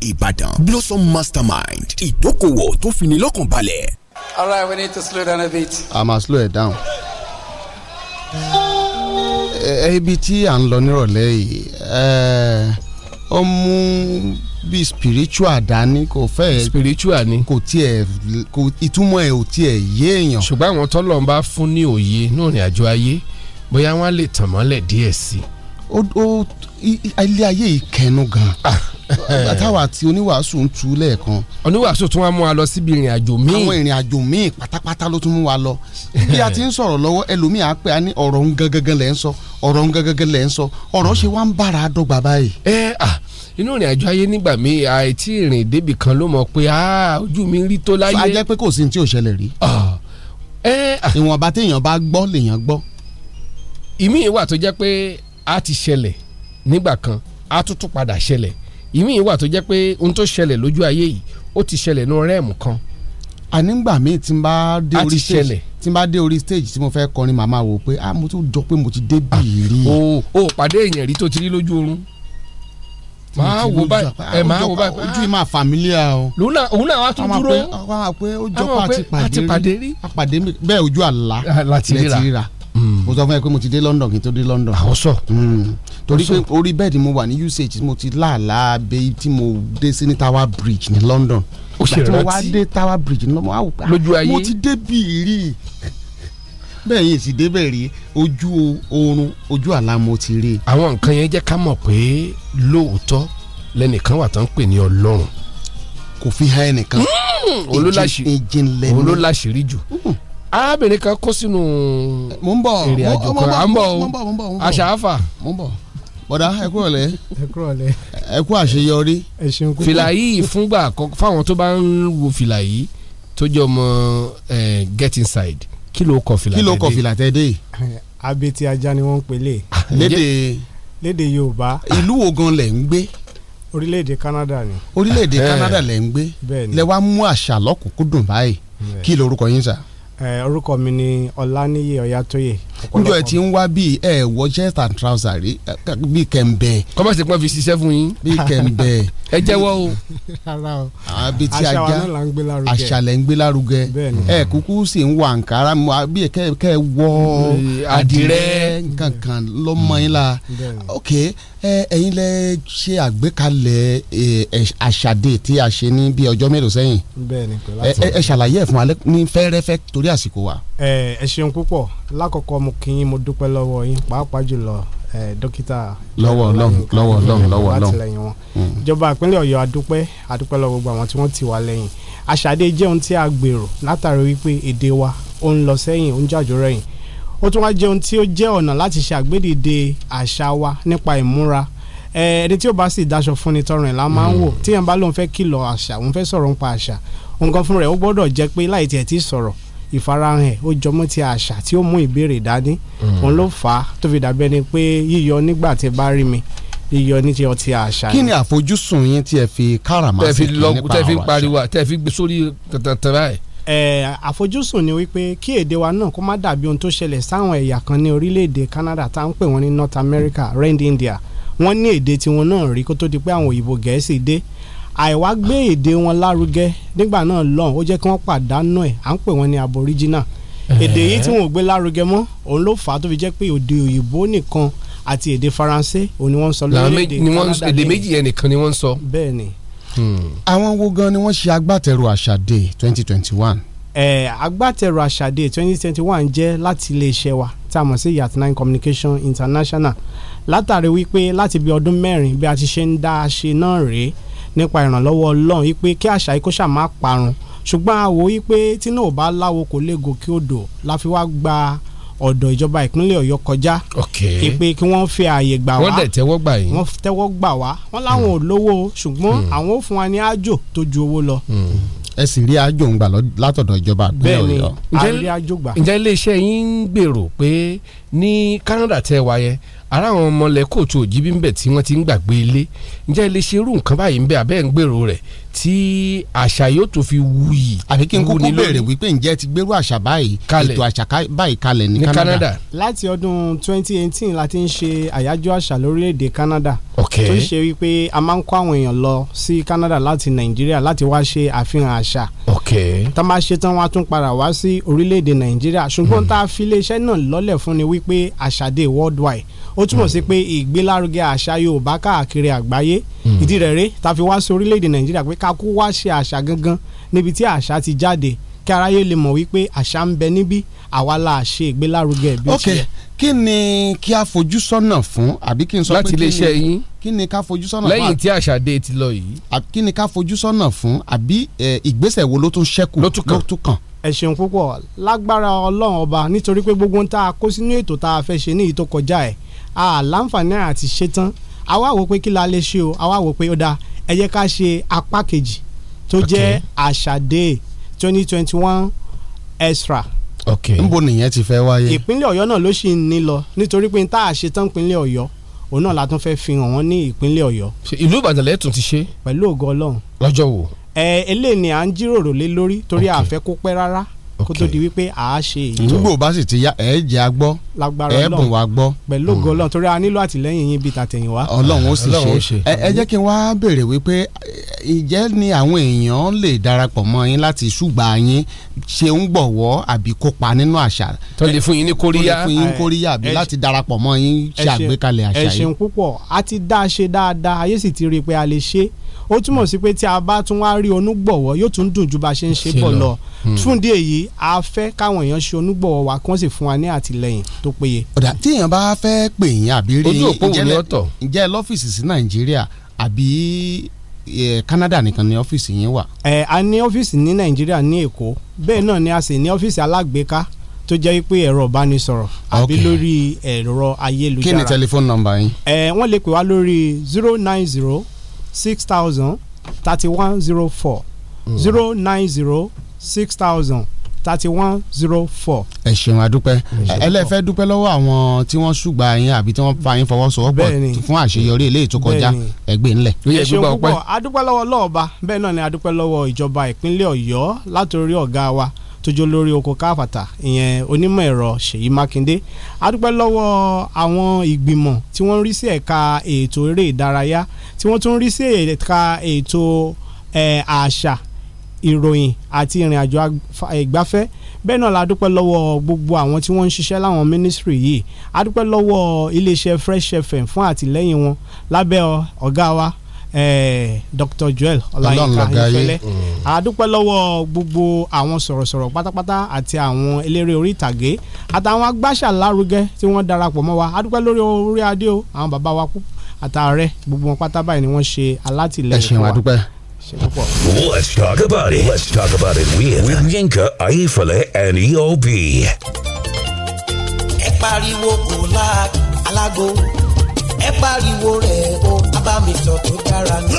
village Ìbàdàn Blossom Mastermind ìdókòwò tó fini lọ́kàn balẹ̀. all right we need to slow down a bit. a máa slow it down. ẹ ibi tí à ń lọ nírọ̀lẹ́ yìí ó mú bí spiritual dání kò fẹ́ spiritual ni kò tiẹ̀ kò ìtumọ̀ ẹ̀ ò tiẹ̀ yé èèyàn. ṣùgbọ́n àwọn tọ́lọ́ ń bá fún ní òye ní ìrìn ayé bóyá wọ́n á lè tàn mọ́lẹ̀ díẹ̀ sí i ó ilé ayé ìkẹnu gan ah. àtàwọn àti oníwàásù ń tu lẹ́ẹ̀kan. oníwàásù tún wá mú wa lọ síbi ìrìn àjò míì. àwọn ìrìn àjò míì pátápátá ló tún mú wa lọ. bí a ti ń sọ̀rọ̀ lọ́wọ́ ẹlòmíì á pè á ní ọ̀rọ̀ ń gangan lẹ́ ń sọ ọ̀rọ̀ ń gangan lẹ́ ń sọ ọ̀rọ̀ ṣe wá ń bára dọ́gba báyìí. ẹ à inú ìrìn àjò ayé nígbà míì àìtí ìrìn débì kan ló mọ̀ pé ojú mi rí tó láyé. ìwọ̀nba téèyàn bá gbọ́ lèèyàn gbọ́. ìmíì wà tó jẹ́ pé a ti ṣẹlẹ̀ nígbà kan a tún tún padà ṣẹlẹ̀ ìmí ìwà tó jẹ́ pé ohun tó ṣẹlẹ̀ lójú ayé yìí ó ti ṣẹlẹ̀ nínú rẹ́ẹ̀mù kan. ànígbà míì tí bá dé orí stage tí n bá dé orí stage tí mo fẹ́ kọrin màmá wò pé ah mo tún jọ pé mo ti dé bìí ah, rí. o ò pàdé èèyàn rí tó ti rí lójú oorun máa wo báyìí ẹ máa wo báyìí ojú ìmọ̀ ah. familia o. lónà òun náà wá tún dúró. àwọn àpè ojú ọkọ àti pàdé rí àpàdé mi bẹ́ẹ̀ ojú àlá ah, láti ríra mo sọ fún ẹ pé mo ti dé London kí n tó dé London. àwọn sọ. Hmm. torí pé orí bẹ́ẹ̀dì mo wà ní UCH mo ti láàlá abẹ́ tí mo dé sí ní Tower Bridge ní London. o ṣe rántí mo wá dé Tower Bridge ní lọ́mọ àwùjọ. lójú ayé mo ti dé bí rí bẹ́ẹ̀ yìí sì débẹ̀ rí ojú oorun ojú àlá mo ti rí. àwọn nǹkan yẹn jẹ́ ká mọ̀ pé lóòótọ́ lẹ́nìkan wà tó ń pè ní Ọlọ́run. kò fi hàn ẹnìkan. Hmm. olólàṣírí jù hmm arábìnrin kan kó sínú èrè àjò kan à ń bọ̀ o àṣàáfà. bọ̀dá ẹ kú ọ̀lẹ́ ẹ kú àṣeyọrí. fìlà yìí fúngbà fáwọn tó bá ń wo fìlà yìí tó jẹ́ ọmọ get inside kí ló kọ fìlà tẹ́dé. kí ló kọ fìlà tẹ́dé. abeti ajá ni wọ́n ń pèlè. lédè lédè yorùbá. ìlú wo gan lẹ̀ ń gbé. orílẹ̀-èdè Canada ni. orílẹ̀-èdè eh. Canada lẹ̀ ń gbé. bẹ́ẹ̀ni lẹ wá mú àṣà lọ́kùnkúndùn báyìí kí lorúkọ yín sà. Eh, orúkọ mi ni ọláníyè ọyátóyè níjọ ẹ ti ń wá bíi ẹ wọ chest and trouser rí bíi kẹ̀ǹbẹ̀. kọ́mọ̀sì pọ́n fi ṣiṣẹ́ fún yín. bíi kẹ̀ǹbẹ̀. ẹ jẹ́wọ́ o. ara o àṣà wa náà là ń gbé lárugẹ. àṣà lẹ̀ ń gbé lárugẹ. ẹ kúkú sì ń wọ àǹkárá mu bíi kẹ́ wọ àdìrẹ́ kankan lọ́mọ yín la. ok ẹ̀yin lẹ ṣe àgbékalẹ̀ àṣàdé tí a ṣe ní bíi ọjọ́ mélòó sẹ́yìn. bẹ́ẹ̀ni pẹ̀lú àtọ. ẹ ṣàlàyé ẹ fún wa ní fẹ́rẹ́fẹ́ torí àsìkò wa. ẹ ẹ ṣeun púpọ̀ lákọ̀ọ́kọ́ mo kí yín mo dúpẹ́ lọ́wọ́ yín pàápàá jùlọ dókítà lọ́wọ́ Ọlọ́run lọ́wọ́ Ọlọ́run lọ́wọ́ Ọlọ́run látìlẹ́yìn wọn mm. ìjọba ìpínlẹ̀ Ọ̀yọ́ adúpẹ́ adúpẹ́ lọ́wọ́ gbogbo àwọn tí wọ́n ti wá lẹ́yìn àṣàdé jẹ́ ohun tí a gbèrò látàrí wípé èdè wa ó ń lọ sẹ́yìn ó ń jàjò rẹ̀yìn ó tún wá jẹ́ ohun tí ó jẹ́ ọ̀nà láti ṣe àgbédìde àṣà wa nípa ìmúra ẹni tí ó bá sì daṣọ fún ni tọrùn ẹ̀ la máa ń mm. wò tí yẹn bá lóun fẹ́ kìlọ̀ àṣà òun fẹ́ sọ̀rọ̀ nípa àṣà nǹkan fún rẹ̀ ó gbọ́dọ̀ jẹ́ pé láì tiẹ̀ ti sọ̀rọ̀ ìfarahàn ó jọmọ́ ti àṣà tí ó mú ìbéèrè dání hmm. òun ló fà á tó fi dàbẹ́ ni pé yíyọ nígbà tí bá rí mi yíyọ ní ti ọtí àṣà. kí ni àfojúsùn yín tí ẹ fi káràmásì nípa àwọn àṣà tẹ fi pariwo tẹ fi gbé sórí tẹtẹtẹrẹ ẹ. ẹ àfojúsùn ni wípé kí èdè wa náà kó má dàbí ohun tó ṣẹlẹ̀ sáwọn ẹ̀yà kan ní orílẹ̀-èdè Canada tá à ń pè wọ́n ní North America Rand India wọ́n ní èdè tiwọn náà rí kó tó di pé àwọn òyìnbó gẹ̀ẹ́sì dé àìwá gbé èdè wọn lárugẹ nígbà náà lọ́hùn ó jẹ́ kí wọ́n pàdánù ẹ̀ à ń pè wọ́n ní aboriginal èdè yìí tí wọn ò gbé lárugẹ mọ́ òun ló fà á tó fi jẹ́ pé òde òyìnbó nìkan àti èdè faransé òun ni wọ́n ń sọ lórílẹ̀-èdè Canada èdè méjì yẹn nìkan ni wọ́n ń sọ. bẹ́ẹ̀ni. Hmm. àwọn wo gan ni wọ́n ṣe agbátẹrù àṣà day twenty twenty one. Eh, agbátẹrù àṣà day twenty twenty one jẹ́ láti iléeṣẹ́ wa tá a mọ̀ sí yat nine communication international látàrí wípé láti bí ọdún mẹ́rin bí a ti ṣe ń dá a ṣe náà rèé nípa ìrànlọ́wọ́ ọlọ́run yìí pé kí àṣà yìí kó ṣáà má parun ṣùgbọ́n a wò ó pé tí náà ò bá láwo kò lè gòkè odò la fi wá gba ọ̀dọ̀ ìjọba ìpínlẹ̀ ọ̀yọ́ kọjá ìpè kí wọ́n fi ààyè gbà wá wọ́n dẹ̀ tẹ́wọ́ gbà yín wọ́n tẹ́wọ́ gbà wá wọ́n láwọn ò hmm. lówó ṣùgbọ́n hmm. àwọn ò fún wa ní àjò tó ju owó lọ hmm. ẹ sì rí àjò ń gbà látọ̀dọ̀ ìjọba àpẹẹrẹ ọ̀yọ́. bẹ́ẹ̀ni a rí àjò gbà. ǹjẹ́ iléeṣẹ́ yín ń gbèrò pé ní Canada tẹ́ wáyé ara àwọn ọmọlẹ kóòtù òjìbí ń bẹ tí wọ́n ti ń gbàgbé ilé ǹjẹ́ ilé ṣe irú nǹkan báyìí ń bẹ abẹ́ ń gbèrò rẹ̀ tí àṣà yóò tó fi wuyì. àfi kí n kúkú béèrè wípé ǹjẹ́ ti gbérú àṣà báyìí ètò àṣà báyìí kalẹ̀ ní Canada. láti ọdún 2018 la ti ń ṣe àyájọ́ àṣà lórílẹ̀‐èdè Canada. ok tó ṣe wípé a máa ń kó àwọn èèyàn lọ sí Canada láti Nàìjíríà láti wá ṣe àfihàn àṣà. ok tá máa ṣe tán wá tún padà wá sí orílẹ̀‐èdè Nàìjíríà ṣùgbọ́n hmm. tá a fi iléeṣẹ́ náà lọ́lẹ̀ fún ni wípé àṣà dé worldwide ó ó túmọ̀ sí hmm. pé ìgbélárugẹ àṣà Yorùbá káàkiri àgbáyé hmm. ìdí rẹ̀ rèé ta fi wá sí orílẹ̀-èdè Nàìjíríà pé ká kó wá ṣe àṣà gangan níbi tí àṣà ti jáde kí aráyé lè mọ̀ wípé àṣà ń bẹ níbí àwa la ṣe ìgbélárugẹ bí ó ti yẹ. ok kí ni kí a fojú sọ́nà fún àbí kí n sọ pé láti iléeṣẹ́ yín kí ni ká fojú sọ́nà fún lẹ́yìn tí àṣà dé ti lọ yìí. kí ni ká fojú sọ́nà fún àbí ìgbésẹ̀ wo ló tún ṣẹ́kù ló tún ẹ ṣeun púpọ̀ lágbára ọlọ́run ọba nítorí pé gbogbo ń tá kó sínú ètò tá a fẹ́ ṣe ní ìtò ẹ̀ àlàǹfààní àti ṣetán àwa wò pé kí la lè ṣe o àwa wò pé ó dáa ẹ jẹ́ ká ṣe apá kejì tó jẹ́ àṣàdé twenty twenty one extra ok nbo nìyẹn ti fẹ́ wáyé. ìpínlẹ̀ ọ̀yọ́ náà ló sì ń ní lọ nítorí pé tá a ṣe tán ìpínlẹ̀ ọ̀yọ́ òun náà la tún fẹ́ fi hàn wọ́n ní ìpínlẹ̀ ọ̀yọ́. ìlú ìbàdàn lẹ́tùn ti ṣe. pẹ̀lú ògo ọlọ́run. lọ́jọ́ wo. ẹ eléyìí ni à ń jíròrò lé lórí torí a kó pẹ́ rárá kó tó di wípé à á ṣe ìjọ. nígbò bá sì ti ya ẹ̀ jẹ́ a gbọ́ ẹ̀ bùn wa gbọ́. pẹ̀lú ògo hmm. ọlọ́run torí a nílò àtìlẹ́yìn yín bíi tàtẹ̀yìn wa. ọlọ́run ó sì ṣe ẹ jẹ́ kí n wá béèrè wípé ìjẹ́ ni àwọn èèyàn lè darapọ̀ mọ́ yín láti ṣùgbà yín ṣe ń gbọ̀wọ́ àbí kópa nínú àṣà. tó lè fún yín ní kóríyá tó lè fún yín ní kóríyá àbí láti darapọ̀ mọ́ yín ṣe àgbékalẹ̀ àṣà yìí. ẹ ṣeun púpọ̀ ó túmọ̀ sí pé tí a bá tún wá rí onúgbọ̀wọ́ yóò tún dùn ju bá a ṣe ń ṣe bọ̀ lọ hmm. fún díẹ̀ yìí a fẹ́ káwọn èèyàn ṣe onúgbọ̀wọ́ wa kí wọ́n sì fún wa ní àtìlẹyìn tó péye. ọ̀dà tí èèyàn bá fẹ́ pè yín àbí rí ǹjẹ́ lọ́fíìsì sí Nàìjíríà àbí Canada nìkan ni ọ́fíìsì yín wà. ẹ a ní ọ́fíìsì ní Nàìjíríà ní Èkó bẹ́ẹ̀ náà ni a sì ní ọ́fíìsì alágbèéká tó jẹ́ pé ẹ̀rọ ìbánisọ̀rọ̀ àbí lórí ẹ̀rọ ayélujára. kí ni tẹlifóònù nọ́mbà yín. ẹ wọ́n lè pè wá lórí zero nine zero six thousand thirty one zero four mm. zero nine zero six thousand thirty one zero four. ẹ ṣeun adúpẹ́ ẹlẹ́fẹ́ dúpẹ́ lọ́wọ́ àwọn tí wọ́n ṣùgbà yín àbí tí wọ́n fa yín fọwọ́sowọ́pọ̀ fún àṣeyọrí eléyìí tó kọjá ẹgbẹ́ ńlẹ̀. ẹ ṣeun púpọ̀ adúpẹ́ lọ́wọ́ lọ́ọ̀ba bẹ́ẹ̀ náà ni adúpẹ́ lọ́wọ́ ìjọba ìpínlẹ̀ ọ̀yọ́ látòrí ọ̀gá wa tó jó lórí oko káfàtà ìyẹn onímọ̀ ẹ̀rọ Ṣèyí Mákindé a dúpẹ́ lọ́wọ́ àwọn ìgbìmọ̀ tí wọ́n ń rí sí ẹ̀ka ètò eré ìdárayá tí wọ́n tún ń rí sí ẹ̀ka ètò àṣà ìròyìn àti ìrìnàjò ìgbafẹ́ bẹ́ẹ̀ náà la dúpẹ́ lọ́wọ́ gbogbo àwọn tí wọ́n ń ṣiṣẹ́ láwọn mínísírì yìí a lọ́wọ́ iléeṣẹ́ Fresh FM fún àtìlẹ́yìn wọn lábẹ́ ọ̀gá wa Eh, Dr. Joel Ọláyínká Ayéfẹ́lẹ́ àdúpẹ́ mm. lọ́wọ́ gbogbo àwọn sọ̀rọ̀sọ̀rọ̀ pátápátá àti àwọn eléré orí ìtàgé àtàwọn agbáṣà lárugẹ tí wọ́n darapọ̀ mọ́ wa àdúpẹ́ lórí orí adé o àwọn bàbá wa kú àtàrẹ gbogbo wọn pátá báyìí ni wọ́n ṣe alátìlẹ́yìn wa. Let's talk about it. Let's talk about it with, with Yinka Ayefele and EOB. Ẹ pariwo kò láàgó, alágó, ẹ pariwo rẹ̀ o, abámisọ̀ ó dára ní.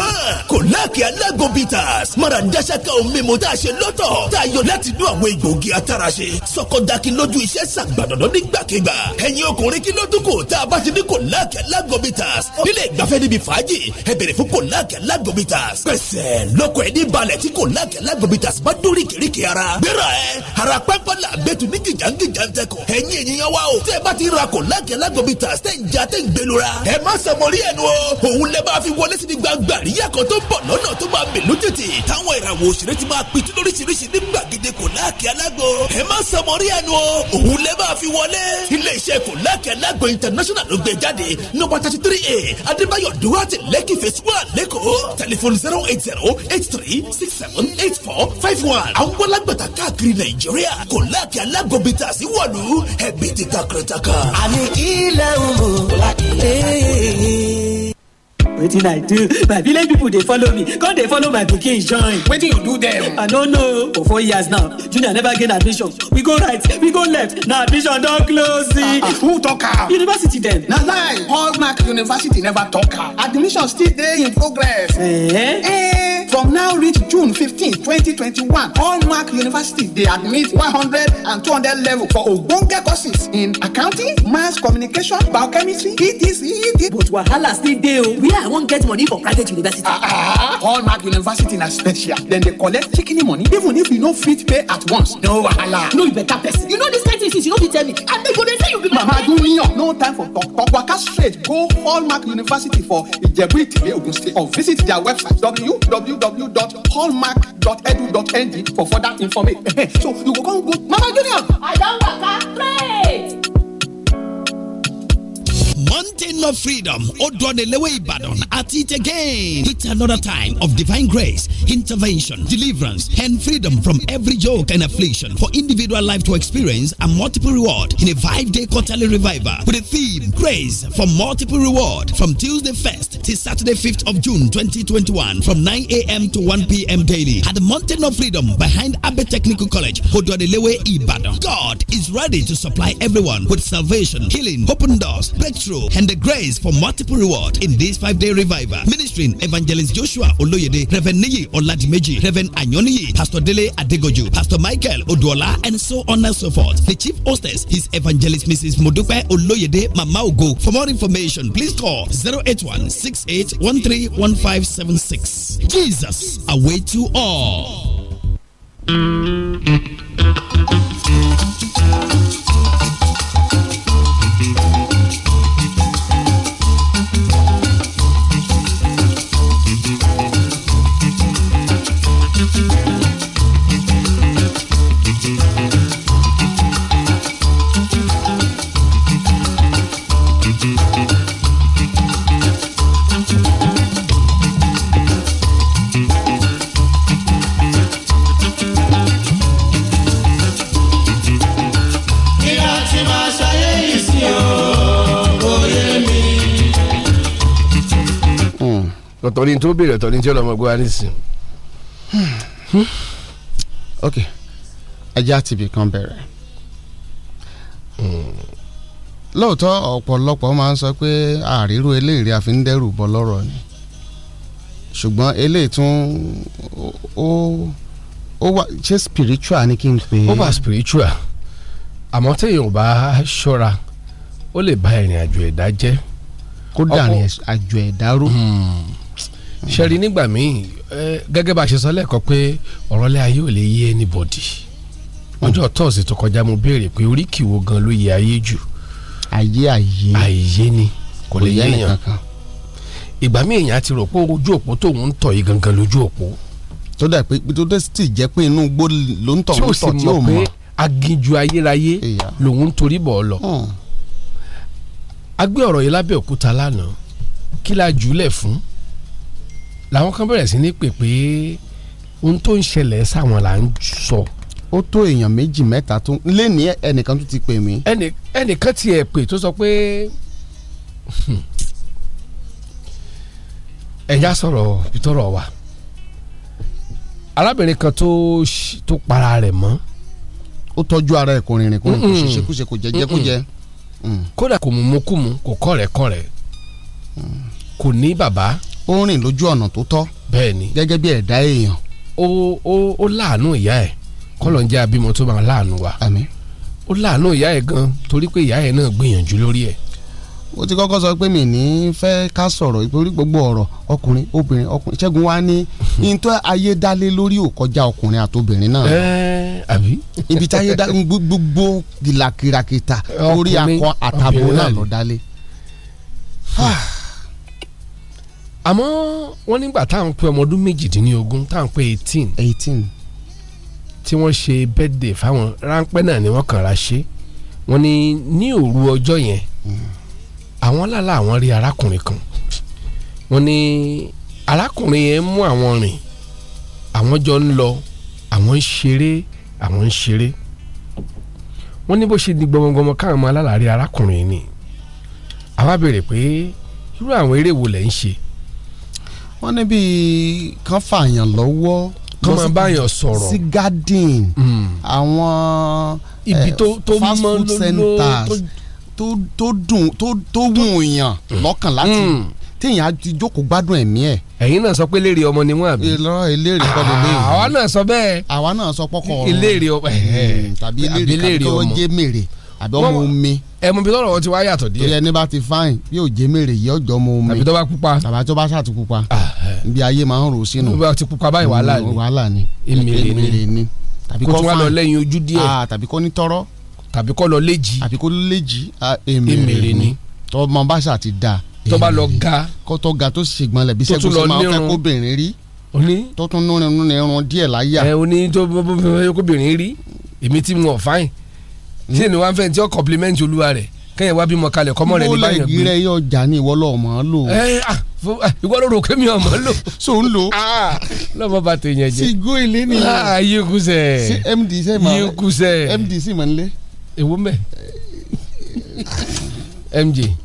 kòláàkì alágbó bitters mara ń dáṣẹ́ ká omi mu tá a ṣe lọ́tọ̀ tá a yọ láti inú àwọn egbòogi àtàràṣe sọkọdaki lójú iṣẹ́ sàgbàdàdàn nígbàkigbà ẹ̀yin ọkùnrin kí ló tún kù tá a bá ti ní kòláàkì alágbó bitters nílé ìgbafẹ́ níbi fàájì ẹ bèrè fún kòláàkì alágbó bitters pẹ̀sẹ̀ lọ́kọ̀ ẹ̀ ní balẹ̀ tí kòláàkì alágbó bitters bá dórí kìríkì ara gbéra ẹ ara pẹ́pẹ́ là gbẹ̀tù ní gìjàngìjà ń tẹkọ̀ ẹ̀yin ènìyàn wa o tẹ́ ẹ bá ti ra kòláàkì alágbó bitters sí ní gbangba àríyá kan tó ń bọ̀ lọ́nà tó máa mèlú tètè táwọn ìràwọ̀ òṣèré ti máa pitú lóríṣiríṣi ní gbàgede kòláàkì alágbo ẹ má sọmọrí ẹnu o òun lẹ máa fi wọlé iléeṣẹ́ kòláàkì alágbo international ló gbé e jáde nọ́mbà thirty three a adébáyọ̀ duwate lẹ́kì phase one lẹ́kọ̀ọ́ tẹlifon zero eight zero eight three six seven eight four five one àwọn alágbàtà káàkiri nàìjíríà kòláàkì alágbo bíi tàṣí wọ̀lú ẹ̀bí wetin i do my village people dey follow me come dey follow my pikin join. wetin you do there? i no know for four years now junior never gain admission we go right we go left na admission don close. Uh, uh, who talk am. university dem. na lie hallmark university never talk am admission still dey in progress. Eh? Eh, from now reach june fifteen twenty twenty-one hallmark university dey admit one hundred and two hundred level for ogbonge courses in accounting mass communication biochemistry etc. E but wahala still dey o. Oh. where Won't get money for private university. ah ah hallmark ah. university na special Then they collect shikini money even if you no fit pay at once no wahala. no you better person you know this kind of thing you no fit tell me and dem go dey say you be. mama do me up. no time for talk talk waka straight go Mark university for ijebu itile ogun state or visit their website www.hallmark.edu.ng for further information so you go come go mama duniyan. i don't waka straight. mountain of freedom, Odronelewe Ibadan, at it again. It's another time of divine grace, intervention, deliverance, and freedom from every yoke and affliction for individual life to experience a multiple reward in a five day quarterly revival with a theme Grace for Multiple Reward from Tuesday 1st to Saturday 5th of June 2021 from 9 a.m. to 1 p.m. daily at the Mountain of Freedom behind Abbey Technical College, Odronelewe Ibadan. God is ready to supply everyone with salvation, healing, open doors, breakthrough breakthrough and the grace for multiple reward in this five day revival. Ministering Evangelist Joshua Oloyede, Reverend Niyi Oladimeji, Reverend Anyoniyi, Pastor Dele Adegoju, Pastor Michael Oduola, and so on and so forth. The chief hostess is Evangelist Mrs. Modupe Oloyede Mama Ogo. For more information, please call 081 Jesus, away to all. ọ̀tọ̀ ni tó béèrè ọ̀tọ̀ tí ọlọmọ gbọ́ anísìn. Hmm. ok ajá ti bì kan bẹ̀rẹ̀ hmm. lóòótọ́ ọ̀pọ̀lọpọ̀ máa ń sọ pé àríró eléyìí àfi ń dẹ́rù bọ́ lọ́rọ̀ ni ṣùgbọ́n eléyìí tún ó ó wà ṣé spiritual ni kí n pè é. ó wà spiritual àmọ́ téèyàn ò bá ṣọ́ra ó lè ba ìrìn àjò ẹ̀dá jẹ́. kódà ní àjò ẹ̀dá rú. Hmm ṣẹ́rí nígbà míì gẹ́gẹ́ bá a ṣe sọ lẹ́ẹ̀kan pé ọ̀rọ̀ lé ayé ò lè yé anybody ọjọ́ tọ́ọ̀sì tó kọjá mo béèrè pé oríkì gan ló yẹ ayé jù ayé ayé ayé ni kò lè yé èèyàn ìgbà míì èèyàn ti rò pé ojú òpó tóun ń tọ̀ yìí gangan lójú òpó tó dà pé tó dé sì jẹ́ pé inú igbó ló ń tọ̀ ló ń tọ̀ tí ò mọ̀ aginjù ayérayé lòun ń torí bọ̀ ọ lọ a gbé ọ̀rọ̀ yìí lábẹ́ òkúta lánàá kí la jùlẹ̀ fún làwọn kan bẹ̀rẹ̀ sí ní pè pé ohun tó ń ṣẹlẹ̀ sáwọn là ń sọ. ó tó èèyàn méjì mẹ́ta tó lé ní ẹnìkan tó ti pè mí. ẹnìkan ti ẹ̀ pè tó sọ pé hmm, ẹ̀yà sọ̀rọ̀ ìtọ́rọ̀ wa arábìnrin kan tó para rẹ̀ mọ́. ó tọ́jú ara ẹ̀ kò rìnrìn kò rìnrìn kò ṣe kò jẹjẹ kò jẹ. Mm. kódà kò mú mú kú mu kò kọ́ rẹ̀ kọ́ rẹ̀ mm. kò ní bàbá ó rìn lójú ọ̀nà tó tọ́ bẹẹni. gẹ́gẹ́ bí ẹ̀dá èèyàn. ó ó ó láàánú ìyá ẹ̀ kọ́lọ̀ ń wa àmín ó láàánú ìyá gan torí pé ìyá ẹ̀ náà gbìyànjú lórí ti kọ́kọ́ sọ pé mi ní fẹ́ ká sọ̀rọ̀ gbogbo ọ̀rọ̀ ọkùnrin obìnrin ọkùnrin ṣẹ́gun wa ní ìtọ́ ayédálé lórí ò kọjá ọkùnrin naa. náà. ẹẹ àbí. ibi gbogbo gilakirakita akọ àtàbọ̀ náà lọ àmọ́ wọ́n nígbà táwọn pé ọmọ ọdún méjìdínlógún táwọn pé eighteen eighteen tí wọ́n ṣe birthday fáwọn ráńpẹ́ náà ni wọ́n kànra ṣe wọ́n ní ní òru ọjọ́ yẹn àwọn lálá àwọn rí arákùnrin kan wọ́n ní arákùnrin yẹn mú àwọn rìn àwọn jọ ń lọ àwọn ń ṣeré àwọn ń ṣeré wọ́n ní bó ṣe di gbọmọgbọmọ káwọn ọmọ alálàárí arákùnrin ni àwa béèrè pé irú àwọn eré wo lẹ̀ ń ṣe wọ́n níbi kan fààyàn lọ́wọ́ kọ́ máa báyàn sọ̀rọ̀ sí garden hmm. àwọn ibi eh, tó tó mọ́ ló ló tó tó dùn tó tó hmm. wùn èèyàn lọ́kàn láti hmm. téèyàn á ti jókòó gbádùn ẹ̀mí ẹ̀. ẹ̀yin náà sọ pé léèrè ọmọ ni wọ́n àbí. ìlọrọ ìléèrè kọ́ lè ah, léèrè. àwa náà sọ bẹ́ẹ̀. àwa náà sọ pọ́kọ̀ ọ̀rọ̀. ìléèrè ọmọ tàbí ìléèrè kàbí tó jẹ́ mèrè àbí ọmọ omi. ẹmu bí tọrọ wọn ti wá yàtọ̀ díẹ̀. torí ẹni bá ti fáìn bí ò jẹ́ mèrè yìí ọjọ́ ọmọ omi. àbí tó bá pupa. àbí tó bá ṣàtú pupa. Ah, eh. ibi ayé máa ń rò sínú. tó bá ti pupa báyìí wàhálà ni. wàhálà ni. èmèrè ni. tàbí kó wá lọ lẹ́yìn ojú díẹ̀. Ah, tàbí kó ní tọrọ. tàbí kó lọ léjì. tàbí kó léjì. èmèrè ah, ni. tọmọ bá ṣà da. tó bá lọ ga. kó tó ga tó ṣègbọnlẹ̀ bí sẹ́gun ṣe máa fẹ́ kóbìnrin rí. tó tún nínú ẹran díẹ̀ láyà. ẹ oní tó bóbìnrin rí èmi tí mo ọ̀ fáìn ṣé ni wọ́n fẹ́ tí ó compliment olúwa rẹ̀ kẹ́yìn wá bímọ kalẹ̀ kọ́mọ rẹ̀ ní báyìí gbé. mo lè rí rẹ yóò jà ní ìwọ lọ́ọ̀ mọ́ lò. ìwọ ló rò pé mi ò mọ́ lò. so ń lò. lọ́mọ bá tó yẹn jẹ. sigo ilé ni. yíkusẹ̀. sí md sẹ́ ma yíkusẹ̀. md sì mọ̀ nílé. èwo mẹ́. mj.